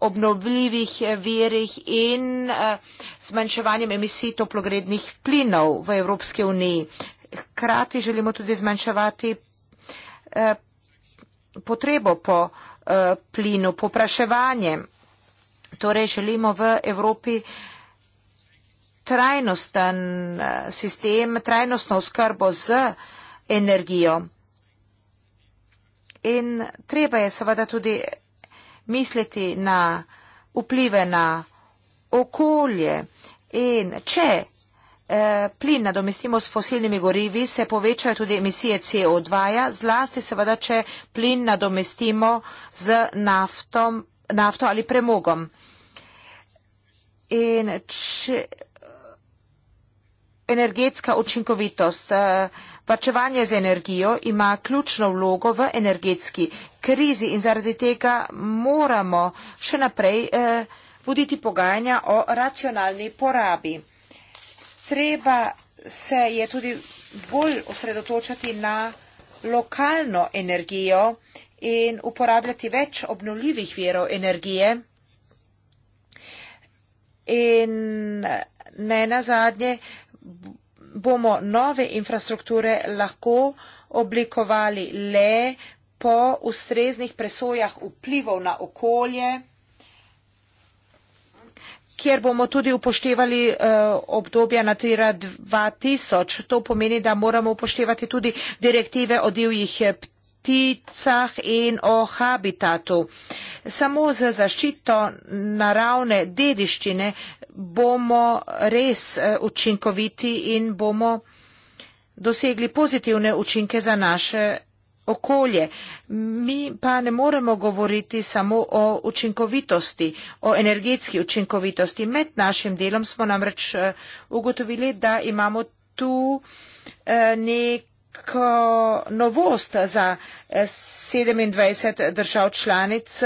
obnovljivih eh, verih in eh, zmanjševanjem emisij toplogrednih plinov v Evropske uniji. Hkrati želimo tudi zmanjševati eh, potrebo po plinu, popraševanje. Torej želimo v Evropi trajnosten sistem, trajnostno oskrbo z energijo. In treba je seveda tudi misliti na vplive na okolje in če eh, plin nadomestimo s fosilnimi gorivi, se povečajo tudi emisije CO2, -ja, zlasti seveda, če plin nadomestimo z naftom, nafto ali premogom. In če energetska učinkovitost. Uh, Varčevanje z energijo ima ključno vlogo v energetski krizi in zaradi tega moramo še naprej eh, voditi pogajanja o racionalni porabi. Treba se je tudi bolj osredotočati na lokalno energijo in uporabljati več obnovljivih verov energije. In ne nazadnje bomo nove infrastrukture lahko oblikovali le po ustreznih presojah vplivov na okolje, kjer bomo tudi upoštevali uh, obdobja Natura 2000. To pomeni, da moramo upoštevati tudi direktive o divjih eh, pticah in o habitatu. Samo z zaščito naravne dediščine uh, bomo res eh, učinkoviti in bomo dosegli pozitivne učinke za naše okolje. Mi pa ne moremo govoriti samo o učinkovitosti, o energetski učinkovitosti. Med našim delom smo namreč eh, ugotovili, da imamo tu eh, neko novost za 27 držav članic,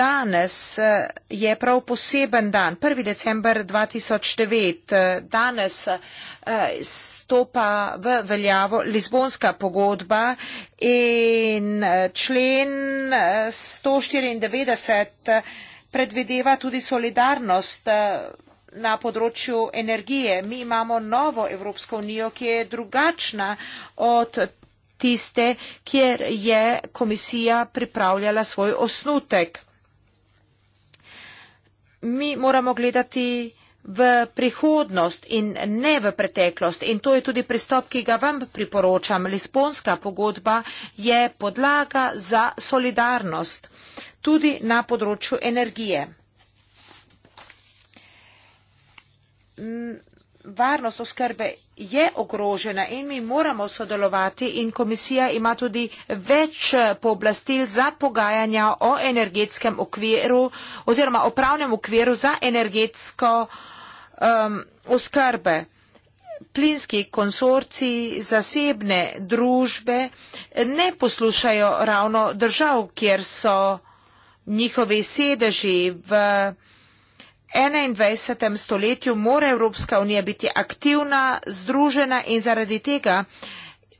Danes eh, je prav poseben dan, 1. december 2009. Danes eh, stopa v veljavo Lizbonska pogodba in eh, člen 194 predvedeva tudi solidarnost na področju energije. Mi imamo novo Evropsko unijo, ki je drugačna od tiste, kjer je komisija pripravljala svoj osnutek. Mi moramo gledati v prihodnost in ne v preteklost in to je tudi pristop, ki ga vam priporočam. Lisponska pogodba je podlaga za solidarnost tudi na področju energije varnost oskrbe je ogrožena in mi moramo sodelovati in komisija ima tudi več eh, pooblastil za pogajanja o energetskem okviru oziroma o pravnem okviru za energetsko um, oskrbe. Plinski konsorciji, zasebne družbe ne poslušajo ravno držav, kjer so njihovi sedeži v 21. stoletju mora Evropska unija biti aktivna, združena in zaradi tega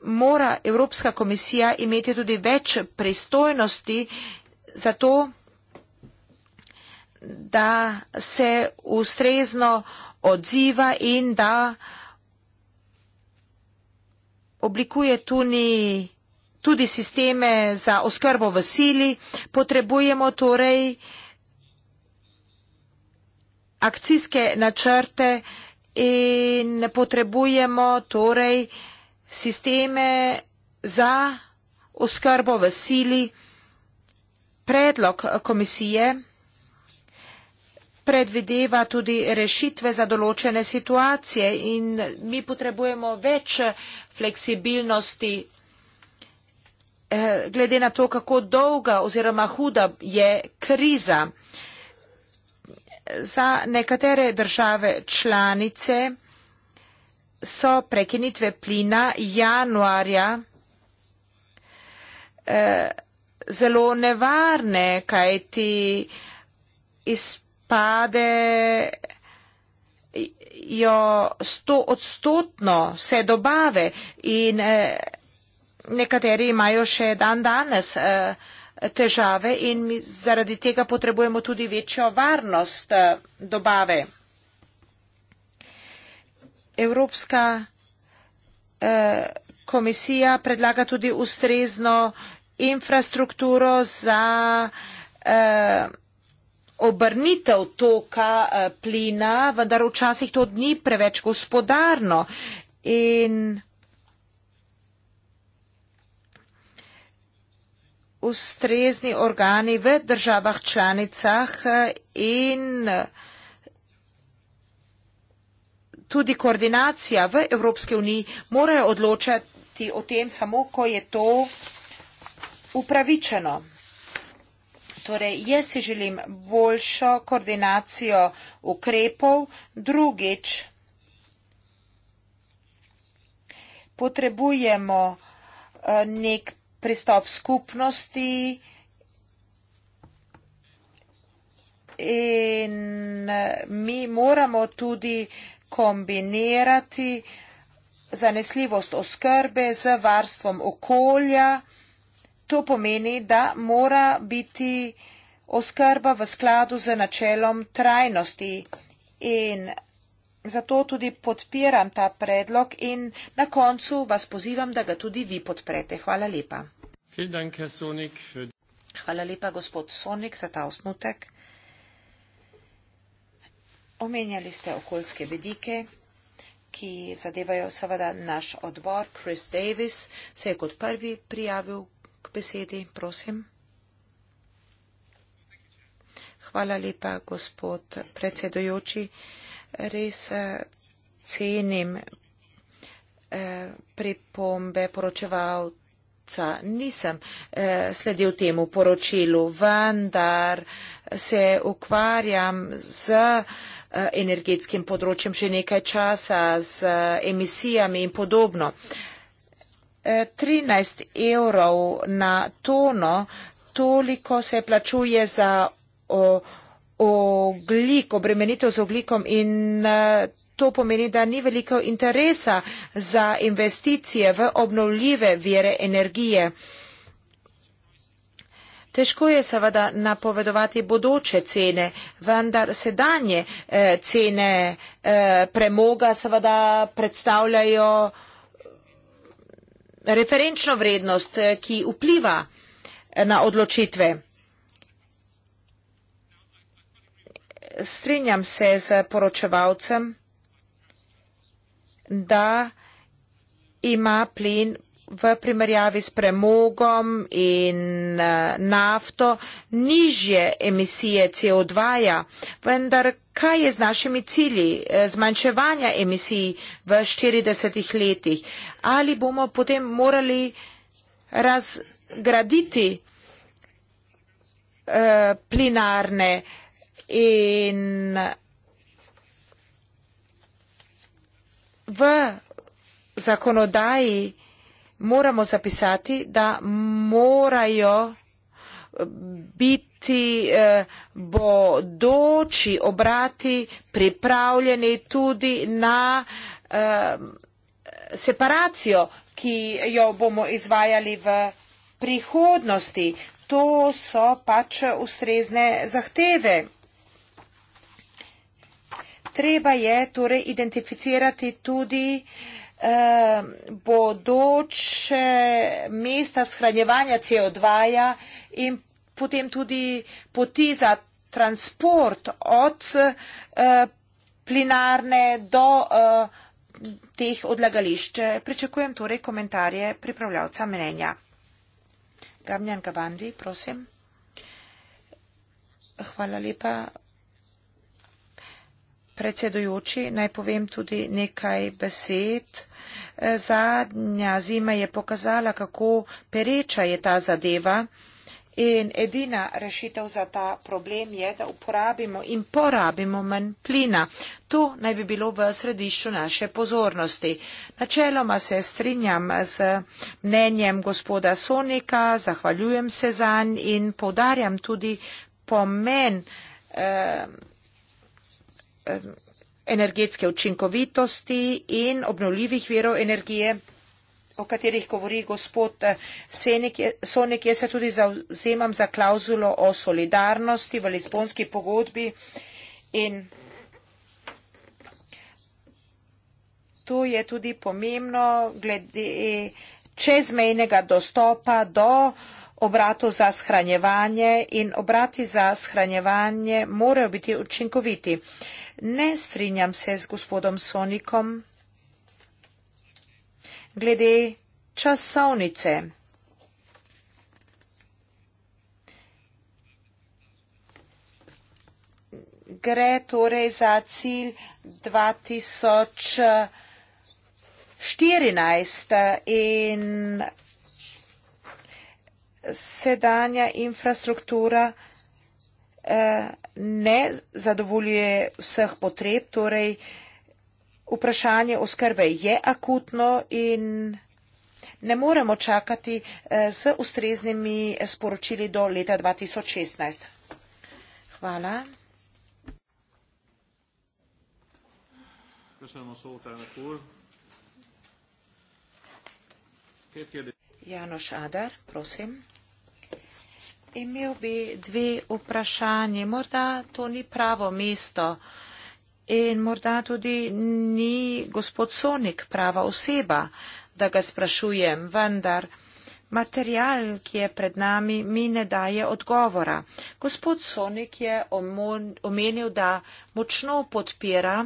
mora Evropska komisija imeti tudi več pristojnosti za to, da se ustrezno odziva in da oblikuje tudi, tudi sisteme za oskrbo v sili. Potrebujemo torej akcijske načrte in potrebujemo torej sisteme za oskrbo v sili. Predlog komisije predvideva tudi rešitve za določene situacije in mi potrebujemo več fleksibilnosti eh, glede na to, kako dolga oziroma huda je kriza za nekatere države članice so prekinitve plina januarja eh, zelo nevarne, kajti izpade jo sto odstotno vse dobave in eh, nekateri imajo še dan danes eh, težave in zaradi tega potrebujemo tudi večjo varnost eh, dobave. Evropska eh, komisija predlaga tudi ustrezno infrastrukturo za eh, obrnitev toka plina, vendar včasih to ni preveč gospodarno in vsega. ustrezni organi v državah članicah eh, in eh, tudi koordinacija v Evropski uniji morajo odločati o tem samo, ko je to upravičeno. Torej, jaz si želim boljšo koordinacijo ukrepov, drugič potrebujemo eh, nek pristop skupnosti in mi moramo tudi kombinirati zanesljivost oskrbe z varstvom okolja. To pomeni, da mora biti oskrba v skladu z načelom trajnosti in Zato tudi podpiram ta predlog in na koncu vas pozivam, da ga tudi vi podprete. Hvala lepa. Hvala lepa, gospod Sonik, za ta osnutek. Omenjali ste okoljske vedike, ki zadevajo seveda naš odbor. Chris Davis se je kot prvi prijavil k besedi, prosim. Hvala lepa, gospod predsedojoči res eh, cenim eh, pripombe poročevalca. Nisem eh, sledil temu poročilu, vendar se ukvarjam z energetskim področjem že nekaj časa, z emisijami in podobno. 13 evrov na tono, toliko se plačuje za. O, oglik, obremenitev z oglikom in eh, to pomeni, da ni veliko interesa za investicije v obnovljive vire energije. Težko je seveda napovedovati bodoče cene, vendar sedanje eh, cene eh, premoga seveda predstavljajo referenčno vrednost, ki vpliva na odločitve. strinjam se z poročevalcem, da ima plin v primerjavi s premogom in eh, nafto nižje emisije CO2-ja, vendar kaj je z našimi cilji eh, zmanjševanja emisij v 40 letih? Ali bomo potem morali razgraditi eh, plinarne emisije? in v zakonodaji moramo zapisati, da morajo biti eh, bodoči obrati pripravljeni tudi na eh, separacijo, ki jo bomo izvajali v prihodnosti. To so pač ustrezne zahteve treba je torej identificirati tudi eh, bodoče mesta shranjevanja CO2-ja in potem tudi poti za transport od eh, plinarne do eh, teh odlagališč. Pričakujem torej komentarje pripravljavca mnenja. Gabnjan Gavandi, prosim. Hvala lepa, predsedujoči, naj povem tudi nekaj besed. Eh, zadnja zima je pokazala, kako pereča je ta zadeva in edina rešitev za ta problem je, da uporabimo in porabimo manj plina. To naj bi bilo v središču naše pozornosti. Načeloma se strinjam z mnenjem gospoda Sonika, zahvaljujem se zanj in podarjam tudi pomen. Eh, energetske učinkovitosti in obnovljivih virov energije, o katerih govori gospod eh, Sonek. Jaz se tudi zauzemam za klauzulo o solidarnosti v Lisbonski pogodbi in to je tudi pomembno glede čezmejnega dostopa do obratov za shranjevanje in obrati za shranjevanje morajo biti učinkoviti. Uh, Ne strinjam se z gospodom Sonikom glede časovnice. Gre torej za cilj 2014 in sedanja infrastruktura ne zadovoljuje vseh potreb, torej vprašanje oskrbe je akutno in ne moremo čakati z eh, ustreznimi sporočili do leta 2016. Hvala. Janoš Adar, prosim. Imel bi dve vprašanje. Morda to ni pravo mesto in morda tudi ni gospod Sonik prava oseba, da ga sprašujem, vendar material, ki je pred nami, mi ne daje odgovora. Gospod Sonik je omenil, da močno podpira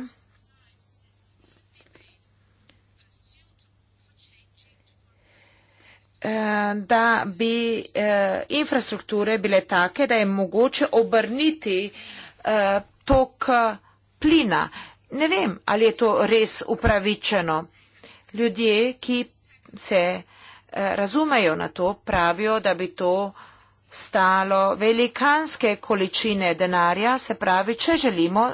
Eh, da bi eh, infrastrukture bile take, da je mogoče obrniti eh, tok plina. Ne vem, ali je to res upravičeno. Ljudje, ki se razumejo na to, pravijo, da bi to stalo velikanske količine denarja, se pravi, če želimo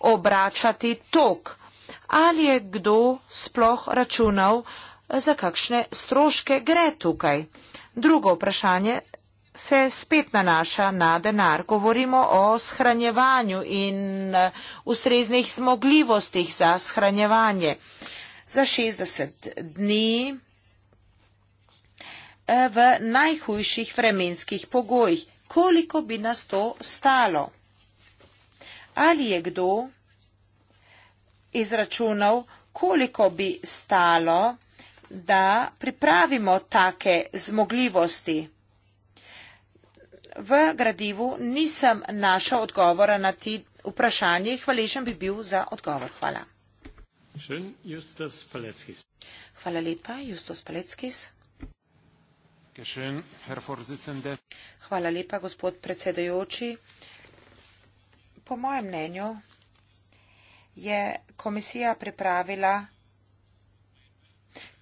obračati tok. Ali je kdo sploh računal, za kakšne stroške gre tukaj. Drugo vprašanje se spet nanaša na denar. Govorimo o shranjevanju in uh, ustreznih zmogljivostih za shranjevanje. Za 60 dni uh, v najhujših vremenskih pogojih. Koliko bi nas to stalo? Ali je kdo izračunal, koliko bi stalo da pripravimo take zmogljivosti. V gradivu nisem našel odgovora na ti vprašanje. Hvaležen bi bil za odgovor. Hvala. Schön, Justus Paleckis. Hvala lepa, Justus Paleckis. Schön, Herr Hvala lepa, gospod predsedajoči. Po mojem mnenju je komisija pripravila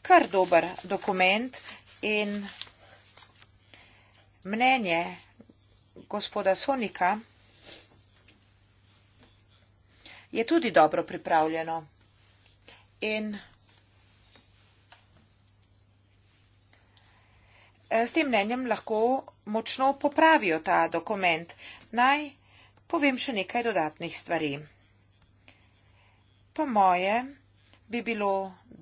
kar dober dokument in mnenje gospoda Sonika je tudi dobro pripravljeno. In eh, s tem mnenjem lahko močno popravijo ta dokument. Naj povem še nekaj dodatnih stvari. Po mojem, bi bilo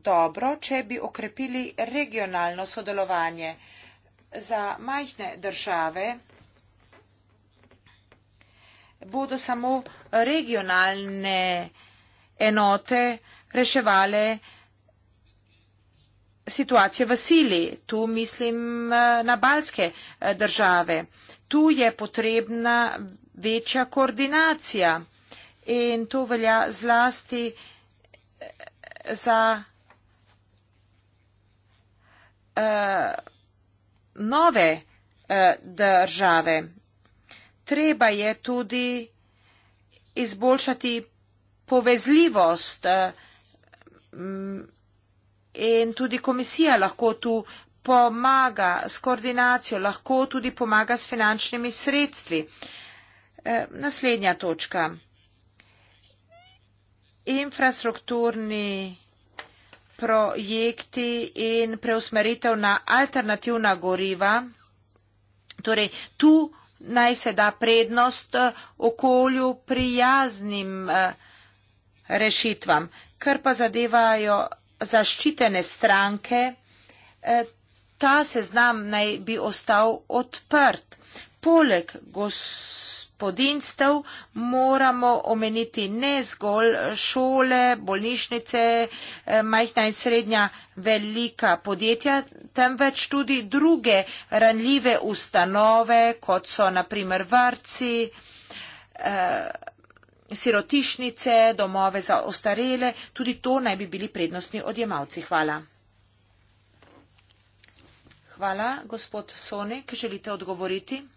dobro, če bi okrepili regionalno sodelovanje. Za majhne države bodo samo regionalne enote reševale situacije v sili. Tu mislim eh, na balske eh, države. Tu je potrebna večja koordinacija in to velja zlasti za uh, nove uh, države. Treba je tudi izboljšati povezljivost eh, mm, in tudi komisija lahko tu pomaga s koordinacijo, lahko tudi pomaga s finančnimi sredstvi. Naslednja točka infrastrukturni projekti in preusmeritev na alternativna goriva. Torej, tu naj se da prednost eh, okolju prijaznim eh, rešitvam. Kar pa zadevajo zaščitene stranke, eh, ta seznam naj bi ostal odprt. Poleg gospodarstva, gospodinstv, moramo omeniti ne zgolj šole, bolnišnice, eh, majhna in srednja velika podjetja, temveč tudi druge ranljive ustanove, kot so naprimer vrci, eh, sirotišnice, domove za ostarele, tudi to naj bi bili prednostni odjemalci. Hvala. Hvala, gospod Sonek, želite odgovoriti?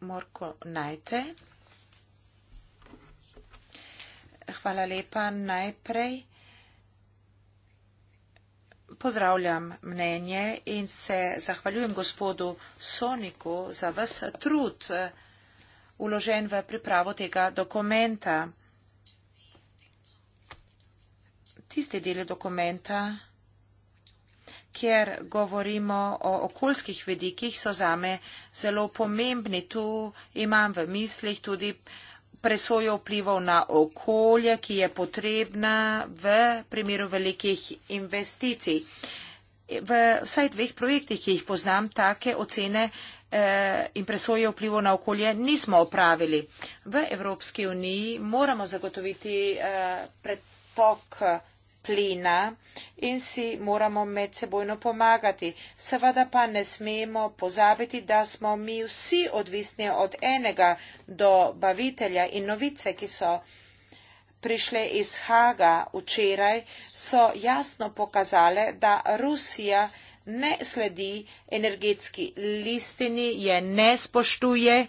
Morko Najte. Hvala lepa najprej. Pozdravljam mnenje in se zahvaljujem gospodu Soniku za vas trud uložen eh, v pripravo tega dokumenta. Tisti deli dokumenta, kjer govorimo o okoljskih vedikih, so zame zelo pomembni. Tu imam v mislih tudi presojo vplivov na okolje, ki je potrebna v primeru velikih investicij. V vsaj dveh projektih, ki jih poznam, take ocene eh, in presoje vplivo na okolje nismo opravili. V Evropski uniji moramo zagotoviti eh, pretok plina in si moramo medsebojno pomagati. Seveda pa ne smemo pozabiti, da smo mi vsi odvisni od enega dobavitelja in novice, ki so prišle iz Haga včeraj, so jasno pokazale, da Rusija ne sledi energetski listini, je ne spoštuje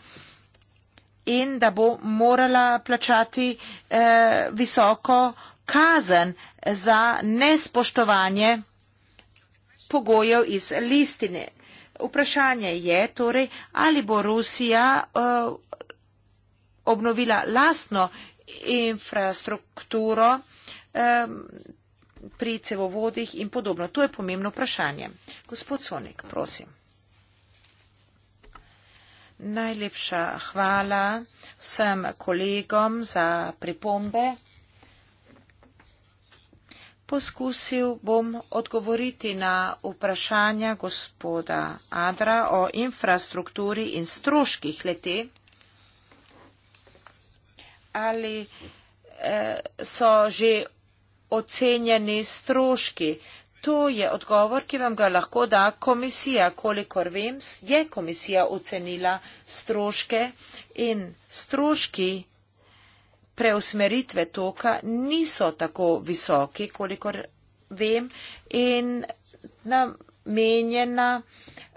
in da bo morala plačati eh, visoko eh, kazen za nespoštovanje pogojev iz listine. Vprašanje je torej, ali bo Rusija eh, obnovila lastno infrastrukturo pri cevovodih in podobno. To je pomembno vprašanje. Gospod Sonik, prosim. Najlepša hvala vsem kolegom za pripombe poskusil bom odgovoriti na vprašanja gospoda Adra o infrastrukturi in stroških leti. Ali eh, so že ocenjeni stroški? To je odgovor, ki vam ga lahko da komisija. Kolikor vem, je komisija ocenila stroške in stroški preusmeritve toka niso tako visoki, kolikor vem, in namenjena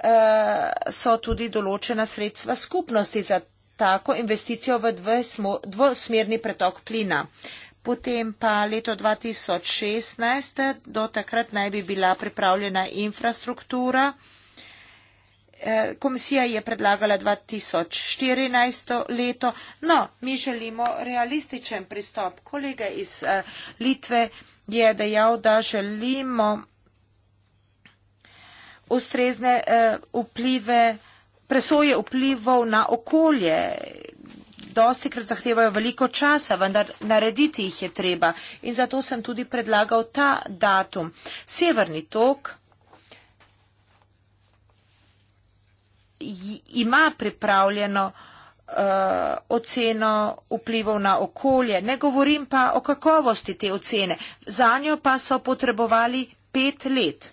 eh, so tudi določena sredstva skupnosti za tako investicijo v dvosmerni pretok plina. Potem pa leto 2016 do takrat naj bi bila pripravljena infrastruktura. Eh, komisija je predlagala 2014. leto. No, mi želimo realističen pristop. Kolega iz eh, Litve je dejal, da želimo ustrezne eh, vplive, presoje vplivov na okolje. Dosti krat zahtevajo veliko časa, vendar narediti jih je treba. In zato sem tudi predlagal ta datum. Severni tok ima pripravljeno uh, oceno vplivov na okolje. Ne govorim pa o kakovosti te ocene. Za njo pa so potrebovali pet let.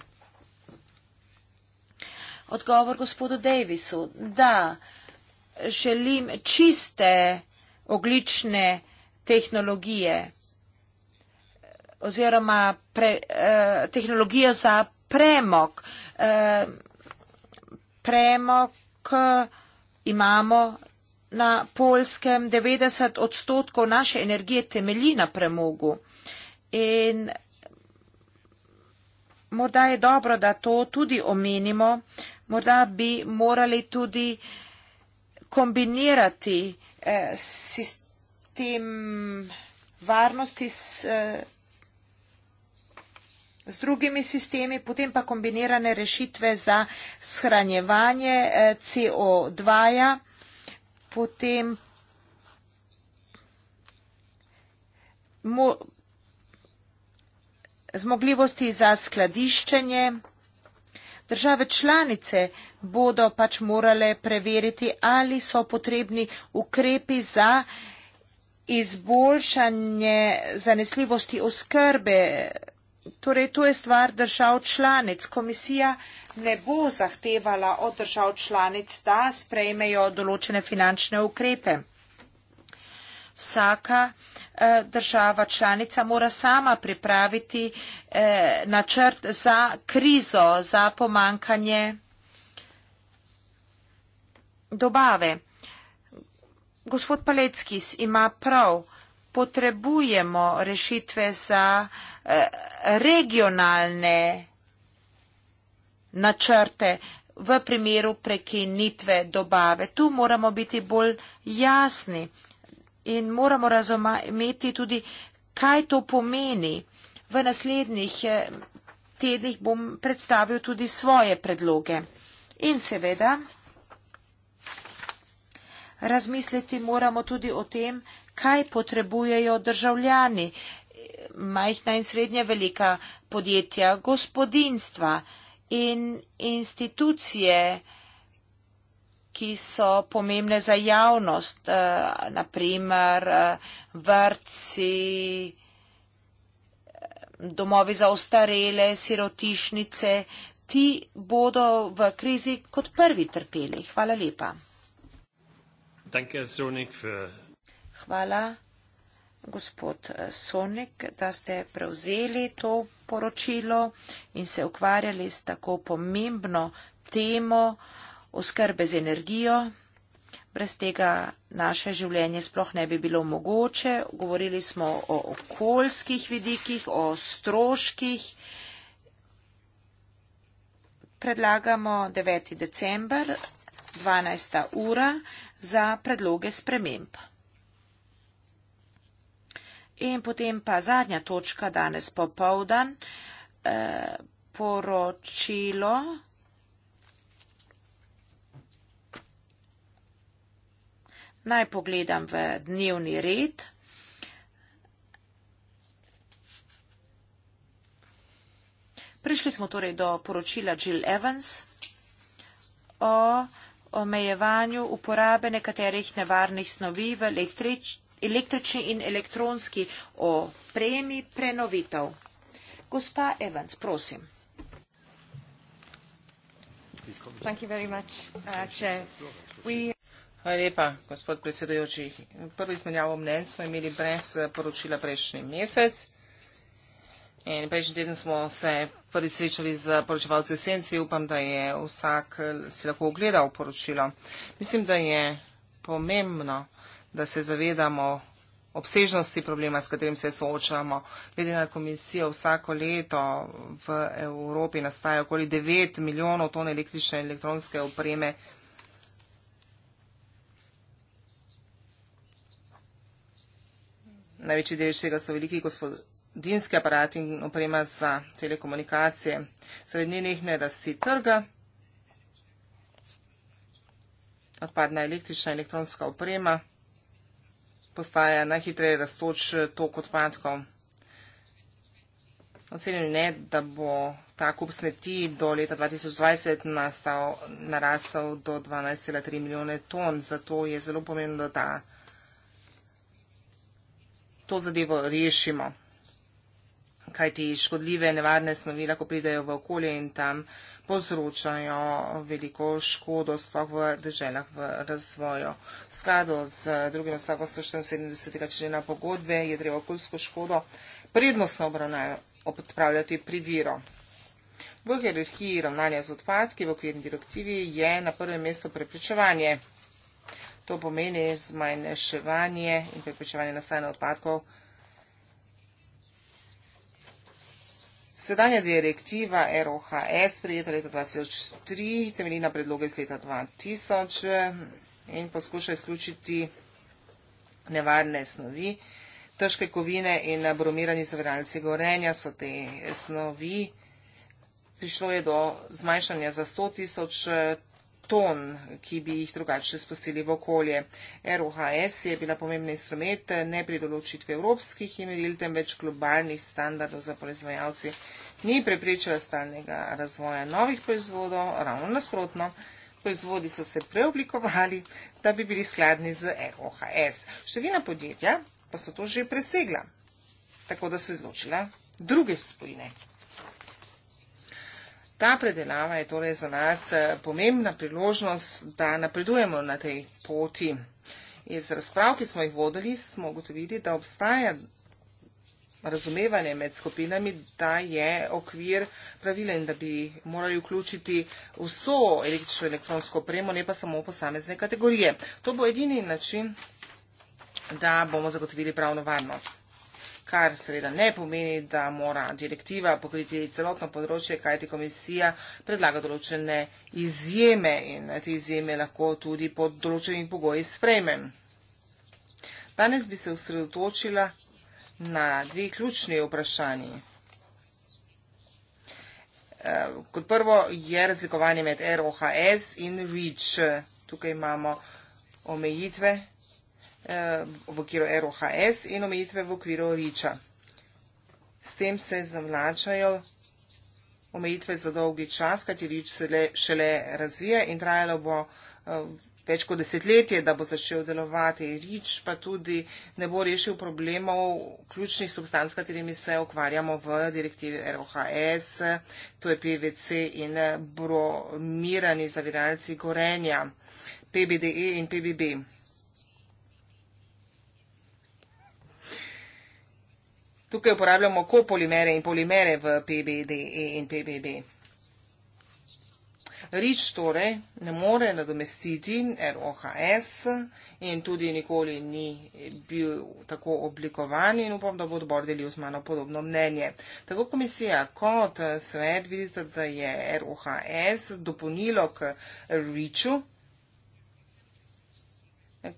Odgovor gospodu Davisu. Da, želim čiste oglične tehnologije oziroma pre, eh, tehnologijo za premog. Eh, premog imamo na polskem, 90 odstotkov naše energije temelji na premogu. In morda je dobro, da to tudi omenimo, morda bi morali tudi kombinirati eh, sistem varnosti s. Eh, z drugimi sistemi, potem pa kombinirane rešitve za shranjevanje eh, CO2-ja, potem zmogljivosti za skladiščenje. Države članice bodo pač morale preveriti, ali so potrebni ukrepi za izboljšanje zanesljivosti oskrbe Torej, to je stvar držav članic. Komisija ne bo zahtevala od držav članic, da sprejmejo določene finančne ukrepe. Vsaka eh, država članica mora sama pripraviti eh, načrt za krizo, za pomankanje dobave. Gospod Palecki ima prav, potrebujemo rešitve za krizo Eh, regionalne načrte v primeru prekinitve dobave. Tu moramo biti bolj jasni in moramo razumeti tudi, kaj to pomeni. V naslednjih eh, tednih bom predstavil tudi svoje predloge. In seveda, razmisliti moramo tudi o tem, kaj potrebujejo državljani majhna in srednja velika podjetja, gospodinstva in institucije, ki so pomembne za javnost, eh, naprimer eh, vrtci, eh, domovi za ostarele, sirotišnice, ti bodo v krizi kot prvi trpeli. Hvala lepa. Hvala gospod eh, Sonik, da ste prevzeli to poročilo in se ukvarjali s tako pomembno temo oskrbe z energijo. Brez tega naše življenje sploh ne bi bilo mogoče. Govorili smo o okoljskih vidikih, o stroških. Predlagamo 9. december 12. ura za predloge sprememb. In potem pa zadnja točka danes popovdan, eh, poročilo. Naj pogledam v dnevni red. Prišli smo torej do poročila Jill Evans o omejevanju uporabe nekaterih nevarnih snovi v električnih električni in elektronski opremi prenovitev. Gospa Evans, prosim. Uh, Hvala lepa, gospod predsedojoči. Prvi izmenjavo mnen smo imeli brez eh, poročila prejšnji mesec. In prejšnji teden smo se prvi srečali z poročevalci esenci. Upam, da je vsak eh, si lahko ogledal poročilo. Mislim, da je pomembno, da se zavedamo obsežnosti problema, s katerim se soočamo. Glede na komisijo, vsako leto v Evropi nastaja okoli 9 milijonov ton električne in elektronske opreme. Največji delež tega so veliki gospodinski aparati in oprema za telekomunikacije. Srednjenih ne rasti trga, odpadna električna in elektronska oprema, postaje najhitreje raztoč tok odpadkov. Ocenjeno je, da bo ta kup smeti do leta 2020 nastal, narasel do 12,3 milijone ton. Zato je zelo pomembno, da ta, to zadevo rešimo kaj ti škodljive, nevarne snovi lahko pridejo v okolje in tam povzročajo veliko škodo, sploh v državah v razvoju. V skladu z drugim odstavkom 174. člena pogodbe je treba okoljsko škodo prednostno obravnavati pri viro. V hierarhiji ravnanja z odpadki v okvirni direktivi je na prvem mestu preprečevanje. To pomeni zmanjševanje in preprečevanje nastajanja odpadkov Sedanja direktiva ROHS, prijeta leta 2003, temelji na predloge iz leta 2000 in poskuša izključiti nevarne snovi. Težke kovine in bromirani zavrnalci gorenja so te snovi. Prišlo je do zmanjšanja za 100 tisoč ton, ki bi jih drugače spustili v okolje. ROHS je bila pomembna instrument ne pri določitvi evropskih imeril, temveč globalnih standardov za proizvajalce. Ni prepričala stalnega razvoja novih proizvodov, ravno nasprotno. Proizvodi so se preoblikovali, da bi bili skladni z ROHS. Števina podjetja pa so to že presegla, tako da so izločila druge spojine. Ta predelava je torej za nas eh, pomembna priložnost, da napredujemo na tej poti. Iz razprav, ki smo jih vodili, smo ugotovili, da obstaja razumevanje med skupinami, da je okvir pravilen, da bi morali vključiti vso električno elektronsko opremo, ne pa samo posamezne kategorije. To bo edini način, da bomo zagotovili pravno varnost kar seveda ne pomeni, da mora direktiva pokriti celotno področje, kajti komisija predlaga določene izjeme in te izjeme lahko tudi pod določenimi pogoji sprejme. Danes bi se usredotočila na dve ključni vprašanji. Eh, kot prvo je razlikovanje med ROHS in REACH. Tukaj imamo omejitve Eh, v okviru ROHS in omejitve v okviru RIČA. S tem se zavlačajo omejitve za dolgi čas, kajti RIČ se le, šele razvija in trajalo bo eh, več kot desetletje, da bo začel delovati RIČ, pa tudi ne bo rešil problemov ključnih substanc, katerimi se ukvarjamo v direktivi ROHS, to je PVC in bromirani zaviralci gorenja, PBDE in PBB. Tukaj uporabljamo kopolimere in polimere v PBD e in PBB. Rič torej ne more nadomestiti ROHS in tudi nikoli ni bil tako oblikovan in upam, da bo odbor delil z mano podobno mnenje. Tako komisija kot svet vidite, da je ROHS dopolnilo k Riču,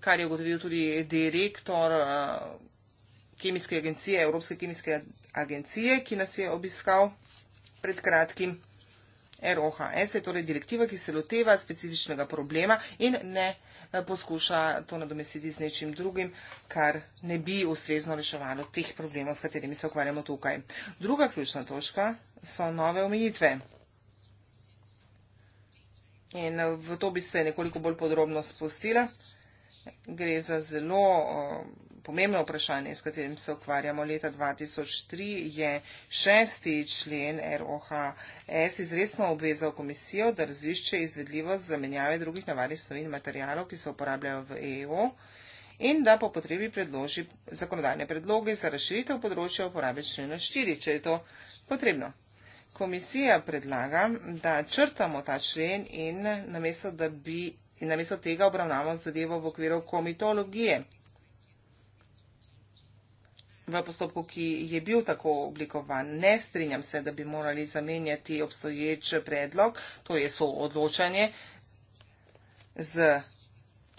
kar je ugotovil tudi direktor komisije kemijske agencije, Evropske kemijske agencije, ki nas je obiskal pred kratkim. ROHS je torej direktiva, ki se loteva specifičnega problema in ne eh, poskuša to nadomestiti z nečim drugim, kar ne bi ustrezno reševalo teh problemov, s katerimi se ukvarjamo tukaj. Druga ključna točka so nove omejitve. In eh, v to bi se nekoliko bolj podrobno spustila. Gre za zelo eh, pomembno vprašanje, s katerim se ukvarjamo. Leta 2003 je šesti člen ROHS izresno obvezal komisijo, da razvišče izvedljivost zamenjave drugih navadnih snovi in materijalov, ki se uporabljajo v EU e in da po potrebi predloži zakonodajne predloge za razširitev področja uporabe člena 4, če je to potrebno. Komisija predlaga, da črtamo ta člen in namesto, da bi, in namesto tega obravnavamo zadevo v okviru komitologije v postopku, ki je bil tako oblikovan. Ne strinjam se, da bi morali zamenjati obstoječ predlog, to je soodločanje z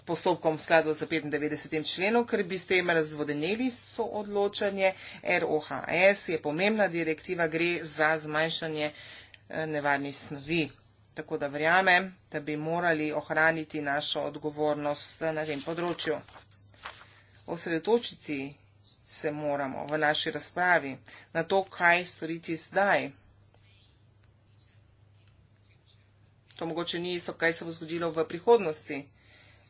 postopkom v skladu z 95. členom, ker bi s tem razvodenili soodločanje. ROHS je pomembna direktiva, gre za zmanjšanje eh, nevarnih snovi. Tako da verjamem, da bi morali ohraniti našo odgovornost eh, na tem področju. Osredotočiti se moramo v naši razpravi na to, kaj storiti zdaj. To mogoče ni isto, kaj se bo zgodilo v prihodnosti.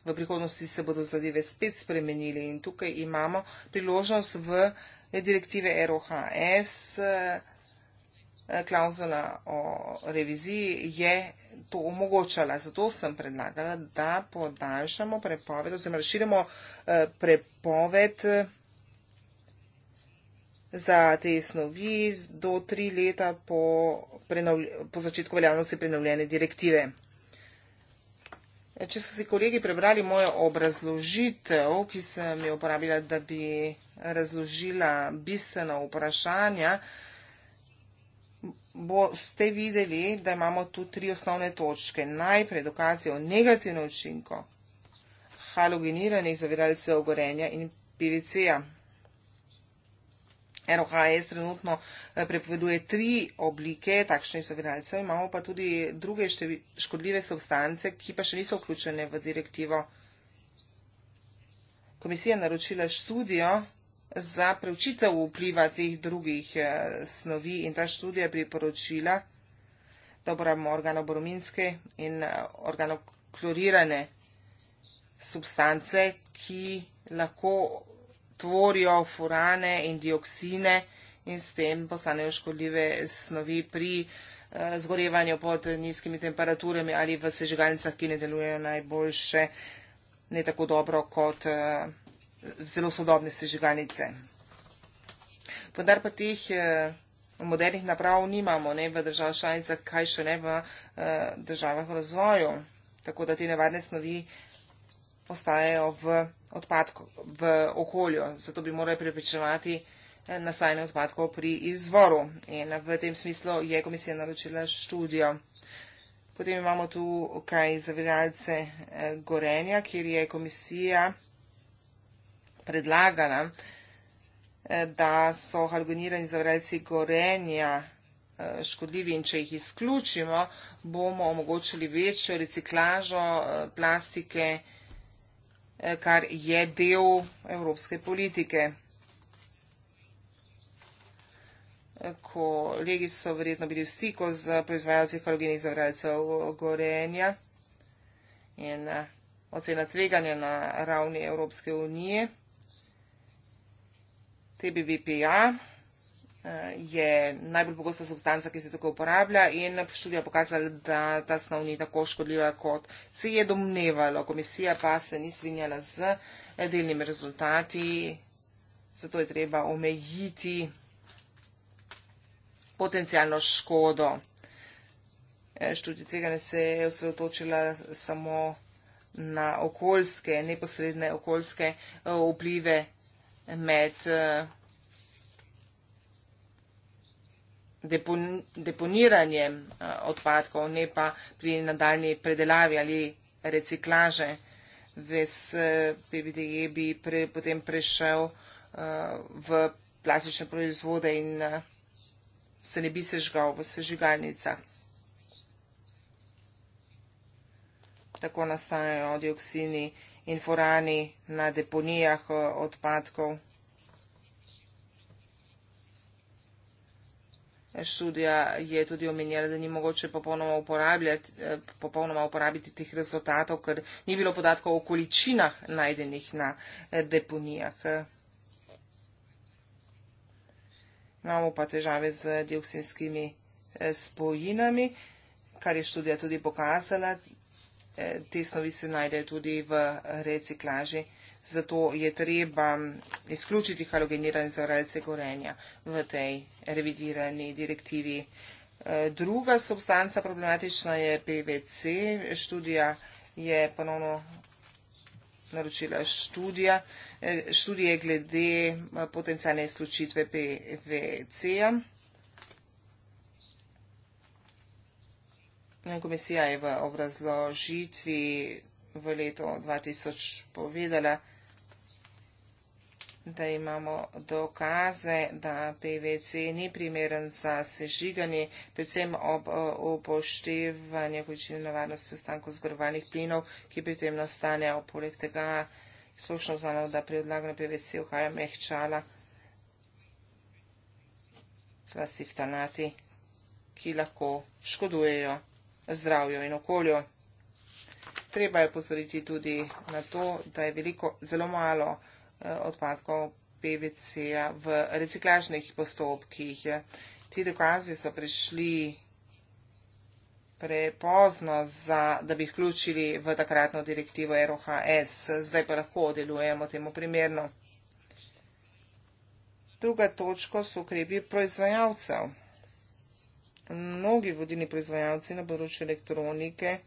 V prihodnosti se bodo zadeve spet spremenili in tukaj imamo priložnost v direktive ROHS, eh, klauzula o reviziji je to omogočala. Zato sem predlagala, da podaljšamo prepoved oziroma razširimo eh, prepoved za te snovi do tri leta po, po začetku veljavnosti prenovljene direktive. Če so si kolegi prebrali mojo obrazložitev, ki sem jo uporabila, da bi razložila bistveno vprašanja, boste videli, da imamo tu tri osnovne točke. Najprej dokazijo negativno učinko halogeniranih zaviralcev ogorenja in PVC-ja. ROHS trenutno eh, prepoveduje tri oblike takšnih zaviralcev, imamo pa tudi druge škodljive substance, ki pa še niso vključene v direktivo. Komisija naročila študijo za preučitev vpliva teh drugih eh, snovi in ta študija priporočila, da uporabimo organoboruminske in eh, organoklorirane substance, ki lahko tvorijo furane in dioksine in s tem postanejo škodljive snovi pri eh, zgorevanju pod nizkimi temperaturami ali v sežigalnicah, ki ne delujejo najboljše, ne tako dobro kot eh, zelo sodobne sežigalnice. Podar pa teh eh, modernih naprav nimamo ne, v državah članicah, kaj še ne v državah v razvoju. Tako da te nevarne snovi postajajo v odpadkov v okolju, zato bi morali preprečevati eh, nastajanje odpadkov pri izvoru. In v tem smislu je komisija naročila študijo. Potem imamo tu kaj zavedalce eh, Gorenja, kjer je komisija predlagana, eh, da so halogenirani zavedalci Gorenja škodljivi in če jih izključimo, bomo omogočili večjo reciklažo plastike in Eh, kar je del evropske politike. Eh, kolegi so verjetno bili v stiku z proizvajalci halogenih zavrajcev gorenja in eh, ocena tveganja na ravni Evropske unije. TBBPA je najbolj pogosta substanca, ki se tukaj uporablja in študija pokazala, da ta snov ni tako škodljiva, kot se je domnevalo. Komisija pa se ni strinjala z delnimi rezultati, zato je treba omejiti potencijalno škodo. E, študija tveganja se je osredotočila samo na okoljske, neposredne okoljske e, vplive med e, depon, deponiranjem eh, odpadkov, ne pa pri nadaljni predelavi ali reciklaže. Ves eh, PBDE bi pre, potem prešel eh, v plastične proizvode in se ne bi sežgal v sežigalnica. Tako nastajajo dioksini in furani na deponijah odpadkov. študija je tudi omenjala, da ni mogoče popolnoma, eh, popolnoma uporabiti teh rezultatov, ker ni bilo podatkov o količinah najdenih na eh, deponijah. Imamo pa težave z dioksinskimi eh, spojinami, kar je študija tudi pokazala. Te snovi se najdejo tudi v reciklaži zato je treba izključiti halogenirane zavarjalce gorenja v tej revidirani direktivi. E, druga substanca problematična je PVC. Študija je ponovno naročila študija, e, študije glede e, potencijalne izključitve PVC-ja. Komisija je v obrazložitvi v leto 2000 povedala, da imamo dokaze, da PVC ni primeren za sežiganje, predvsem ob upoštevanju količine nevarnosti ostankov zgorovanih plinov, ki pri tem nastanejo. Poleg tega slušno znamo, da pri odlagane PVC vhaja mehčala, zlasti ftanati, ki lahko škodujejo zdravju in okolju. Treba je pozoriti tudi na to, da je veliko, zelo malo, Eh, odpadkov PVC-ja v reciklažnih postopkih. Ti dokazi so prišli prepozno, za, da bi vključili v takratno direktivo ROHS, zdaj pa lahko delujemo temu primerno. Druga točka so ukrepi proizvajalcev. Mnogi vodilni proizvajalci na področju elektronike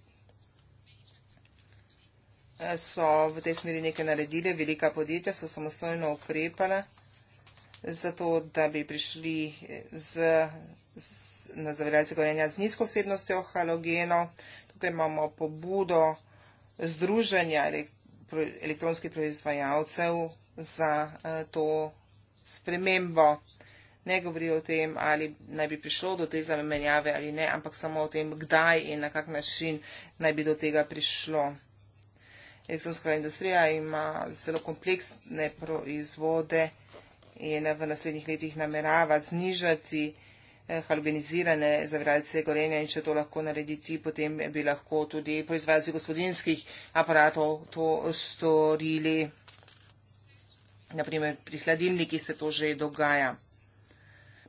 Eh, so v tej smeri nekaj naredili, velika podjetja so samostojno ukrepala, zato da bi prišli eh, z, z, na zavedalce gorenja z nizko osebnostjo halogeno. Tukaj imamo pobudo združenja elektronskih proizvajalcev za eh, to spremembo. Ne govori o tem, ali naj bi prišlo do te zamenjave ali ne, ampak samo o tem, kdaj in na kak način naj bi do tega prišlo elektronska industrija ima zelo kompleksne proizvode in v naslednjih letih namerava znižati eh, halogenizirane zavralce gorenja in če to lahko narediti, potem bi lahko tudi proizvajalci gospodinskih aparatov to storili. Naprimer, pri hladilnikih se to že dogaja.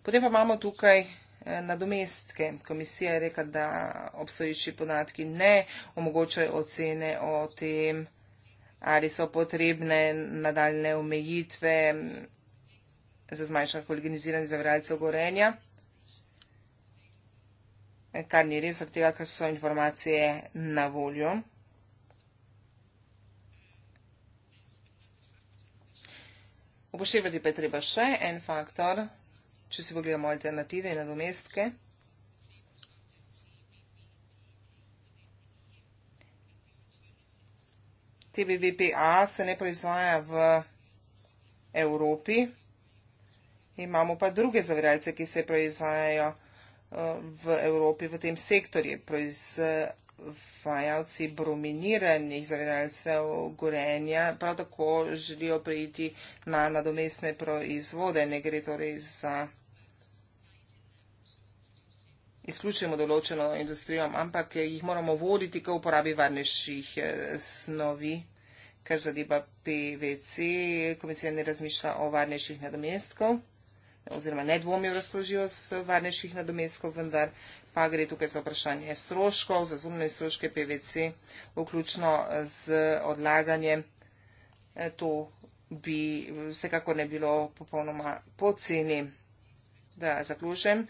Potem pa imamo tukaj Eh, nadomestke. Komisija je rekla, da obstoječi podatki ne omogočajo ocene o tem, ali so potrebne nadaljne omejitve mm, za zmanjšanje organiziranih zavarovalcev gorenja, eh, kar ni res, zaradi tega, ker so informacije na voljo. Upoštevati pa je treba še en faktor, če si pogledamo alternative in nadomestke. TBVPA se ne proizvaja v Evropi. Imamo pa druge zavirajce, ki se proizvajajo eh, v Evropi v tem sektorju. Proizvajalci brominiranih zavirajcev gorenja prav tako želijo prejiti na nadomestne proizvode. Ne gre torej za izključimo določeno industrijo, ampak jih moramo voditi k uporabi varnejših eh, snovi, kar zadeva PVC. Komisija ne razmišlja o varnejših nadomestkov oziroma ne dvomi v razpoložljivost varnejših nadomestkov, vendar pa gre tukaj za vprašanje stroškov, za zunanje stroške PVC, vključno z odlaganjem. Eh, to bi vsekakor ne bilo popolnoma poceni. Da zaključim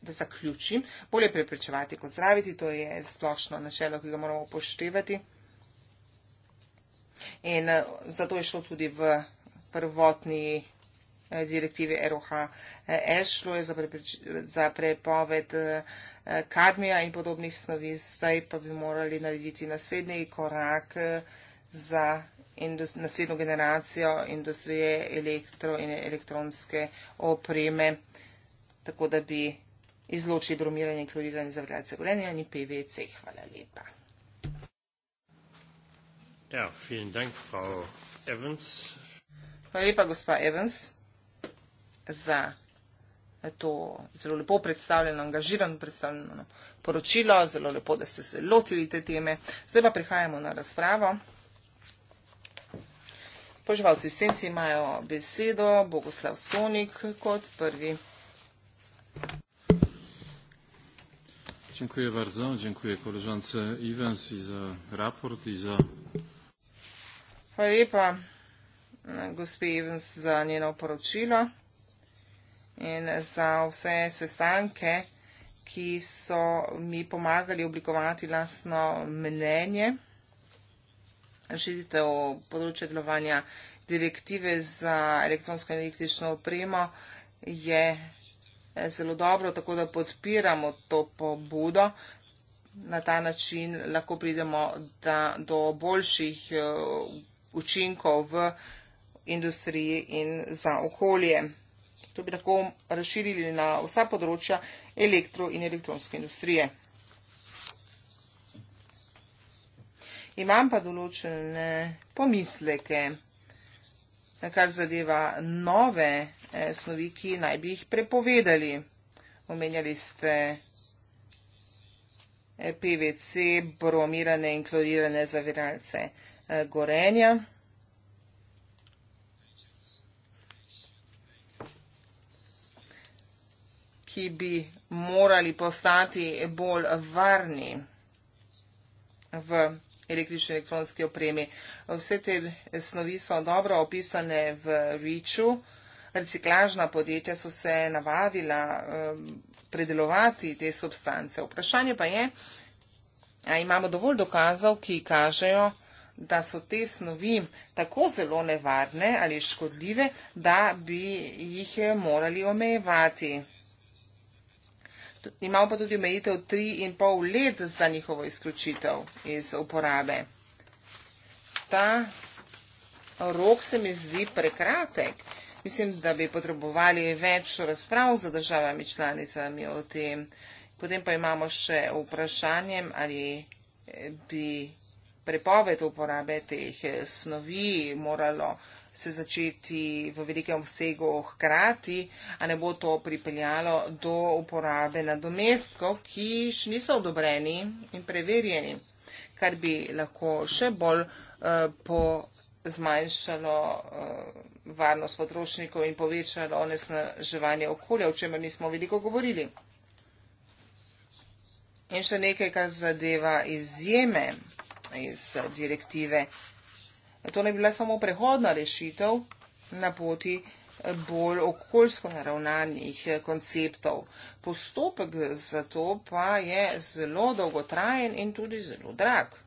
da zaključim, bolje preprečevati kot zdraviti, to je splošno načelo, ki ga moramo upoštevati. In eh, zato je šlo tudi v prvotni eh, direktivi ROHS, eh, šlo je za, preprič, za prepoved kadmija in podobnih snovi, zdaj pa bi morali narediti naslednji korak za naslednjo generacijo industrije elektro in elektronske opreme, tako da bi izloči bromiranje kloriranih zavrljajcev gorenja in PVC. Hvala lepa. Ja, vielen Dank, Frau Evans. Hvala lepa, gospa Evans, za to zelo lepo predstavljeno, angažirano predstavljeno poročilo. Zelo lepo, da ste se lotili te teme. Zdaj pa prihajamo na razpravo. Poživalci v senci imajo besedo, Bogoslav Sonik kot prvi. Dziękuję bardzo. Dziękuję koleżance Iwens i za raport i za... Hvala lepa, gospe Evans, za njeno poročilo in za vse sestanke, ki so mi pomagali oblikovati lasno mnenje. Želite o področju delovanja direktive za elektronsko in električno opremo je zelo dobro, tako da podpiramo to pobudo. Na ta način lahko pridemo da, do boljših eh, učinkov v industriji in za okolje. To bi lahko razširili na vsa področja elektro in elektronske industrije. Imam pa določene pomisleke kar zadeva nove eh, snovi, ki naj bi jih prepovedali. Omenjali ste eh, PVC, bromirane in klorirane zaviralce eh, gorenja. ki bi morali postati bolj varni v električni elektronski opremi. Vse te snovi so dobro opisane v REACH-u. Reciklažna podjetja so se navadila um, predelovati te substance. Vprašanje pa je, a imamo dovolj dokazov, ki kažejo, da so te snovi tako zelo nevarne ali škodljive, da bi jih morali omejevati. Imamo pa tudi omejitev 3,5 let za njihovo izključitev iz uporabe. Ta rok se mi zdi prekratek. Mislim, da bi potrebovali več razprav za državami članicami o tem. Potem pa imamo še vprašanje, ali bi prepoved uporabe teh snovi moralo se začeti v velikem obsegu hkrati, a ne bo to pripeljalo do uporabe nadomestkov, ki še niso odobreni in preverjeni, kar bi lahko še bolj uh, zmanjšalo uh, varnost potrošnikov in povečalo onesnaževanje okolja, o čemer nismo veliko govorili. In še nekaj, kar zadeva izjeme iz eh, direktive To ne bi bila samo prehodna rešitev na poti eh, bolj okoljsko naravnanih eh, konceptov. Postopek za to pa je zelo dolgotrajen in tudi zelo drag.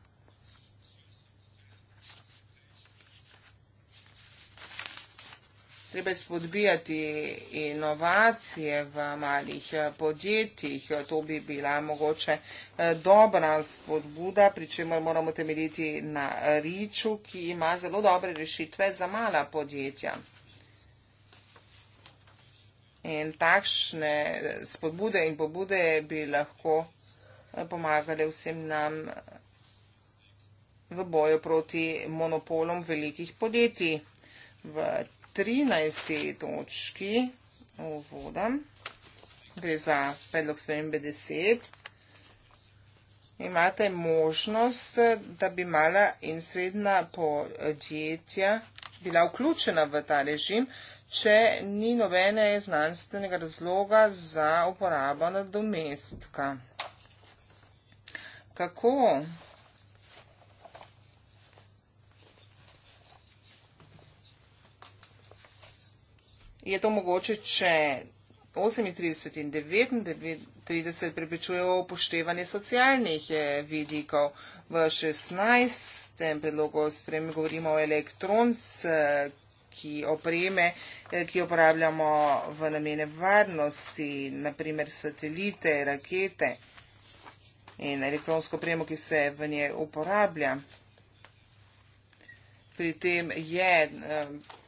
treba je spodbijati inovacije v malih eh, podjetjih. To bi bila mogoče eh, dobra spodbuda, pri čemer moramo temeljiti na Riču, ki ima zelo dobre rešitve za mala podjetja. In takšne eh, spodbude in pobude bi lahko pomagale vsem nam v boju proti monopolom velikih podjetij. V 13. točki uvoda, gre za predlog spremembe 10, imate možnost, da bi mala in srednja podjetja bila vključena v ta režim, če ni nobene znanstvenega razloga za uporabo nadomestka. Kako je to mogoče, če 38 in 39 prepričujejo upoštevanje socialnih eh, vidikov. V 16. predlogu spremi govorimo o elektrons, eh, ki opreme, eh, ki uporabljamo v namene varnosti, naprimer satelite, rakete in elektronsko opremo, ki se v njej uporablja. Pri tem je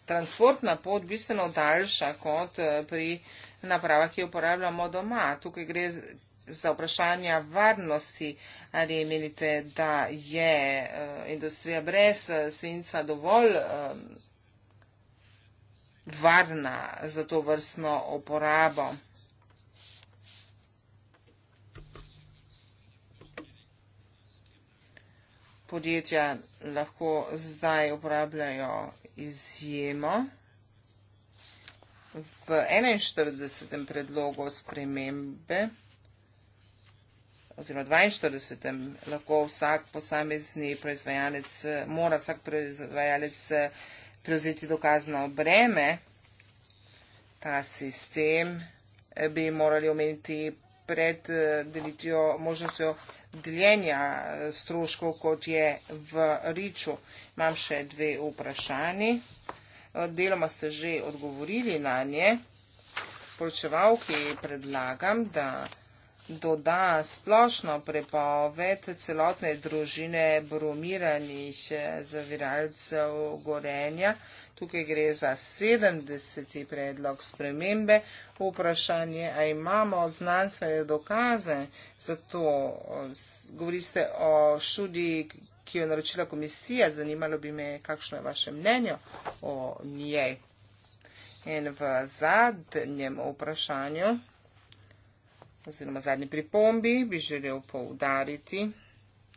transportna pot bistveno daljša kot eh, pri napravah, ki jo uporabljamo doma. Tukaj gre za vprašanja varnosti, ali menite, da je eh, industrija brez eh, svinca dovolj varna za to vrstno uporabo. Podjetja lahko zdaj uporabljajo izjemo v 41. predlogu spremembe oziroma 42. lahko vsak posamezni proizvajalec, mora vsak proizvajalec eh, prevzeti dokazno breme, ta sistem eh, bi morali omeniti pred eh, delitvijo, možnostjo deljenja eh, stroškov, kot je v Riču. Imam še dve vprašanji. Eh, deloma ste že odgovorili na nje. Poročevalki predlagam, da doda splošno prepoved celotne družine bromiranih eh, zaviralcev gorenja. Tukaj gre za 70. predlog spremembe. Vprašanje, a imamo znanstvene dokaze za to, govorite o študiji, ki jo naročila komisija, zanimalo bi me, kakšno je vaše mnenje o njej. In v zadnjem vprašanju oziroma zadnji pripombi bi želel poudariti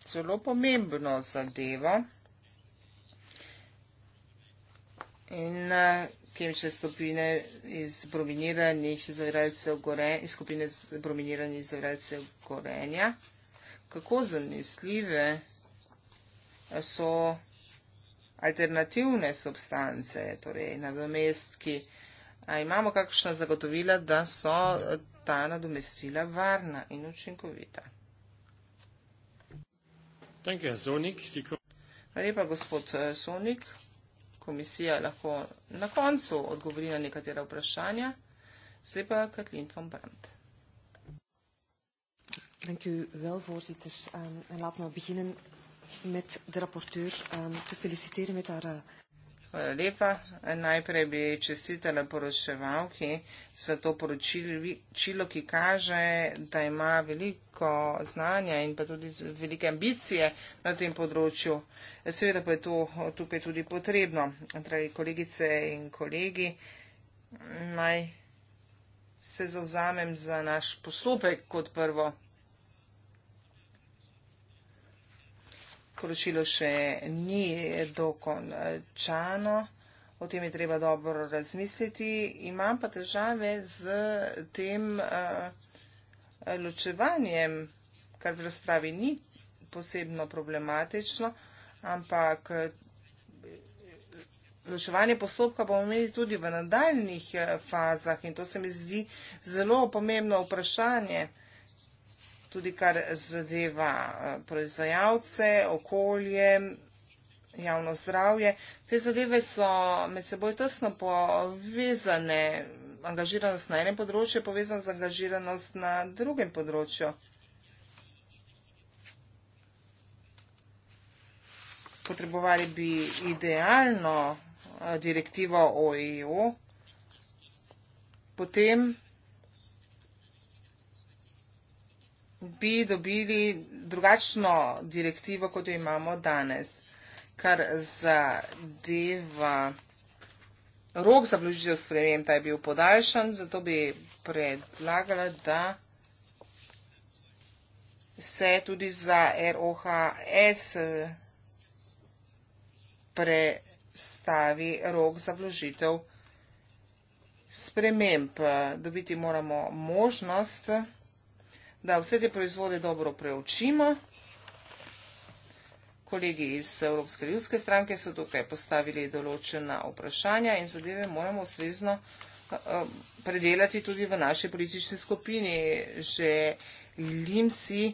zelo pomembno zadevo. In eh, kemične skupine iz brominiranih izvajalcev gorenja, iz skupine brominiranih izvajalcev gorenja, kako zanesljive eh, so alternativne substance, torej nadomestki. A imamo kakšna zagotovila, da so eh, ta nadomestila varna in učinkovita. Hvala lepa, gospod eh, Sonik. Komisija lahko na koncu odgovori na nekatera vprašanja. Zdaj pa Katlin von Brandt. Dank u wel, voorzitter. Um, en laat me beginnen met de rapporteur um, te feliciteren met haar. Uh Hvala lepa. Najprej bi čestitele poroševalki za to poročilo, ki kaže, da ima veliko znanja in pa tudi velike ambicije na tem področju. Seveda pa je to tukaj tudi potrebno. Dragi kolegice in kolegi, naj se zauzamem za naš postopek kot prvo. poročilo še ni dokončano, o tem je treba dobro razmisliti. Imam pa težave z tem uh, ločevanjem, kar v razpravi ni posebno problematično, ampak eh, ločevanje postopka bomo imeli tudi v nadaljnih eh, fazah in to se mi zdi zelo pomembno vprašanje. Uh, tudi kar zadeva eh, proizvajalce, okolje, javno zdravje. Te zadeve so med seboj tesno povezane, angažiranost na enem področju je povezana z angažiranost na drugem področju. Potrebovali bi idealno eh, direktivo o EU, potem bi dobili drugačno direktivo, kot jo imamo danes, kar zadeva. Rok za vložitev sprememb je bil podaljšan, zato bi predlagala, da se tudi za ROHS prestavi rok za vložitev sprememb. Dobiti moramo možnost da vse te proizvode dobro preučimo. Kolegi iz Evropske ljudske stranke so tukaj postavili določena vprašanja in zadeve moramo ustrezno eh, predelati tudi v naši politični skupini. Želim si,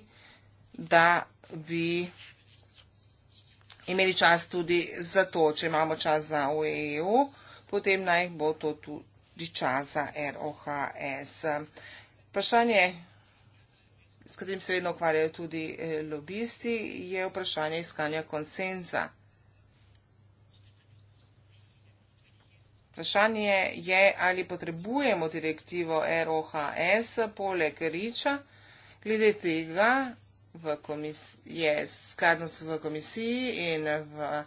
da bi imeli čas tudi za to, če imamo čas za OEU, potem naj bo to tudi čas za ROHS. Vprašanje s katerim se vedno ukvarjajo tudi eh, lobisti, je vprašanje iskanja konsenza. Vprašanje je, ali potrebujemo direktivo ROHS poleg Riča. Glede tega v komis, je skladnost v komisiji in v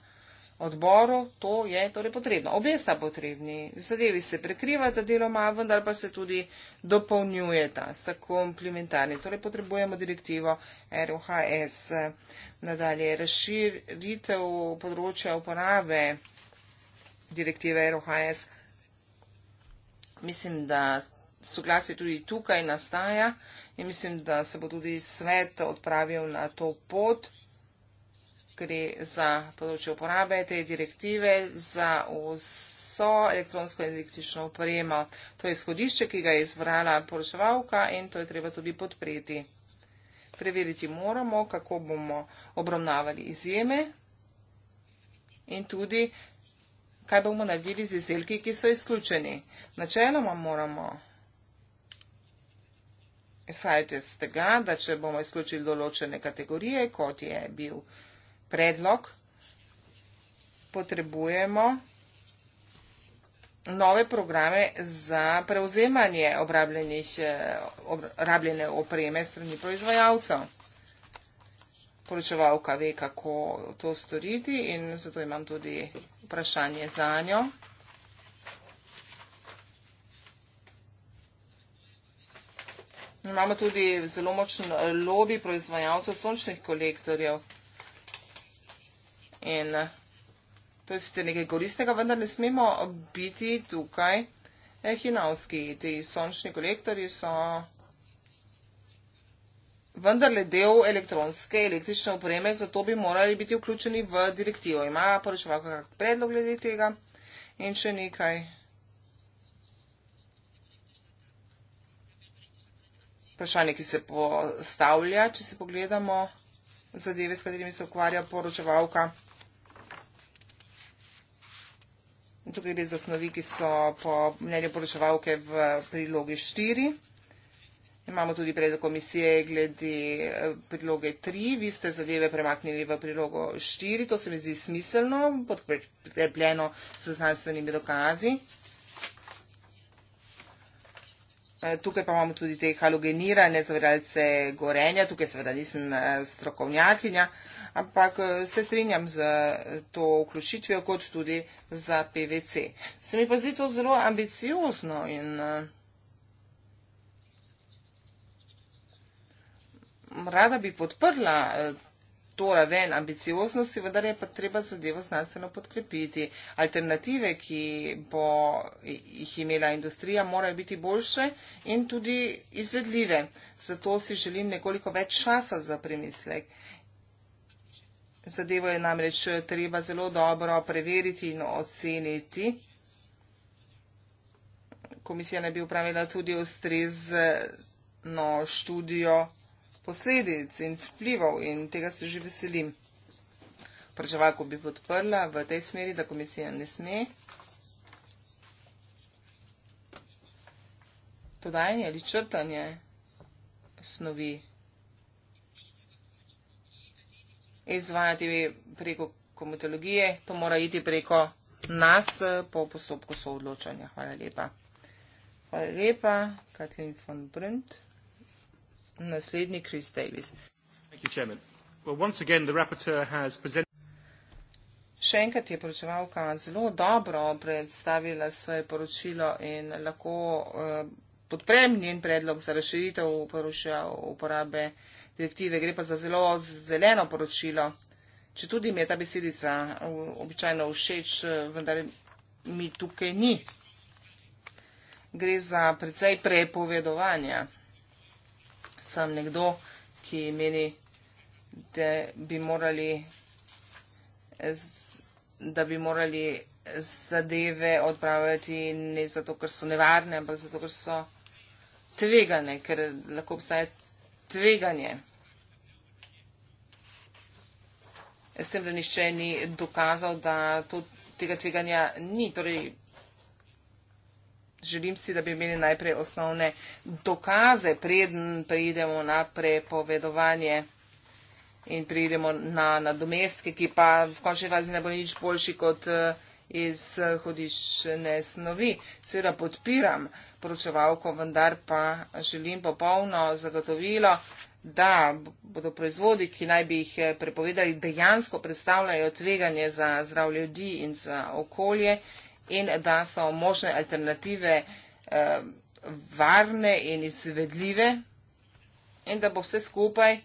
odboru, to je torej potrebno. Obe sta potrebni. Zadevi se prekrivata deloma, vendar pa se tudi dopolnjujeta, sta komplementarni. Torej potrebujemo direktivo ROHS. Nadalje, razširitev področja uporabe direktive ROHS. Mislim, da soglasje tudi tukaj nastaja in mislim, da se bo tudi svet odpravil na to pot gre za področje uporabe te direktive za vso elektronsko in električno upremo. To je izhodišče, ki ga je izvrala poročevalka in to je treba tudi podpreti. Preveriti moramo, kako bomo obravnavali izjeme in tudi, kaj bomo naredili z izdelki, ki so izključeni. Načeloma moramo izhajati z tega, da če bomo izključili določene kategorije, kot je bil izključen, predlog, potrebujemo nove programe za prevzemanje obrabljenih, eh, obrabljene opreme strani proizvajalcev. Poročevalka ve, kako to storiti in zato imam tudi vprašanje za njo. Imamo tudi zelo močen lobby proizvajalcev sončnih kolektorjev. In eh, to je sicer nekaj koristnega, vendar ne smemo biti tukaj ehinavski. Eh, Ti sončni kolektori so vendarle del elektronske električne opreme, zato bi morali biti vključeni v direktivo. Ima poročevalka kak predlog glede tega in še nekaj. Vprašanje, ki se postavlja, če si pogledamo zadeve, s katerimi se ukvarja poročevalka. Tukaj gre za snovi, ki so po mnenju poročevalke v prilogi 4. Imamo tudi predlog komisije glede eh, priloge 3. Vi ste zadeve premaknili v prilogo 4. To se mi zdi smiselno, podkrepljeno s znanstvenimi dokazi. Eh, tukaj pa imamo tudi te halogenirane zavedalce gorenja, tukaj seveda nisem eh, strokovnjakinja, ampak eh, se strinjam z to vključitvijo kot tudi za PVC. Se mi pa zdi to zelo ambiciozno in rada bi podprla to to raven ambicioznosti, vendar je pa treba zadevo znanstveno podkrepiti. Alternative, ki bo jih imela industrija, morajo biti boljše in tudi izvedljive. Zato si želim nekoliko več časa za premislek. Zadevo je namreč treba zelo dobro preveriti in oceniti. Komisija ne bi upravila tudi ustrezno študijo posledic in vplivov in tega se že veselim. Prečevalko bi podprla v tej smeri, da komisija ne sme. Podajanje ali črtanje snovi izvajati preko komitologije, to mora iti preko nas eh, po postopku soodločanja. Hvala lepa. Hvala lepa, Katlin von Brunt. Naslednji Chris Davis. Še enkrat je poročevalka zelo dobro predstavila svoje poročilo in lahko uh, podprem njen predlog za razširitev uporabe direktive. Gre pa za zelo zeleno poročilo. Če tudi mi je ta besedica eh, običajno všeč, eh, vendar mi tukaj ni. Gre za precej prepovedovanja sem nekdo, ki meni, da bi morali, da bi morali zadeve odpravljati ne zato, ker so nevarne, ampak zato, ker so tvegane, ker lahko obstaja tveganje. S tem, da nišče ni dokazal, da to, tega tveganja ni. Torej, Želim si, da bi imeli najprej osnovne dokaze, preden pridemo na prepovedovanje in pridemo na nadomestke, ki pa v končni fazi ne bo nič boljši kot eh, iz hodišne snovi. Seveda podpiram poročevalko, vendar pa želim popolno zagotovilo, da bodo proizvodi, ki naj bi jih eh, prepovedali, dejansko predstavljajo tveganje za zdrav ljudi in za okolje in da so možne alternative eh, varne in izvedljive in da bo vse skupaj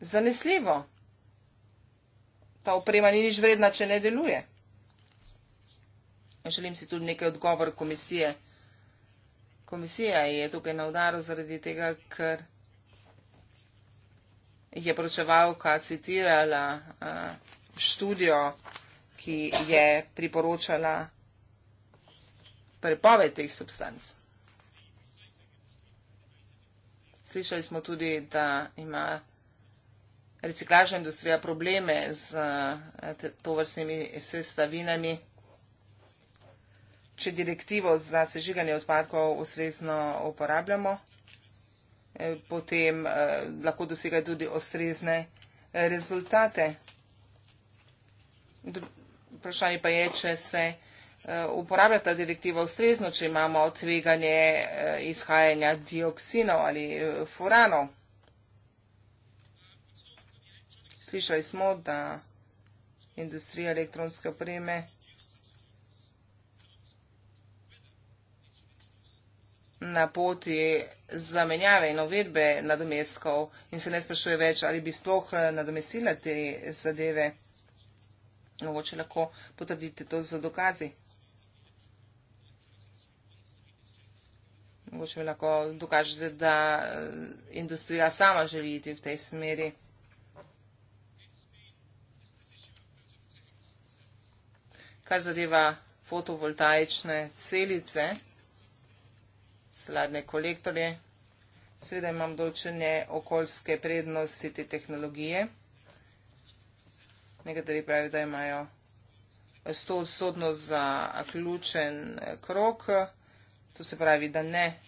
zanesljivo. Ta oprema ni nič vredna, če ne deluje. Želim si tudi nekaj odgovor komisije. Komisija je tukaj na udaru zaradi tega, ker je pročevalka citirala eh, študijo komisije, ki je priporočala prepoved teh substanc. Slišali smo tudi, da ima reciklažna industrija probleme z eh, tovrstnimi sestavinami. Če direktivo za sežiganje odpadkov ustrezno uporabljamo, eh, potem eh, lahko dosegajo tudi ustrezne rezultate vprašanje pa je, če se eh, uporablja ta direktiva ustrezno, če imamo tveganje eh, izhajanja dioksinov ali eh, furanov. Slišali smo, da industrija elektronske opreme. na poti zamenjave in uvedbe nadomestkov in se ne sprašuje več, ali bi sploh nadomestila te zadeve. Mogoče lahko potrdite to z dokazi. Mogoče mi lahko dokažete, da eh, industrija sama želi iti v tej smeri. Kar zadeva fotovoltaične celice, sladne kolektorje, seveda imam določene okoljske prednosti te tehnologije nekateri pravijo, da imajo to sodno za ključen krok, to se pravi, da ne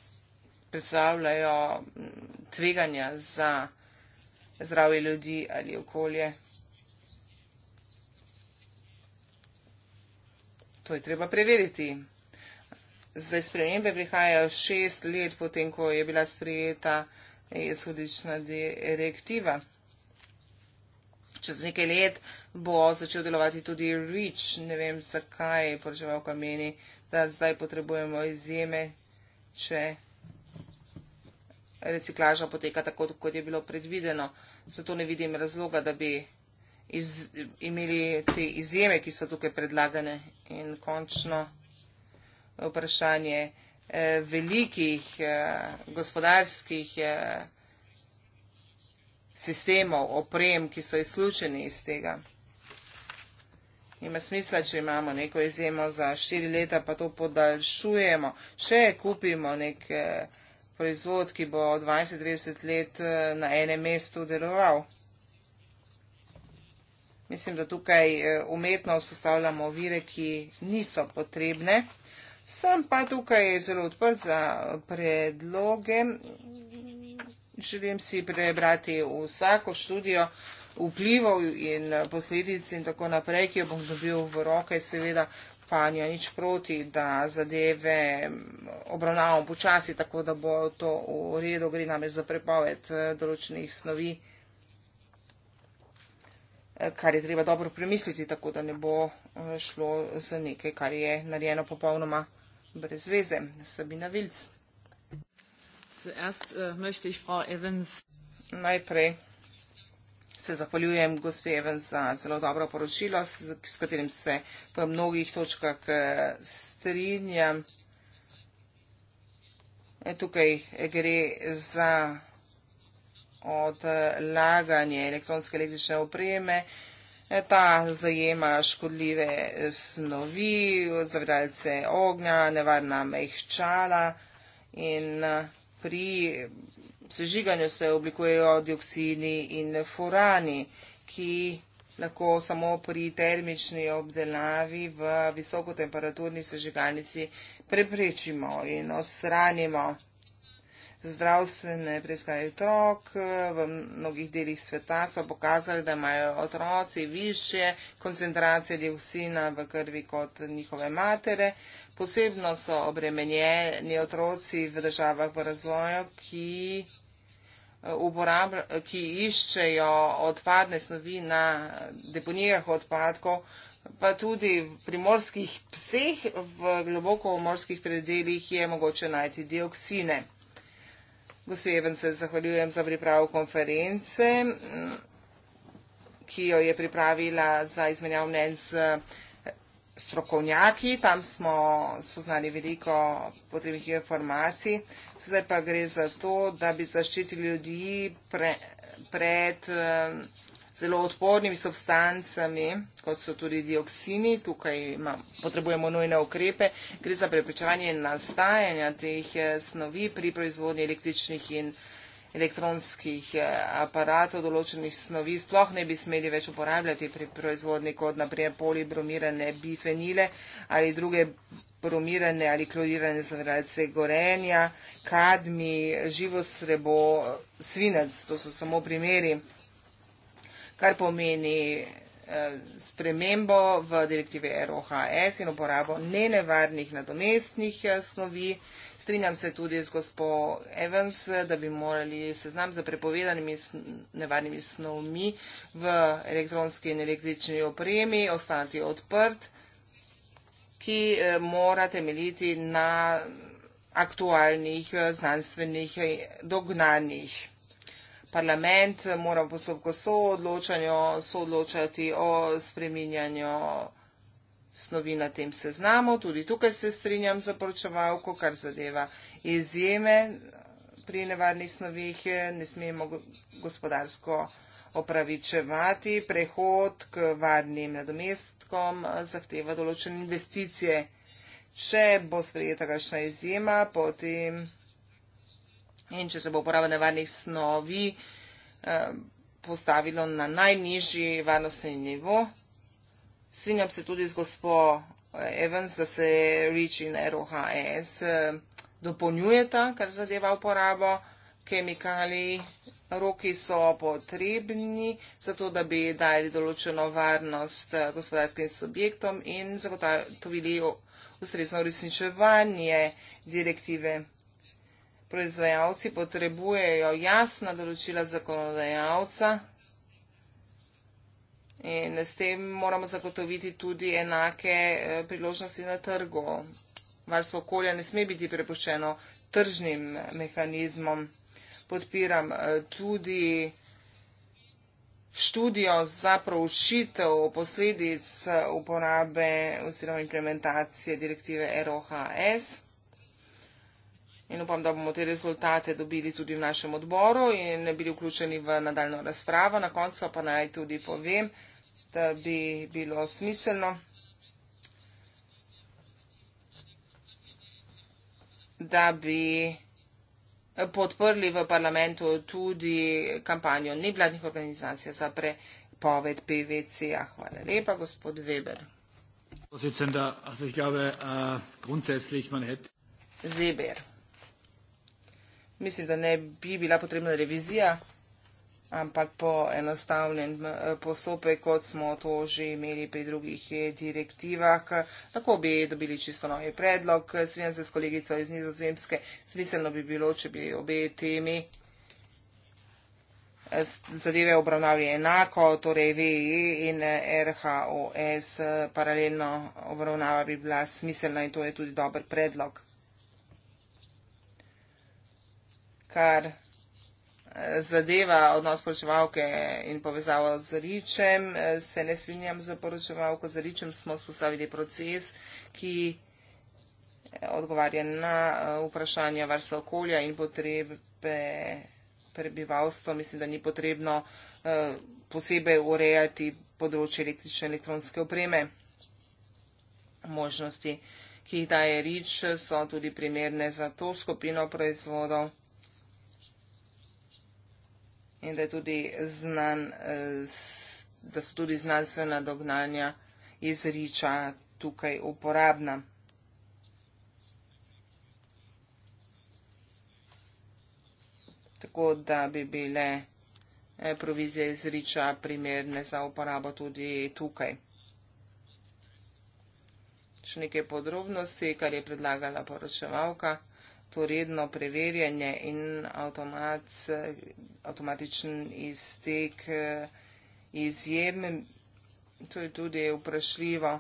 predstavljajo tveganja za zdravje ljudi ali okolje. To je treba preveriti. Zdaj spremembe prihajajo šest let potem, ko je bila sprijeta izhodična direktiva čez nekaj let bo začel delovati tudi REACH. Ne vem, zakaj poročevalka meni, da zdaj potrebujemo izjeme, če reciklaža poteka tako, kot je bilo predvideno. Zato ne vidim razloga, da bi iz, imeli te izjeme, ki so tukaj predlagane. In končno vprašanje eh, velikih eh, gospodarskih eh, sistemov, oprem, ki so izključeni iz tega. Ima smisla, če imamo neko izjemo za štiri leta, pa to podaljšujemo. Še kupimo nek proizvod, ki bo 20-30 let eh, na enem mestu deloval. Mislim, da tukaj eh, umetno vzpostavljamo vire, ki niso potrebne. Sem pa tukaj zelo odprt za predloge želim si prebrati vsako študijo vplivov in posledic in tako naprej, ki jo bom dobil v roke, seveda pa nja nič proti, da zadeve obravnavam počasi, tako da bo to v redu, gre namreč za prepoved eh, določenih snovi, eh, kar je treba dobro premisliti, tako da ne bo eh, šlo za nekaj, kar je narejeno popolnoma brez veze. Sabina Vilc. Zuerst, uh, ich Frau Evans Najprej se zahvaljujem gospe Evans za zelo dobro poročilo, s, s katerim se po mnogih točkah äh, strinjam. E, tukaj gre za odlaganje elektronske električne opreme. E, ta zajema škodljive snovi, zavedalce ognja, nevarna mehčala in pri sežiganju se oblikujejo dioksini in furani, ki lahko samo pri termični obdelavi v visokotemperaturni sežigalnici preprečimo in odstranimo zdravstvene preiskave otrok eh, v mnogih delih sveta so pokazali, da imajo otroci više koncentracije dioksina v krvi kot njihove matere. Posebno so obremenjeni otroci v državah v razvoju, ki, eh, uporabl- ki iščejo odpadne snovi na deponijah odpadkov, pa tudi v primorskih pseh v globoko v morskih predeljih je mogoče najti dioksine. Gospod Jeven, se zahvaljujem za pripravo konference, ki jo je pripravila za izmenjav mnen z eh, strokovnjaki. Tam smo spoznali veliko potrebnih informacij. Sedaj pa gre za to, da bi zaščitili ljudi pre, pred eh, zelo odpornimi substancami, kot so tudi dioksini. Tukaj imam, potrebujemo nujne ukrepe. Gre za preprečevanje nastajanja teh eh, snovi pri proizvodnji električnih in elektronskih eh, aparatov določenih snovi sploh ne bi smeli več uporabljati pri proizvodni kot naprej polibromirane bifenile ali druge bromirane ali klorirane zavrace gorenja, kadmi, živo srebo, svinec, to so samo primeri kar pomeni eh, spremembo v direktive ROHS in uporabo nenevarnih nadomestnih eh, snovi. Strinjam se tudi z gospo Evans, da bi morali seznam za prepovedanimi nevarnimi snovmi v elektronski in električni opremi ostati odprt, ki eh, mora temeljiti na aktualnih znanstvenih dognanjih parlament mora v postopku soodločanja soodločati o spreminjanju snovi na tem seznamu. Tudi tukaj se strinjam za poročevalko, kar zadeva izjeme pri nevarnih snovih. Ne smemo gospodarsko opravičevati. Prehod k varnim nadomestkom zahteva določene investicije. Če bo sprejeta kakšna izjema, potem. In če se bo uporaba nevarnih snovi eh, postavilo na najnižji varnostni nivo, strinjam se tudi z gospo eh, Evans, da se Reach in ROHS e eh, dopolnjujeta, kar zadeva uporabo kemikalij. Roki so potrebni za to, da bi dali določeno varnost gospodarskim subjektom in zagotovili ustrezno uresničevanje direktive proizvajalci potrebujejo jasna določila zakonodajalca in s tem moramo zagotoviti tudi enake eh, priložnosti na trgu. Varstvo okolja ne sme biti prepuščeno tržnim mehanizmom. Podpiram eh, tudi študijo za proučitev posledic uporabe oziroma implementacije direktive ROHS in upam, da bomo te rezultate dobili tudi v našem odboru in ne bili vključeni v nadaljno razpravo. Na koncu pa naj tudi povem, da bi bilo smiselno, da bi podprli v parlamentu tudi kampanjo nevladnih organizacij za prepoved PVC. -ja. Hvala lepa, gospod Weber. Zeber mislim, da ne bi bila potrebna revizija, ampak po enostavnem eh, postopek, kot smo to že imeli pri drugih eh, direktivah, lahko bi dobili čisto novi predlog. Strinjam se s kolegico iz Nizozemske, smiselno bi bilo, če bi obe temi eh, zadeve obravnavali enako, torej VE in RHOS paralelno obravnava bi bila smiselna in to je tudi dober predlog. kar eh, zadeva odnos poročevalke in povezavo z Ričem. Eh, se ne strinjam z poročevalko, z Ričem smo spostavili proces, ki eh, odgovarja na vprašanje varstva okolja in potrebe prebivalstva. Mislim, da ni potrebno posebej urejati področje električne elektronske opreme. Možnosti, ki jih daje Rič, so tudi primerne za to skupino proizvodov in da, znan, eh, da so tudi znanstvena dognanja izriča tukaj uporabna. Tako da bi bile eh, provizije izriča primerne za uporabo tudi tukaj. Še nekaj podrobnosti, kar je predlagala poročevalka to redno preverjanje in avtomat, avtomatičen iztek eh, izjemen. To je tudi vprašljivo,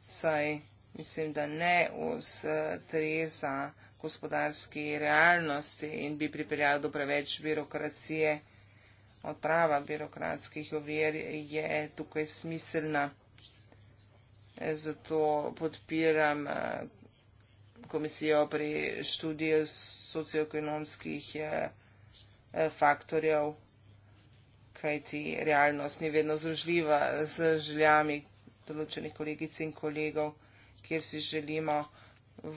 saj mislim, da ne ustreza gospodarski realnosti in bi pripeljal do preveč birokracije. Odprava birokratskih ovir je tukaj smiselna. Zato podpiram eh, komisijo pri študiju socioekonomskih eh, eh, faktorjev, kajti realnost ni vedno zružljiva z željami določenih kolegic in kolegov, kjer si želimo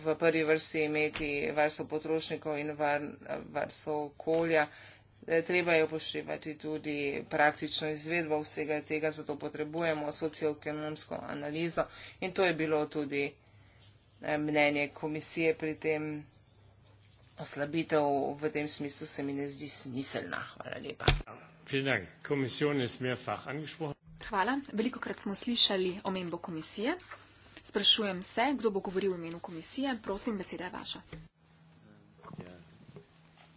v prvi vrsti imeti varstvo potrošnikov in var, varstvo okolja. Eh, treba je upoštevati tudi praktično izvedbo vsega tega, zato potrebujemo socioekonomsko analizo in to je bilo tudi. Eh, mnenje komisije pri tem oslabitev v tem smislu se mi ne zdi smiselna. Hvala lepa. Hvala. Veliko krat smo slišali omembo komisije. Sprašujem se, kdo bo govoril v imenu komisije. Prosim, beseda je vaša. Ja,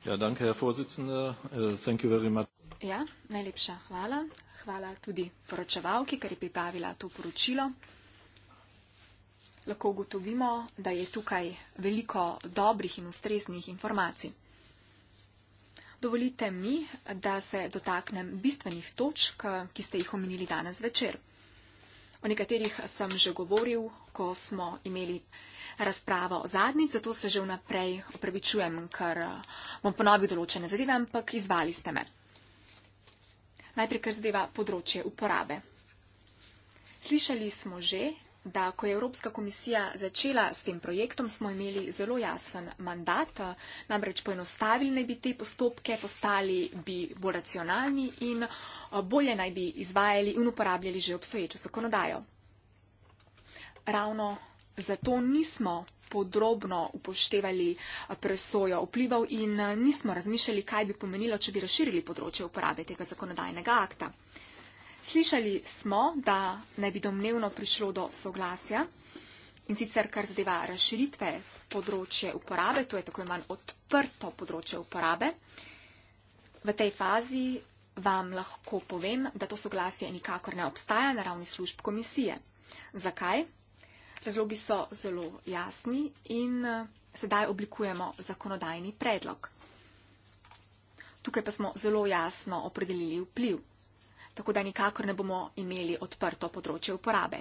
ja danke, herr Vorsitzende. Äh, thank you very much. Ja, najlepša hvala. Hvala tudi poročevalki, ker je pripravila to poročilo lahko ugotovimo, da je tukaj veliko dobrih in ustreznih informacij. Dovolite mi, da se dotaknem bistvenih točk, ki ste jih omenili danes večer. O nekaterih sem že govoril, ko smo imeli razpravo o zadnji, zato se že vnaprej opravičujem, ker eh, bom ponovil določene zadeve, ampak izvali ste me. Najprej, kar zadeva področje uporabe. Slišali smo že, da ko je Evropska komisija začela s tem projektom, smo imeli zelo jasen mandat, namreč poenostavili naj bi te postopke, postali bi bolj racionalni in eh, bolje naj bi izvajali in uporabljali že obstoječo zakonodajo. Ravno zato nismo podrobno upoštevali eh, presojo vplivov in eh, nismo razmišljali, kaj bi pomenilo, če bi razširili področje uporabe tega zakonodajnega akta. Slišali smo, da ne bi domnevno prišlo do soglasja in sicer kar zadeva razširitve področje uporabe, to je tako imenovano odprto področje uporabe. V tej fazi vam lahko povem, da to soglasje nikakor ne obstaja na ravni služb komisije. Zakaj? Razlogi so zelo jasni in eh, sedaj oblikujemo zakonodajni predlog. Tukaj pa smo zelo jasno opredelili vpliv tako da nikakor ne bomo imeli odprto področje uporabe.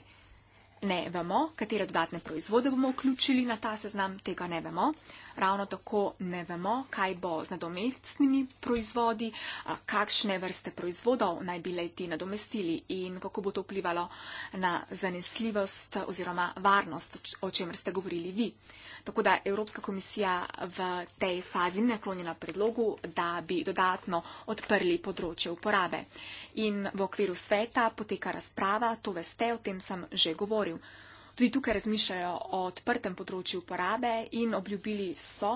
Ne vemo, katere dodatne proizvode bomo vključili na ta seznam, tega ne vemo ravno tako ne vemo, kaj bo z nadomestnimi proizvodi, kakšne vrste proizvodov naj bi le ti nadomestili in kako bo to vplivalo na zanesljivost oziroma varnost, o čemer ste govorili vi. Tako da Evropska komisija v tej fazi ne kloni na predlogu, da bi dodatno odprli področje uporabe. In v okviru sveta poteka razprava, to veste, o tem sem že govoril. Tudi tukaj razmišljajo o odprtem področju uporabe in obljubili so,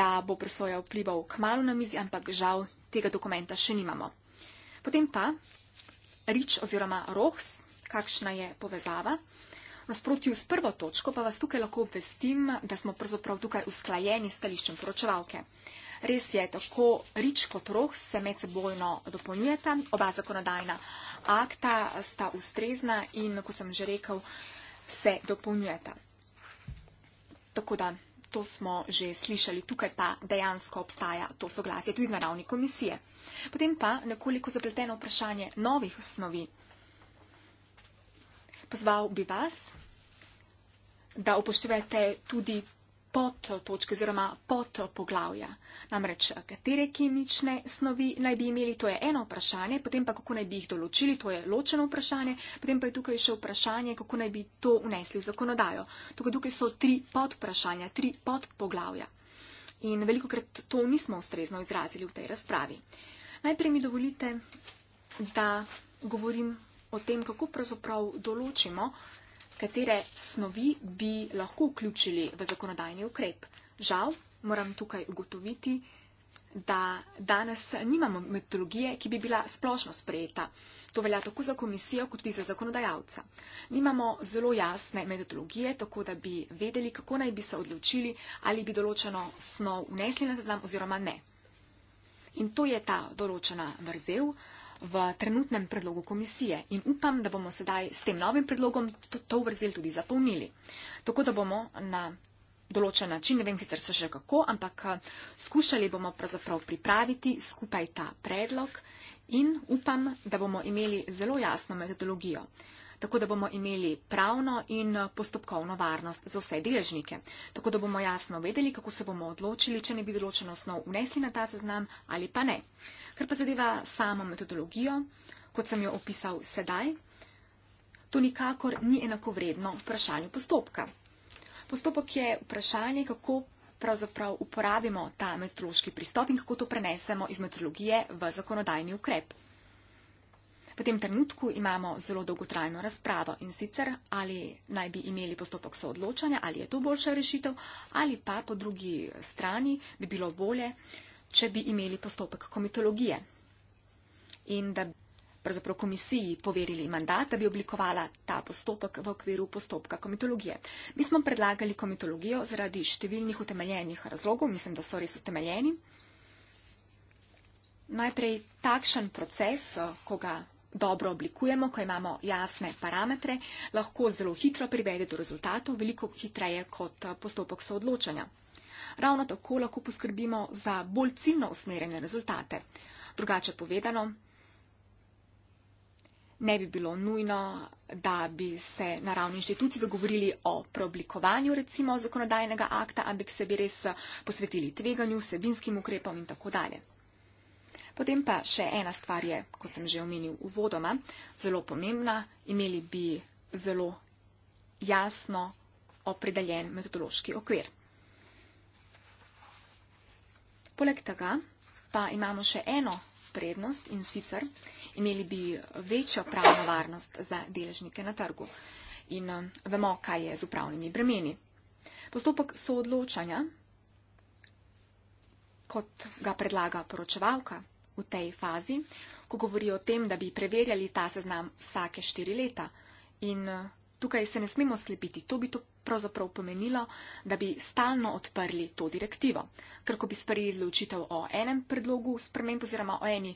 da bo presoja vplival k malu na mizi, ampak žal tega dokumenta še nimamo. Potem pa Rič oziroma Rohs, kakšna je povezava. V nasprotju s prvo točko pa vas tukaj lahko obvestim, da smo pravzaprav tukaj usklajeni s stališčem poročevalke. Res je, tako Rič kot Rohs se med sebojno dopolnjujeta, oba zakonodajna akta sta ustrezna in, kot sem že rekel, se dopolnjujeta. Tako da to smo že slišali, tukaj pa dejansko obstaja to soglasje tudi na ravni komisije. Potem pa nekoliko zapleteno vprašanje novih osnovi. Pozval bi vas, da upoštevate tudi pod točke oziroma pod poglavja. Namreč, katere kemične snovi naj bi imeli, to je eno vprašanje, potem pa kako naj bi jih določili, to je ločeno vprašanje, potem pa je tukaj še vprašanje, kako naj bi to unesli v zakonodajo. Tukaj, tukaj so tri podprašanja, tri podpoglavja. In veliko krat to nismo ustrezno izrazili v tej razpravi. Najprej mi dovolite, da govorim o tem, kako pravzaprav določimo, katere snovi bi lahko vključili v zakonodajni ukrep. Žal moram tukaj ugotoviti, da danes nimamo metodologije, ki bi bila splošno sprejeta. To velja tako za komisijo, kot tudi za zakonodajalca. Nimamo zelo jasne metodologije, tako da bi vedeli, kako naj bi se odločili, ali bi določeno snov vnesli na seznam oziroma ne. In to je ta določena vrzel, v trenutnem predlogu komisije in upam, da bomo sedaj s tem novim predlogom to, to vrzel tudi zapolnili. Tako da bomo na določen način, ne vem sicer še, še kako, ampak eh, skušali bomo pravzaprav pripraviti skupaj ta predlog in upam, da bomo imeli zelo jasno metodologijo tako da bomo imeli pravno in eh, postopkovno varnost za vse deležnike. Tako da bomo jasno vedeli, kako se bomo odločili, če ne bi določeno osnov vnesli na ta seznam ali pa ne. Ker pa zadeva samo metodologijo, kot sem jo opisal sedaj, to nikakor ni enako vredno vprašanju postopka. Postopek je vprašanje, kako pravzaprav uporabimo ta metrološki pristop in kako to prenesemo iz metrologije v zakonodajni ukrep. V tem trenutku imamo zelo dolgotrajno razpravo in sicer ali naj bi imeli postopek soodločanja, ali je to boljša rešitev, ali pa po drugi strani bi bilo bolje, če bi imeli postopek komitologije in da bi pravzaprav komisiji poverili mandat, da bi oblikovala ta postopek v okviru postopka komitologije. Mi smo predlagali komitologijo zaradi številnih utemeljenih razlogov, mislim, da so res utemeljeni. Najprej takšen proces, ko ga dobro oblikujemo, ko imamo jasne parametre, lahko zelo hitro privede do rezultatov, veliko hitreje kot eh, postopek soodločanja. Ravno tako lahko poskrbimo za bolj ciljno usmerjene rezultate. Drugače povedano, ne bi bilo nujno, da bi se na ravni inštitucij dogovorili o preoblikovanju recimo zakonodajnega akta, ampak se bi res eh, posvetili tveganju, sebinskim ukrepom in tako dalje. Potem pa še ena stvar je, kot sem že omenil uvodoma, zelo pomembna. Imeli bi zelo jasno opredeljen metodološki okvir. Poleg tega pa imamo še eno prednost in sicer imeli bi večjo pravno varnost za deležnike na trgu. In eh, vemo, kaj je z upravnimi bremeni. Postopek soodločanja, kot ga predlaga poročevalka v tej fazi, ko govorijo o tem, da bi preverjali ta seznam vsake štiri leta. In eh, tukaj se ne smemo slepiti. To bi to pravzaprav pomenilo, da bi stalno odprli to direktivo. Ker ko bi sprejeli odločitev o enem predlogu sprememb oziroma o eni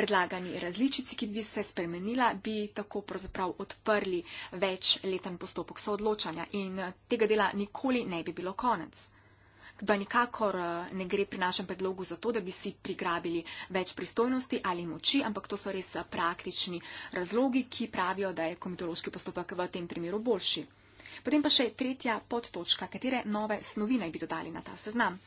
predlagani različici, ki bi se spremenila, bi tako pravzaprav odprli večleten postopek soodločanja in eh, tega dela nikoli ne bi bilo konec da nikakor eh, ne gre pri našem predlogu za to, da bi si prigrabili več pristojnosti ali moči, ampak to so res eh, praktični razlogi, ki pravijo, da je komitološki postopek v tem primeru boljši. Potem pa še tretja podtočka, katere nove snovi naj bi dodali na ta seznam.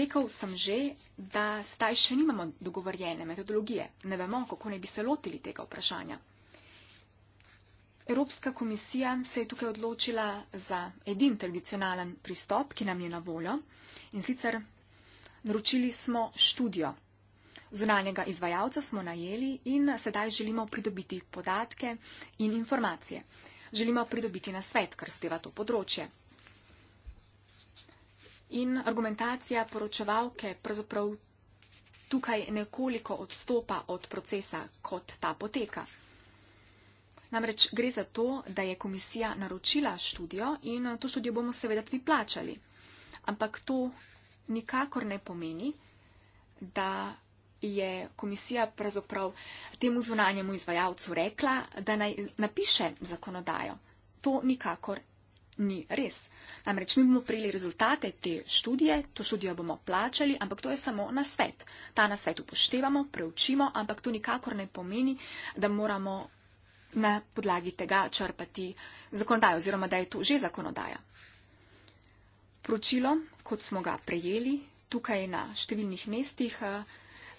Rekel sem že, da zdaj še nimamo dogovorjene metodologije. Ne vemo, kako naj bi se lotili tega vprašanja. Evropska komisija se je tukaj odločila za edin tradicionalen pristop, ki nam je na voljo in sicer naročili smo študijo. Zunanjega izvajalca smo najeli in sedaj želimo pridobiti podatke in informacije. Želimo pridobiti na svet, kar steva to področje. In argumentacija poročevalke pravzaprav tukaj nekoliko odstopa od procesa, kot ta poteka. Namreč gre za to, da je komisija naročila študijo in eh, to študijo bomo seveda tudi plačali. Ampak to nikakor ne pomeni, da je komisija pravzaprav temu zvonanjemu izvajalcu rekla, da naj napiše zakonodajo. To nikakor ni res. Namreč mi bomo prijeli rezultate te študije, to študijo bomo plačali, ampak to je samo nasvet. Ta nasvet upoštevamo, preučimo, ampak to nikakor ne pomeni, da moramo na podlagi tega črpati zakonodajo oziroma da je to že zakonodaja. Pročilo, kot smo ga prejeli, tukaj na številnih mestih eh,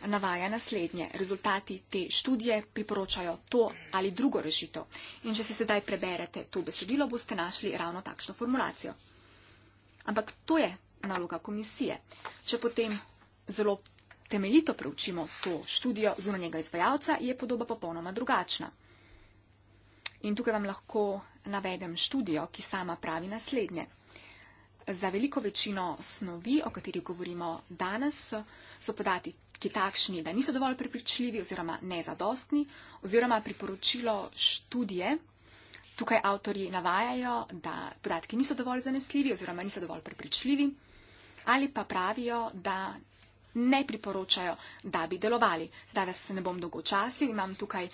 navaja naslednje. Rezultati te študije priporočajo to ali drugo rešitev. In če se sedaj preberete to besedilo, boste našli ravno takšno formulacijo. Ampak to je naloga komisije. Če potem zelo temeljito preučimo to študijo zunanjega izvajalca, je podoba popolnoma drugačna. In tukaj vam lahko navedem študijo, ki sama pravi naslednje. Za veliko večino snovi, o kateri govorimo danes, so podati, ki takšni, da niso dovolj prepričljivi oziroma nezadostni, oziroma priporočilo študije. Tukaj avtori navajajo, da podatki niso dovolj zanesljivi oziroma niso dovolj prepričljivi ali pa pravijo, da ne priporočajo, da bi delovali. Zdaj vas ne bom dolgočasil, imam tukaj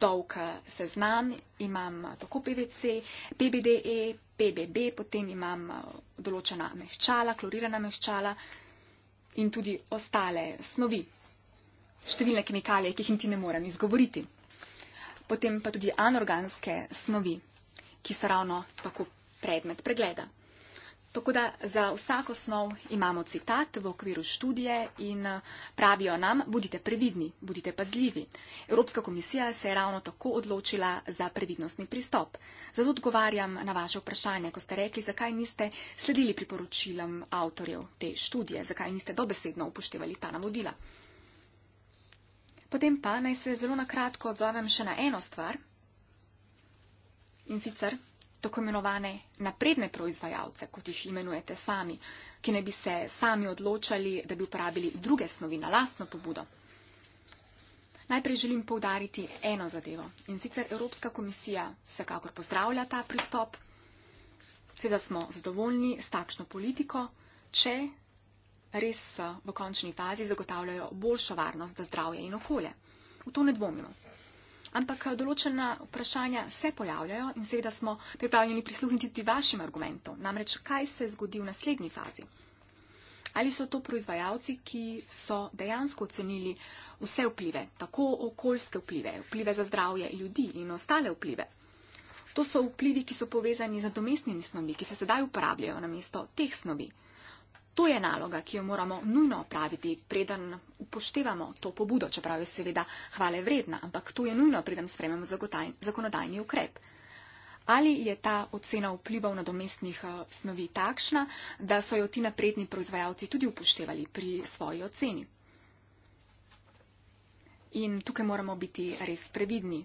dolg eh, seznam, imam eh, tako PVC, PBDE, PBB, potem imam eh, določena mehčala, klorirana mehčala in tudi ostale snovi, številne kemikalije, ki jih niti ne morem izgovoriti. Potem pa tudi anorganske snovi, ki so ravno tako predmet pregleda. Tako da za vsako osnov imamo citat v okviru študije in eh, pravijo nam, bodite previdni, bodite pazljivi. Evropska komisija se je ravno tako odločila za previdnostni pristop. Zato odgovarjam na vaše vprašanje, ko ste rekli, zakaj niste sledili priporočilom avtorjev te študije, zakaj niste dobesedno upoštevali ta navodila. Potem pa naj se zelo nakratko odzovem še na eno stvar. In sicer tako imenovane napredne proizvajalce, kot jih imenujete sami, ki ne bi se sami odločali, da bi uporabili druge snovi na lastno pobudo. Najprej želim povdariti eno zadevo in sicer Evropska komisija vsekakor pozdravlja ta pristop, seveda smo zadovoljni s takšno politiko, če res eh, v končni fazi zagotavljajo boljšo varnost za zdravje in okolje. V to ne dvomimo ampak eh, določena vprašanja se pojavljajo in seveda smo pripravljeni prisluhniti tudi vašim argumentom. Namreč, kaj se zgodi v naslednji fazi? Ali so to proizvajalci, ki so dejansko ocenili vse vplive, tako okoljske vplive, vplive za zdravje ljudi in ostale vplive? To so vplivi, ki so povezani z domestnimi snovi, ki se sedaj uporabljajo na mesto teh snovi. To je naloga, ki jo moramo nujno opraviti, preden upoštevamo to pobudo, čeprav je seveda hvale vredna, ampak to je nujno, preden sprememo zakonodajni ukrep. Ali je ta ocena vplivov na domestnih eh, snovi takšna, da so jo ti napredni proizvajalci tudi upoštevali pri svoji oceni? In tukaj moramo biti res previdni.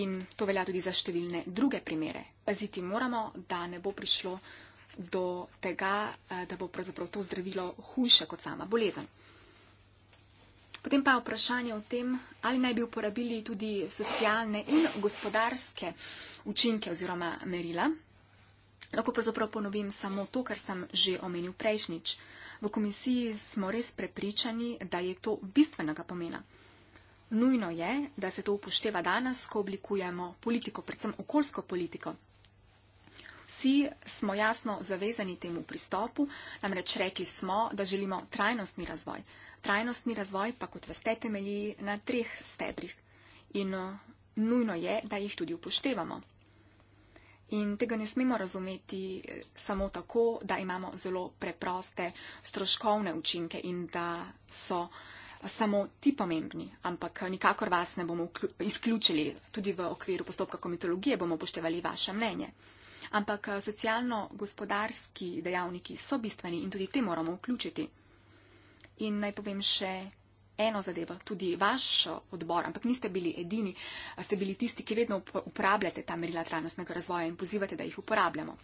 In to velja tudi za številne druge primere. Paziti moramo, da ne bo prišlo do tega, eh, da bo pravzaprav to zdravilo hujše kot sama bolezen. Potem pa je vprašanje o tem, ali naj bi uporabili tudi socialne in gospodarske učinke oziroma merila. Lahko pravzaprav ponovim samo to, kar sem že omenil prejšnjič. V komisiji smo res prepričani, da je to bistvenega pomena. Nujno je, da se to upošteva danes, ko oblikujemo politiko, predvsem okoljsko politiko. Vsi smo jasno zavezani temu pristopu, namreč rekli smo, da želimo trajnostni razvoj. Trajnostni razvoj pa, kot veste, temelji na treh stebrih in eh, nujno je, da jih tudi upoštevamo. In tega ne smemo razumeti eh, samo tako, da imamo zelo preproste stroškovne učinke in da so eh, samo ti pomembni, ampak nikakor vas ne bomo izključili. Tudi v okviru postopka komitologije bomo upoštevali vaše mnenje ampak eh, socialno-gospodarski dejavniki so bistveni in tudi te moramo vključiti. In naj povem še eno zadevo, tudi vaš odbor, ampak niste bili edini, ste bili tisti, ki vedno uporabljate ta merila trajnostnega razvoja in pozivate, da jih uporabljamo.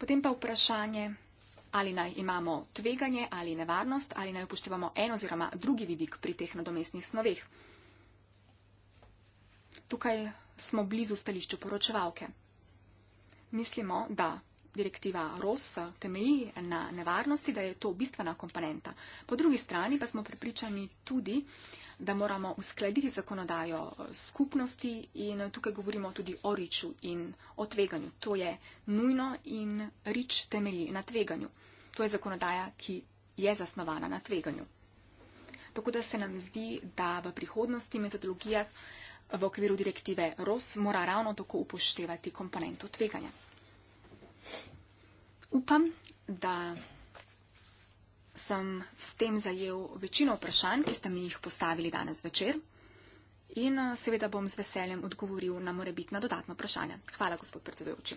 Potem pa vprašanje, ali naj imamo tveganje ali nevarnost, ali naj upoštevamo en oziroma drugi vidik pri teh nadomestnih snoveh. Tukaj smo blizu stališču poročevalke mislimo, da direktiva ROSA temelji na nevarnosti, da je to bistvena komponenta. Po drugi strani pa smo pripričani tudi, da moramo uskladiti zakonodajo eh, skupnosti in tukaj govorimo tudi o riču in o tveganju. To je nujno in rič temelji na tveganju. To je zakonodaja, ki je zasnovana na tveganju. Tako da se nam zdi, da v prihodnosti metodologija v okviru direktive ROS mora ravno tako upoštevati komponento tveganja. Upam, da sem s tem zajel večino vprašanj, ki ste mi jih postavili danes večer in eh, seveda bom z veseljem odgovoril na morebitna dodatna vprašanja. Hvala, gospod predsedujoči.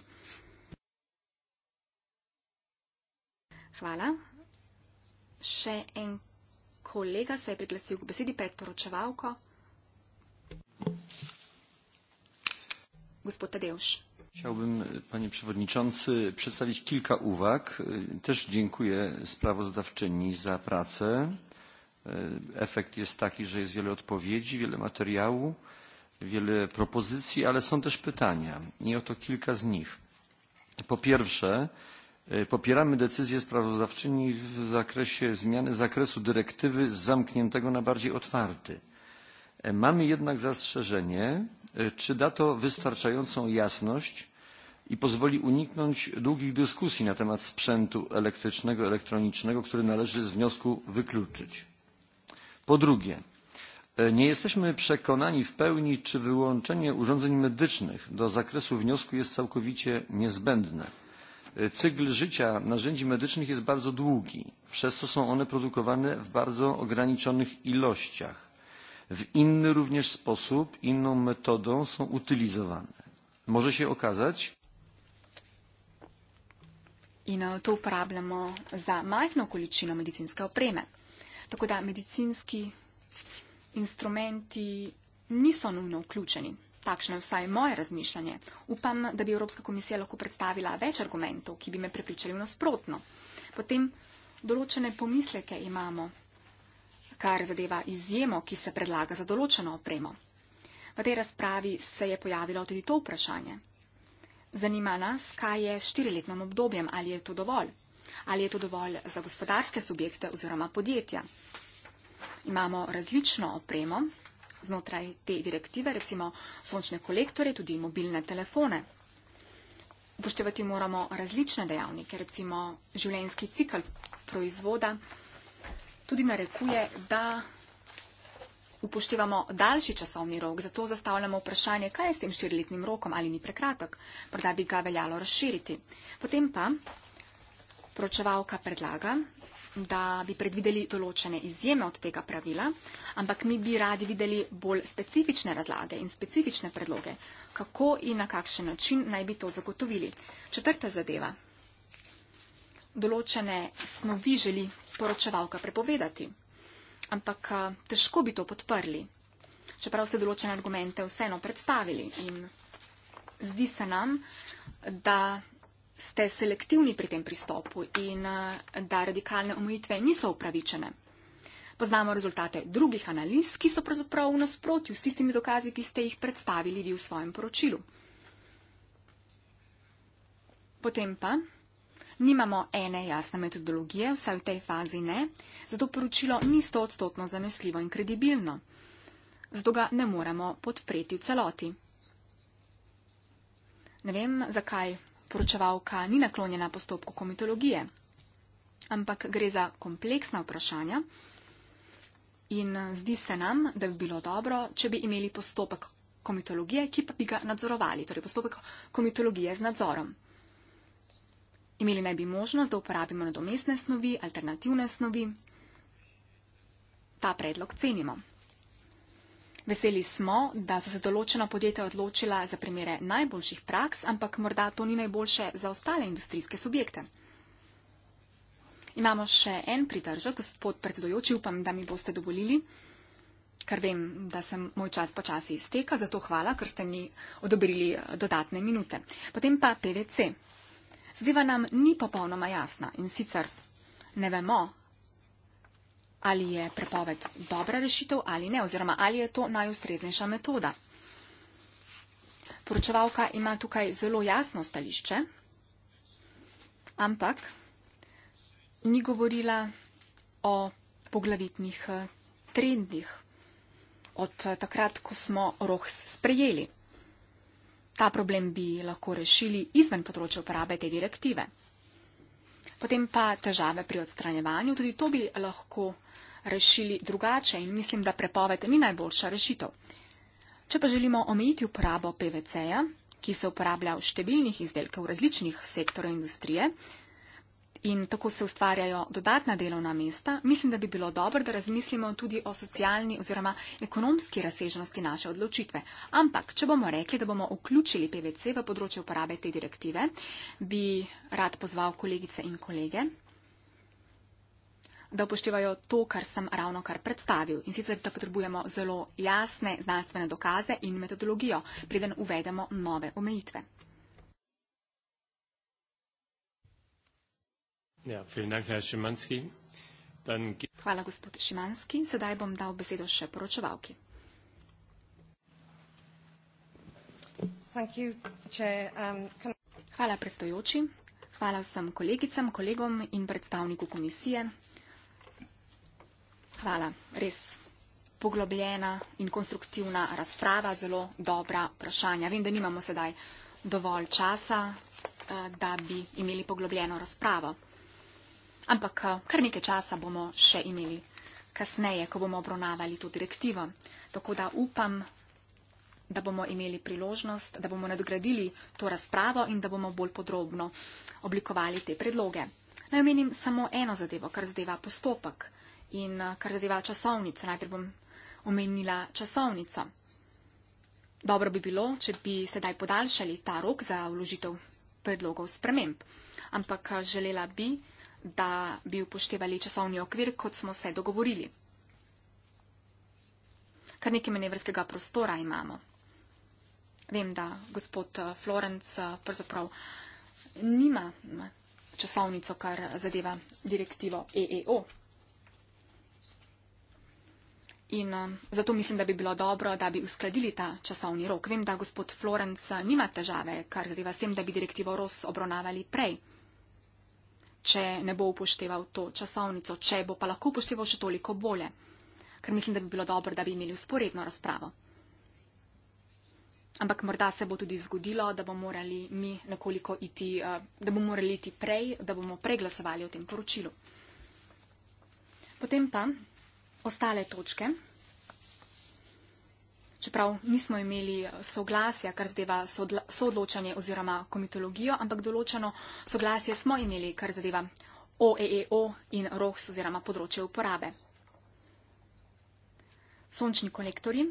Hvala. Še en kolega se je priglasil k besedi pred poročevalko. Gospod Tadeusz. Chciałbym, panie przewodniczący, przedstawić kilka uwag. Też dziękuję sprawozdawczyni za pracę. Efekt jest taki, że jest wiele odpowiedzi, wiele materiału, wiele propozycji, ale są też pytania i oto kilka z nich. Po pierwsze, popieramy decyzję sprawozdawczyni w zakresie zmiany zakresu dyrektywy z zamkniętego na bardziej otwarty. Mamy jednak zastrzeżenie, E, czy da to wystarczającą jasność i pozwoli uniknąć długich dyskusji na temat sprzętu elektrycznego, elektronicznego, który należy z wniosku wykluczyć. Po drugie, e, nie jesteśmy przekonani w pełni, czy wyłączenie urządzeń medycznych do zakresu wniosku jest całkowicie niezbędne. E, cykl życia narzędzi medycznych jest bardzo długi, przez co są one produkowane w bardzo ograniczonych ilościach w inny również sposób, inną metodą są utylizowane. Może się okazać, In e, to uporabljamo za majhno količino medicinske opreme. Tako da medicinski instrumenti niso nujno vključeni. Takšno je vsaj moje razmišljanje. Upam, da bi Evropska komisija lahko predstavila več argumentov, ki bi me prepričali v nasprotno. Potem določene pomisleke imamo kar zadeva izjemo, ki se predlaga za določeno opremo. V tej razpravi se je pojavilo tudi to vprašanje. Zanima nas, kaj je s štiriletnim obdobjem, ali je to dovolj? Ali je to dovolj za gospodarske subjekte oziroma podjetja? Imamo različno opremo znotraj te direktive, recimo sončne kolektore, tudi mobilne telefone. Upoštevati moramo različne dejavnike, recimo življenjski cikl proizvoda, tudi narekuje, da upoštevamo daljši časovni rok. Zato zastavljamo vprašanje, kaj je s tem štiriletnim rokom ali ni prekratek, morda bi ga veljalo razširiti. Potem pa pročevalka predlaga, da bi predvideli določene izjeme od tega pravila, ampak mi bi radi videli bolj specifične razlage in specifične predloge, kako in na kakšen način naj bi to zagotovili. Četrta zadeva določene snovi želi poročevalka prepovedati. Ampak eh, težko bi to podprli, čeprav ste določene argumente vseeno predstavili. In zdi se nam, da ste selektivni pri tem pristopu in eh, da radikalne omejitve niso upravičene. Poznamo rezultate drugih analiz, ki so pravzaprav v nasprotju s tistimi dokazi, ki ste jih predstavili vi v svojem poročilu. Potem pa Nimamo ene jasne metodologije, vsaj v tej fazi ne, zato poročilo ni stotstotno zanesljivo in kredibilno. Zato ga ne moremo podpreti v celoti. Ne vem, zakaj poročevalka ni naklonjena postopku komitologije, ampak gre za kompleksna vprašanja in zdi se nam, da bi bilo dobro, če bi imeli postopek komitologije, ki pa bi ga nadzorovali, torej postopek komitologije z nadzorom. Imeli naj bi možnost, da uporabimo nadomestne snovi, alternativne snovi. Ta predlog cenimo. Veseli smo, da so se določena podjetja odločila za primere najboljših praks, ampak morda to ni najboljše za ostale industrijske subjekte. Imamo še en pridržek, gospod predsedojoči, upam, da mi boste dovolili, ker vem, da se moj čas počasi izteka, zato hvala, ker ste mi odobrili eh, dodatne minute. Potem pa PVC zdiva nam ni popolnoma jasna in sicer ne vemo, ali je prepoved dobra rešitev ali ne, oziroma ali je to najustreznejša metoda. Poročevalka ima tukaj zelo jasno stališče, ampak ni govorila o poglavitnih eh, trendih od eh, takrat, ko smo roh sprejeli. Ta problem bi lahko rešili izven področja uporabe te direktive. Potem pa težave pri odstranjevanju, tudi to bi lahko rešili drugače in mislim, da prepoved ni najboljša rešitev. Če pa želimo omejiti uporabo PVC-ja, ki se uporablja v številnih izdelkah v različnih sektorjih industrije, in tako se ustvarjajo dodatna delovna mesta, mislim, da bi bilo dobro, da razmislimo tudi o socialni oziroma ekonomski razsežnosti naše odločitve. Ampak, če bomo rekli, da bomo vključili PVC v področje uporabe te direktive, bi rad pozval kolegice in kolege da upoštevajo to, kar sem ravno kar predstavil. In sicer, da potrebujemo zelo jasne znanstvene dokaze in metodologijo, preden uvedemo nove omejitve. Ja, vielen Dank, Herr Šimanski. Dann... Hvala, gospod Šimanski. Sedaj bom dal besedo še poročevalki. Thank you, chair. Um, can... Hvala, predstavljoči. Hvala vsem kolegicam, kolegom in predstavniku komisije. Hvala, res poglobljena in konstruktivna razprava, zelo dobra vprašanja. Vem, da nimamo sedaj dovolj časa, eh, da bi imeli poglobljeno razpravo ampak eh, kar nekaj časa bomo še imeli kasneje, ko bomo obravnavali to direktivo. Tako da upam, da bomo imeli priložnost, da bomo nadgradili to razpravo in da bomo bolj podrobno oblikovali te predloge. Naj omenim samo eno zadevo, kar zadeva postopek in eh, kar zadeva časovnico. Najprej bom omenila časovnico. Dobro bi bilo, če bi sedaj podaljšali ta rok za vložitev predlogov sprememb. Ampak eh, želela bi, da bi upoštevali časovni okvir, kot smo se dogovorili. Kar nekaj manevrskega prostora imamo. Vem, da gospod Florenc pravzaprav nima časovnico, kar zadeva direktivo EEO. In eh, zato mislim, da bi bilo dobro, da bi uskladili ta časovni rok. Vem, da gospod Florenc nima težave, kar zadeva s tem, da bi direktivo ROS obravnavali prej če ne bo upošteval to časovnico, če bo pa lahko upošteval še toliko bolje. Ker mislim, da bi bilo dobro, da bi imeli usporedno razpravo. Ampak morda se bo tudi zgodilo, da bomo morali mi nekoliko iti, eh, da bomo morali iti prej, da bomo preglasovali o tem poročilu. Potem pa ostale točke čeprav nismo imeli soglasja, kar zadeva soodločanje oziroma komitologijo, ampak določeno soglasje smo imeli, kar zadeva OEEO e e in ROHS oziroma področje uporabe. Sončni kolektori.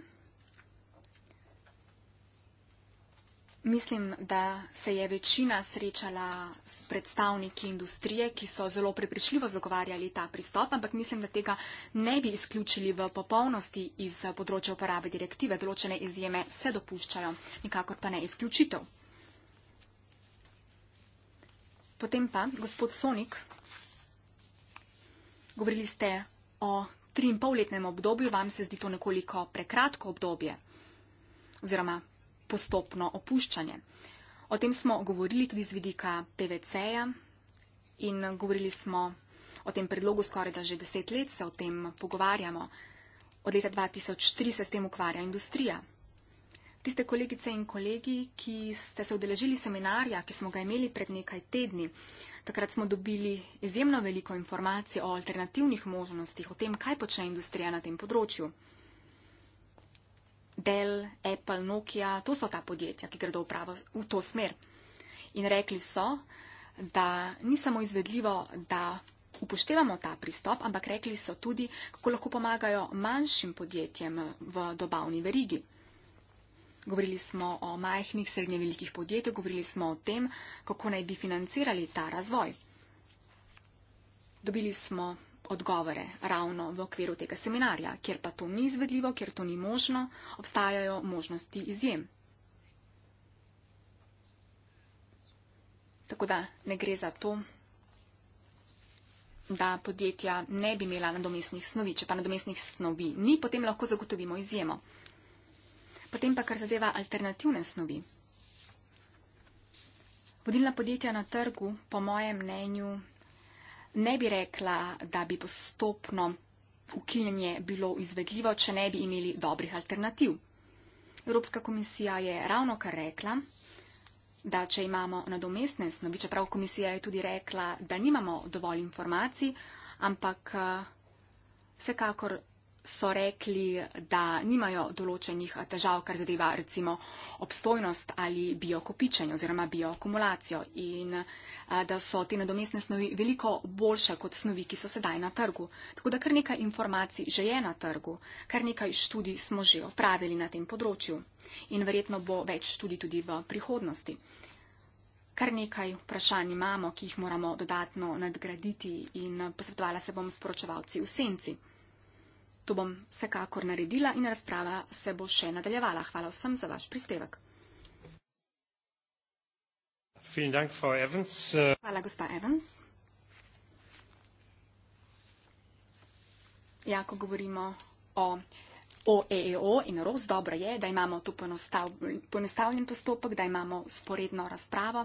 Mislim, da se je večina srečala s predstavniki industrije, ki so zelo prepričljivo zagovarjali ta pristop, ampak mislim, da tega ne bi izključili v popolnosti iz področja uporabe direktive. Določene izjeme se dopuščajo, nikakor pa ne izključitev. Potem pa, gospod Sonik, govorili ste o tri in pol letnem obdobju, vam se zdi to nekoliko prekratko obdobje oziroma postopno opuščanje. O tem smo govorili tudi z vidika PVC-ja in govorili smo o tem predlogu skoraj da že deset let se o tem pogovarjamo. Od leta 2003 se s tem ukvarja industrija. Tiste kolegice in kolegi, ki ste se udeležili seminarja, ki smo ga imeli pred nekaj tedni, takrat smo dobili izjemno veliko informacij o alternativnih možnostih, o tem, kaj počne industrija na tem področju. Dell, Apple, Nokia, to so ta podjetja, ki gredo v, pravo, v to smer. In rekli so, da ni samo izvedljivo, da upoštevamo ta pristop, ampak rekli so tudi, kako lahko pomagajo manjšim podjetjem v dobavni verigi. Govorili smo o majhnih, srednje velikih podjetjih, govorili smo o tem, kako naj bi financirali ta razvoj. Dobili smo odgovore ravno v okviru tega seminarja, kjer pa to ni izvedljivo, kjer to ni možno, obstajajo možnosti izjem. Tako da ne gre za to, da podjetja ne bi imela nadomestnih snovi. Če pa nadomestnih snovi ni, potem lahko zagotovimo izjemo. Potem pa kar zadeva alternativne snovi. Vodilna podjetja na trgu, po mojem mnenju, ne bi rekla, da bi postopno ukinjanje bilo izvedljivo, če ne bi imeli dobrih alternativ. Evropska komisija je ravno kar rekla, da če imamo nadomestne snovi, čeprav komisija je tudi rekla, da nimamo dovolj informacij, ampak eh, vsekakor so rekli, da nimajo določenih težav, kar zadeva recimo obstojnost ali biokopičenje oziroma bioakumulacijo in eh, da so te nadomestne snovi veliko boljše kot snovi, ki so sedaj na trgu. Tako da kar nekaj informacij že je na trgu, kar nekaj študij smo že opravili na tem področju in verjetno bo več študij tudi v prihodnosti. Kar nekaj vprašanj imamo, ki jih moramo dodatno nadgraditi in eh, posvetovala se bom s poročevalci v senci. To bom vsekakor naredila in razprava se bo še nadaljevala. Hvala vsem za vaš prispevek. Dank, Frau Evans. Hvala, gospa Evans. Ja, ko govorimo o OEO e e in ROS, dobro je, da imamo tu ponostavljen postopek, da imamo sporedno razpravo.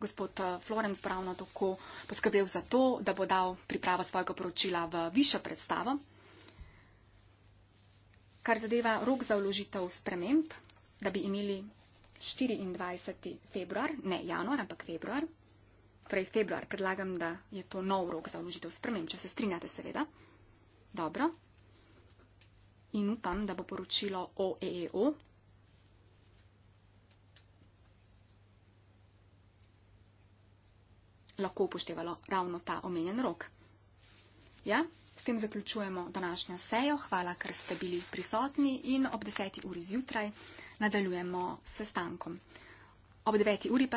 Gospod eh, Florenc pravno tako poskrbel za to, da bo dal pripravo svojega poročila v višjo predstavo kar zadeva rok za vložitev sprememb, da bi imeli 24. februar, ne januar, ampak februar. Torej, februar predlagam, da je to nov rok za vložitev sprememb, če se strinjate, seveda. Dobro. In upam, da bo poročilo OEEO. E e lahko upoštevalo ravno ta omenjen rok. Ja? S tem zaključujemo današnjo sejo. Hvala, ker ste bili prisotni in ob 10. uri zjutraj nadaljujemo sestankom. Ob 9. uri pa se.